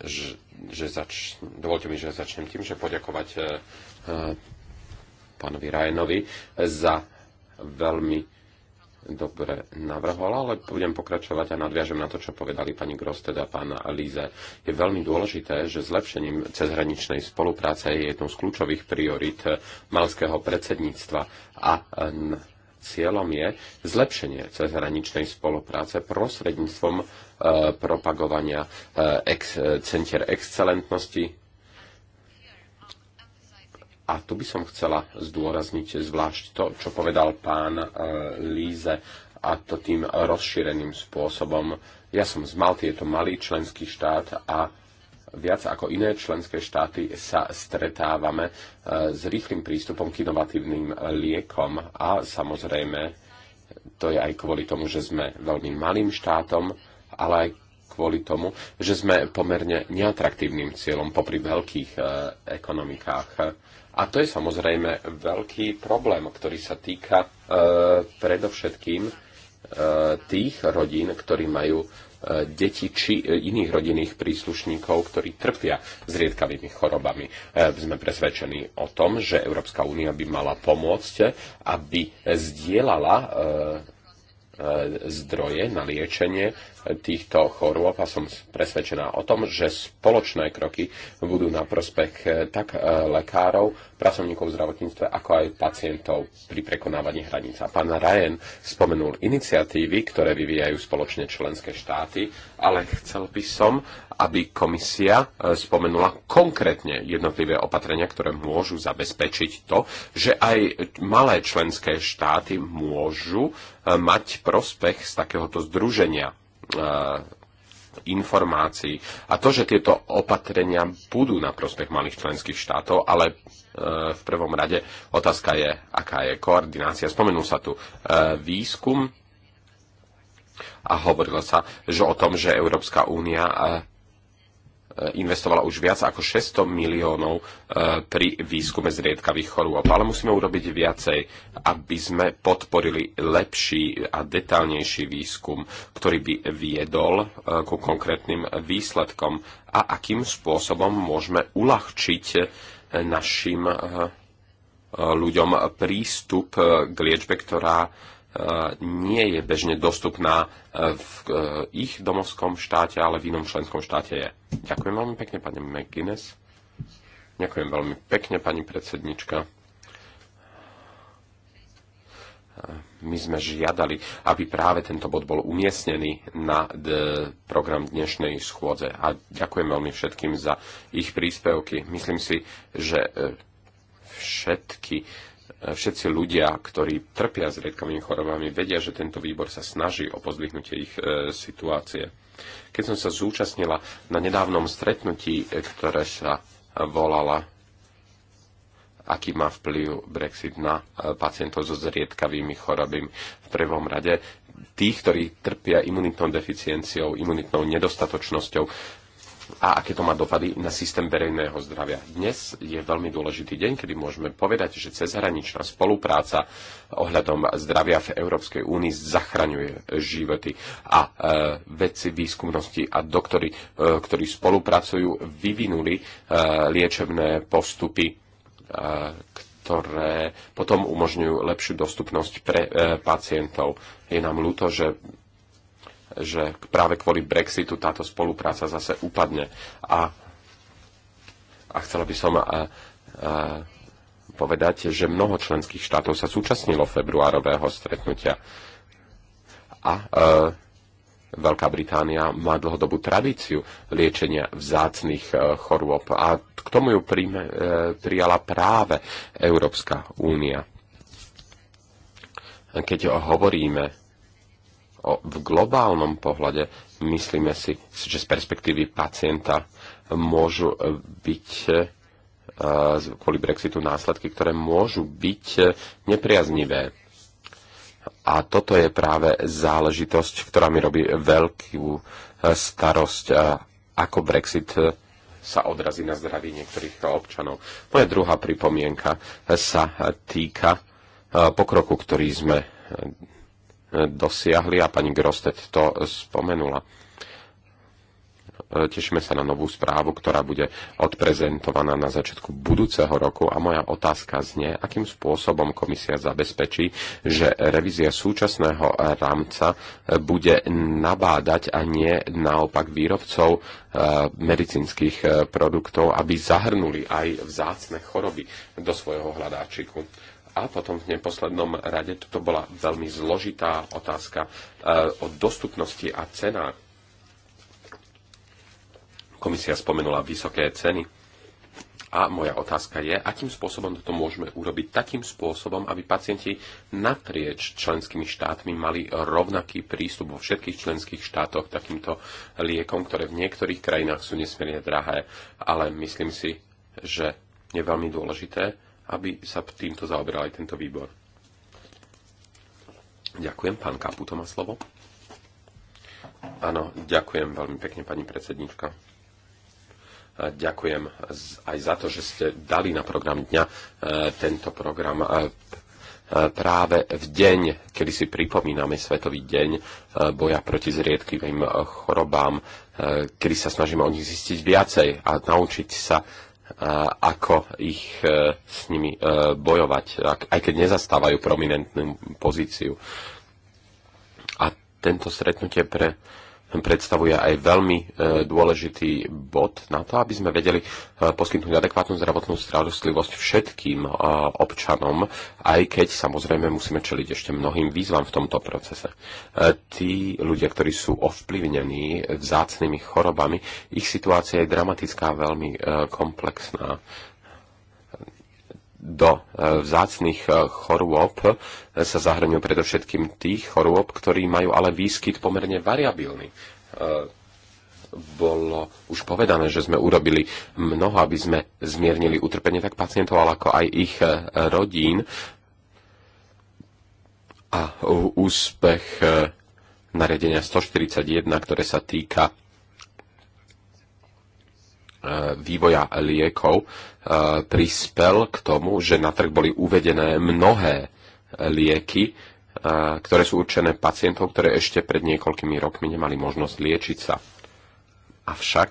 že, že zač, dovolte mi, že začnem tým, že poďakovať e, e pánovi Rajenovi za veľmi dobre navrhol, ale budem pokračovať a nadviažem na to, čo povedali pani Grosted a pána Líze. Je veľmi dôležité, že zlepšením cezhraničnej spolupráce je jednou z kľúčových priorit malského predsedníctva a Cieľom je zlepšenie cezhraničnej spolupráce prostredníctvom e, propagovania e, ex, centier excelentnosti. A tu by som chcela zdôrazniť zvlášť to, čo povedal pán e, Líze, a to tým rozšíreným spôsobom. Ja som z Malty, je to malý členský štát a viac ako iné členské štáty sa stretávame e, s rýchlým prístupom k inovatívnym liekom a samozrejme to je aj kvôli tomu, že sme veľmi malým štátom, ale aj kvôli tomu, že sme pomerne neatraktívnym cieľom popri veľkých e, ekonomikách. A to je samozrejme veľký problém, ktorý sa týka e, predovšetkým e, tých rodín, ktorí majú detí či e, iných rodinných príslušníkov, ktorí trpia zriedkavými chorobami. E, sme presvedčení o tom, že Európska únia by mala pomôcť, e, aby zdieľala zdroje na liečenie týchto chorôb a som presvedčená o tom, že spoločné kroky budú na prospech tak lekárov, pracovníkov v zdravotníctve, ako aj pacientov pri prekonávaní hraníc. A pán Ryan spomenul iniciatívy, ktoré vyvíjajú spoločne členské štáty, ale chcel by som, aby komisia e, spomenula konkrétne jednotlivé opatrenia, ktoré môžu zabezpečiť to, že aj malé členské štáty môžu e, mať prospech z takéhoto združenia e, informácií. A to, že tieto opatrenia budú na prospech malých členských štátov, ale e, v prvom rade otázka je, aká je koordinácia. Spomenul sa tu e, výskum a hovorilo sa, že o tom, že Európska únia e, E, investovala už viac ako 600 miliónov e, pri výskume zriedkavých chorôb. Ale musíme urobiť viacej, aby sme podporili lepší a detálnejší výskum, ktorý by viedol e, ku konkrétnym výsledkom a akým spôsobom môžeme uľahčiť našim ľuďom prístup k liečbe, ktorá nie je bežne dostupná e, v e, ich domovskom štáte, ale v inom členskom štáte je. Ďakujem veľmi pekne, pani McGuinness. Ďakujem veľmi pekne, pani predsednička. E, my sme žiadali, aby práve tento bod bol umiestnený na program dnešnej schôdze. A ďakujem veľmi všetkým za ich príspevky. Myslím si, že všetky všetci ľudia, ktorí trpia s riedkavými chorobami, vedia, že tento výbor sa snaží o pozdvihnutie ich e, situácie. Keď som sa zúčastnila na nedávnom stretnutí, e, ktoré sa volala aký má vplyv Brexit na e, pacientov so zriedkavými chorobami. V prvom rade tých, ktorí trpia imunitnou deficienciou, imunitnou nedostatočnosťou, a aké to má dopady na systém verejného zdravia. Dnes je veľmi dôležitý deň, kedy môžeme povedať, že cezhraničná spolupráca ohľadom zdravia v Európskej únii zachraňuje životy. A e, vedci výskumnosti a doktory, e, ktorí spolupracujú, vyvinuli e, liečebné postupy, e, ktoré potom umožňujú lepšiu dostupnosť pre e, pacientov. Je nám ľúto, že že práve kvôli Brexitu táto spolupráca zase upadne. A, a chcela by som a, a, povedať, že mnoho členských štátov sa súčasnilo februárového stretnutia. A a e, Veľká Británia má dlhodobú tradíciu liečenia vzácných e, chorôb a k tomu ju príme, e, prijala práve Európska únia. Keď hovoríme o, v globálnom pohľade myslíme si, že z perspektívy pacienta môžu e, byť e, kvôli Brexitu následky, ktoré môžu byť e, nepriaznivé. A toto je práve záležitosť, ktorá mi robí veľkú starosť, ako Brexit sa odrazí na zdraví niektorých občanov. Moja druhá pripomienka sa týka pokroku, ktorý sme dosiahli a pani Grostet to spomenula. E, tešíme sa na novú správu, ktorá bude odprezentovaná na začiatku budúceho roku a moja otázka znie, akým spôsobom komisia zabezpečí, že revízia súčasného rámca bude nabádať a nie naopak výrobcov e, medicínskych e, produktov, aby zahrnuli aj vzácne choroby do svojho hľadáčiku a potom v neposlednom rade, toto bola veľmi zložitá otázka eh, o dostupnosti a cenách. Komisia spomenula vysoké ceny. A moja otázka je, akým spôsobom toto môžeme urobiť takým spôsobom, aby pacienti naprieč členskými štátmi mali rovnaký prístup vo všetkých členských štátoch takýmto liekom, ktoré v niektorých krajinách sú nesmierne drahé. Ale myslím si, že je veľmi dôležité, aby sa týmto zaoberal aj tento výbor. Ďakujem. Pán Kaputo má slovo. Áno, ďakujem veľmi pekne, pani predsednička. Ďakujem aj za to, že ste dali na program dňa e, tento program e, e, práve v deň, kedy si pripomíname Svetový deň boja proti zriedkyvým chorobám, kedy sa snažíme o nich zistiť viacej a naučiť sa ako ich e, s nimi e, bojovať, aj keď nezastávajú prominentnú pozíciu. A tento stretnutie pre predstavuje aj veľmi e, dôležitý bod na to, aby sme vedeli e, poskytnúť adekvátnu zdravotnú starostlivosť všetkým e, občanom, aj keď samozrejme musíme čeliť ešte mnohým výzvam v tomto procese. Tí ľudia, ktorí sú ovplyvnení vzácnymi chorobami, ich situácia je dramatická a veľmi komplexná do e, vzácných e, chorôb e, sa zahrňujú predovšetkým tých chorôb, ktorí majú ale výskyt pomerne variabilný. Bolo už povedané, že sme urobili mnoho, aby sme zmiernili utrpenie tak pacientov, ale ako aj ich rodín. A úspech nariadenia 141, ktoré sa týka E, vývoja liekov e, prispel k tomu, že na trh boli uvedené mnohé lieky, e, ktoré sú určené pacientov, ktoré ešte pred niekoľkými rokmi nemali možnosť liečiť sa. Avšak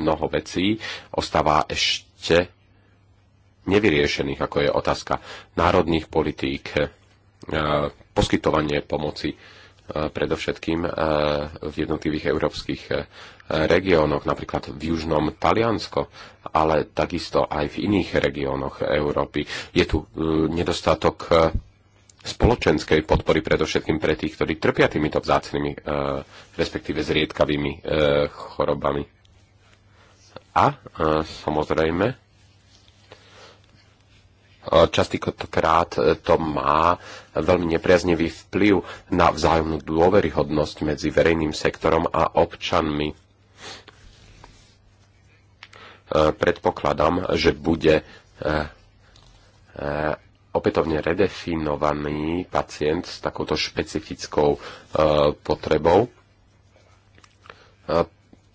mnoho vecí ostáva ešte nevyriešených, ako je otázka národných politík, poskytovanie pomoci predovšetkým v jednotlivých európskych regiónoch, napríklad v južnom Taliansko, ale takisto aj v iných regiónoch Európy. Je tu e, nedostatok e, spoločenskej podpory predovšetkým pre tých, ktorí trpia týmito vzácnymi, e, respektíve zriedkavými chorobami. A samozrejme, Častokrát e, to má veľmi nepriaznivý vplyv na vzájomnú dôveryhodnosť medzi verejným sektorom a občanmi. E, predpokladám, že bude e, opätovne redefinovaný pacient s takouto špecifickou potrebou,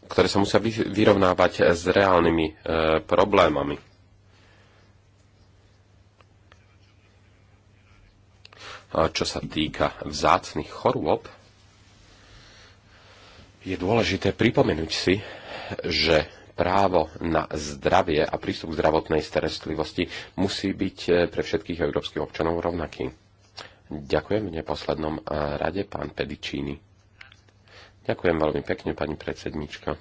ktoré sa musia vyrovnávať s reálnymi problémami čo sa týka vzácnych chorôb, je dôležité pripomenúť si, že právo na zdravie a prístup k zdravotnej starostlivosti musí byť eh, pre všetkých európskych občanov rovnaký. Ďakujem v neposlednom eh, rade pán Pedičíny. Ďakujem veľmi pekne, pani predsednička. Eh,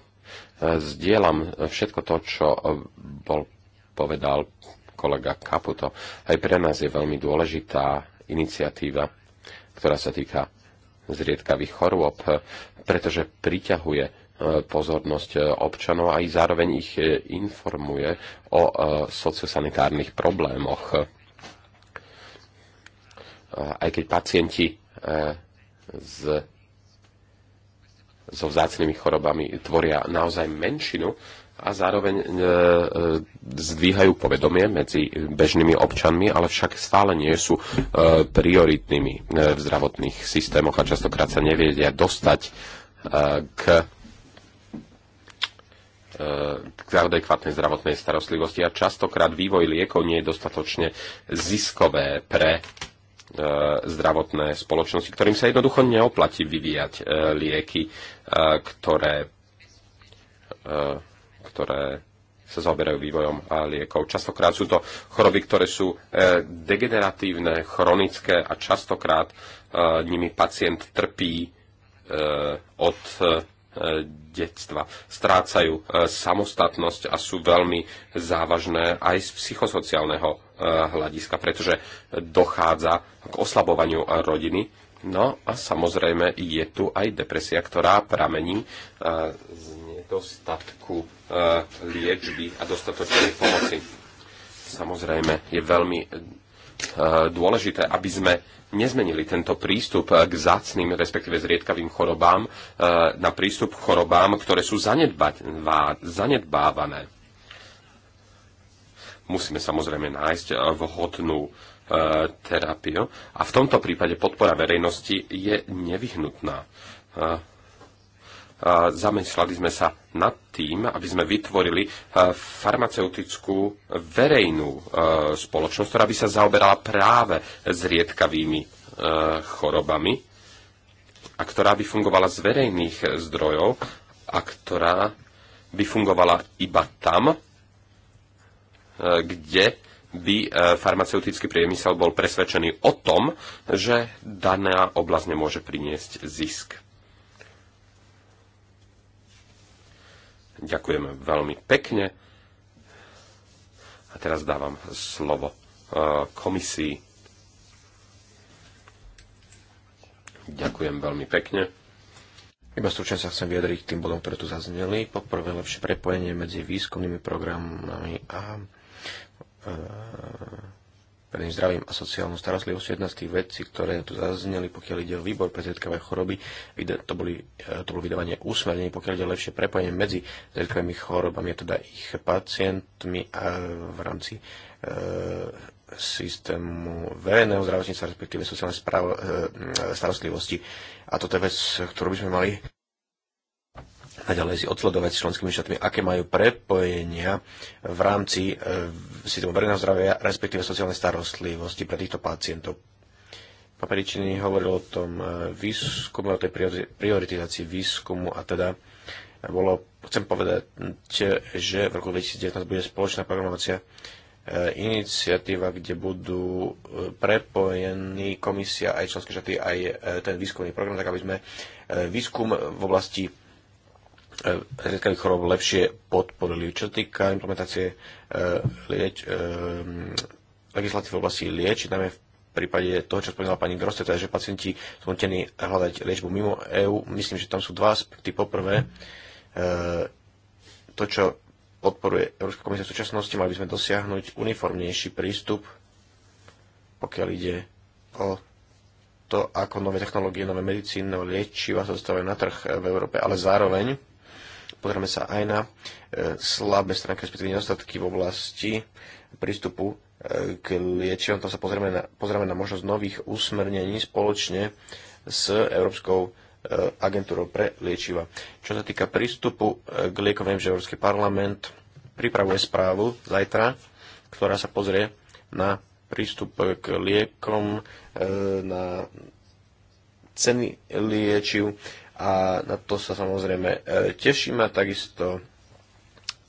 zdieľam všetko to, čo bol povedal kolega Kaputo. Aj pre nás je veľmi dôležitá iniciatíva, ktorá sa týka zriedkavých chorôb, pretože priťahuje e, pozornosť e, občanov a i zároveň ich e, informuje o sociosanitárnych problémoch. Aj keď pacienti z so vzácnými chorobami tvoria naozaj menšinu, a zároveň e, e, zdvíhajú povedomie medzi bežnými občanmi, ale však stále nie sú e, prioritnými e, v zdravotných systémoch a častokrát sa nevedia dostať e, k e, k adekvátnej zdravotnej starostlivosti a častokrát vývoj liekov nie je dostatočne ziskové pre e, zdravotné spoločnosti, ktorým sa jednoducho neoplatí vyvíjať lieky, ktoré ktoré sa zaoberajú vývojom liekov. Častokrát sú to choroby, ktoré sú e, degeneratívne, chronické a častokrát e, nimi pacient trpí e, od detstva. Strácajú samostatnosť a sú veľmi závažné aj z psychosociálneho hľadiska, pretože dochádza k oslabovaniu rodiny. No a samozrejme je tu aj depresia, ktorá pramení z nedostatku e, liečby a dostatočnej pomoci. Samozrejme, je veľmi e, dôležité, aby sme nezmenili tento prístup e, k zácným, respektíve zriedkavým chorobám na prístup k chorobám, ktoré sú zanedbávané. Musíme samozrejme nájsť vhodnú terapiu a v tomto prípade podpora verejnosti je nevyhnutná zamyslali sme sa nad tým, aby sme vytvorili e, farmaceutickú verejnú e, spoločnosť, ktorá by sa zaoberala práve zriedkavými e, chorobami a ktorá by fungovala z verejných zdrojov a ktorá by fungovala iba tam, kde by farmaceutický priemysel bol presvedčený o tom, že daná oblasť nemôže priniesť zisk. Ďakujem veľmi pekne. A teraz dávam slovo e, komisii. Ďakujem veľmi pekne. Iba stručne sa chcem vyjadriť k tým bodom, ktoré tu zazneli. Poprvé lepšie prepojenie medzi výskumnými programami a e, pevným zdravím a sociálnu starostlivosť. Jedna z tých vecí, ktoré tu zazneli, pokiaľ ide o výbor pre zriedkavé choroby, to, boli, e, to bolo vydávanie úsmernení, pokiaľ ide o lepšie prepojenie medzi zriedkavými chorobami, teda ich pacientmi a v rámci e, systému verejného zdravotníctva, respektíve sociálnej e, e, starostlivosti. A toto je vec, ktorú by sme mali a ďalej si odsledovať s členskými štátmi, aké majú prepojenia v rámci e, systému verejného zdravia, respektíve sociálnej starostlivosti pre týchto pacientov. Paperičiny hovoril o tom e, výskumu, o tej prioritizácii výskumu a teda bolo, chcem povedať, že v roku 2019 bude spoločná programovacia e, iniciatíva, kde budú e, prepojení komisia aj členské štáty, aj ten výskumný program, tak aby sme výskum v oblasti zriedkavých e, chorob lepšie podporili. Čo týka implementácie e, lieč, e, legislatívy v oblasti lieči, najmä v prípade toho, čo spomínala pani Groste, teda, že pacienti sú nutení hľadať liečbu mimo EÚ, myslím, že tam sú dva aspekty. Poprvé, to, čo podporuje Európska komisia v súčasnosti, mali by sme dosiahnuť uniformnejší prístup, pokiaľ ide o to, ako nové technológie, nové nové liečiva sa dostávajú na trh v Európe, ale zároveň Pozrieme sa aj na e, slabé stránky, respektíve nedostatky v oblasti prístupu e, k liečivom. Tam sa pozrieme na, pozrieme na možnosť nových usmernení spoločne s Európskou e, agentúrou pre liečiva. Čo sa týka prístupu k liekom, viem, že Európsky parlament pripravuje správu zajtra, ktorá sa pozrie na prístup k liekom, na ceny liečiv a na to sa samozrejme e, teším a takisto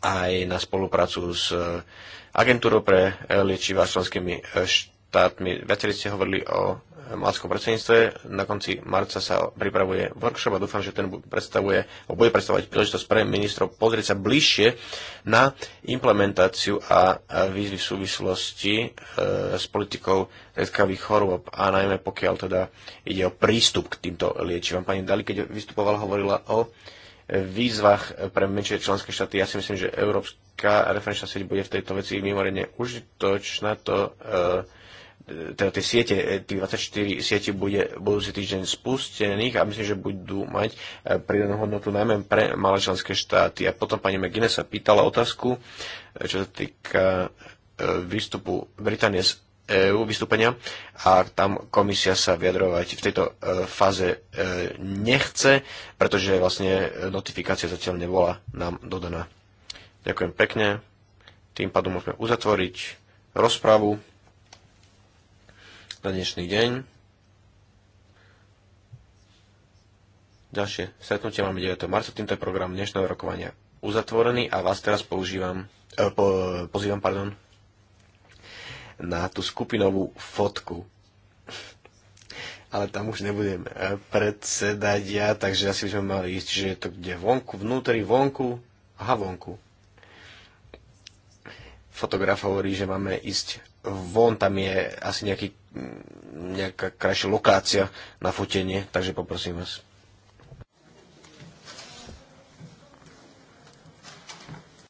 aj na spoluprácu s e, agentúrou pre e, liečiva členskými štátmi. Viacerí ste hovorili o malskom predsedníctve. Na konci marca sa pripravuje workshop a dúfam, že ten predstavuje, bude predstavovať príležitosť pre ministrov pozrieť sa bližšie na implementáciu a výzvy v súvislosti e, s politikou redkavých chorôb a najmä pokiaľ teda ide o prístup k týmto liečivám. Pani Dali, keď vystupovala, hovorila o výzvach pre menšie členské štáty. Ja si myslím, že Európska referenčná sieť bude v tejto veci mimoriadne užitočná. To e, teda tie siete, e, tých 24 sieti bude budúci týždeň spustených a myslím, že budú mať e, pridanú hodnotu najmä pre malé členské štáty. A potom pani McGuinness sa pýtala otázku, e, čo sa týka výstupu Británie z EU vystúpenia a tam komisia sa vyjadrovať v tejto fáze nechce, pretože vlastne notifikácia zatiaľ nebola nám dodaná. Ďakujem pekne. Tým pádom môžeme uzatvoriť rozpravu na dnešný deň. Ďalšie stretnutie máme 9. marca, týmto je program dnešného rokovania uzatvorený a vás teraz používam, eh, po, pozývam pardon, na tú skupinovú fotku. Ale tam už nebudem e, predsedať ja, takže asi by sme mali ísť, že je to kde vonku, vnútri, vonku, aha vonku. Fotograf hovorí, že máme ísť von, tam je asi nejaký, nejaká krajšia lokácia na fotenie, takže poprosím vás.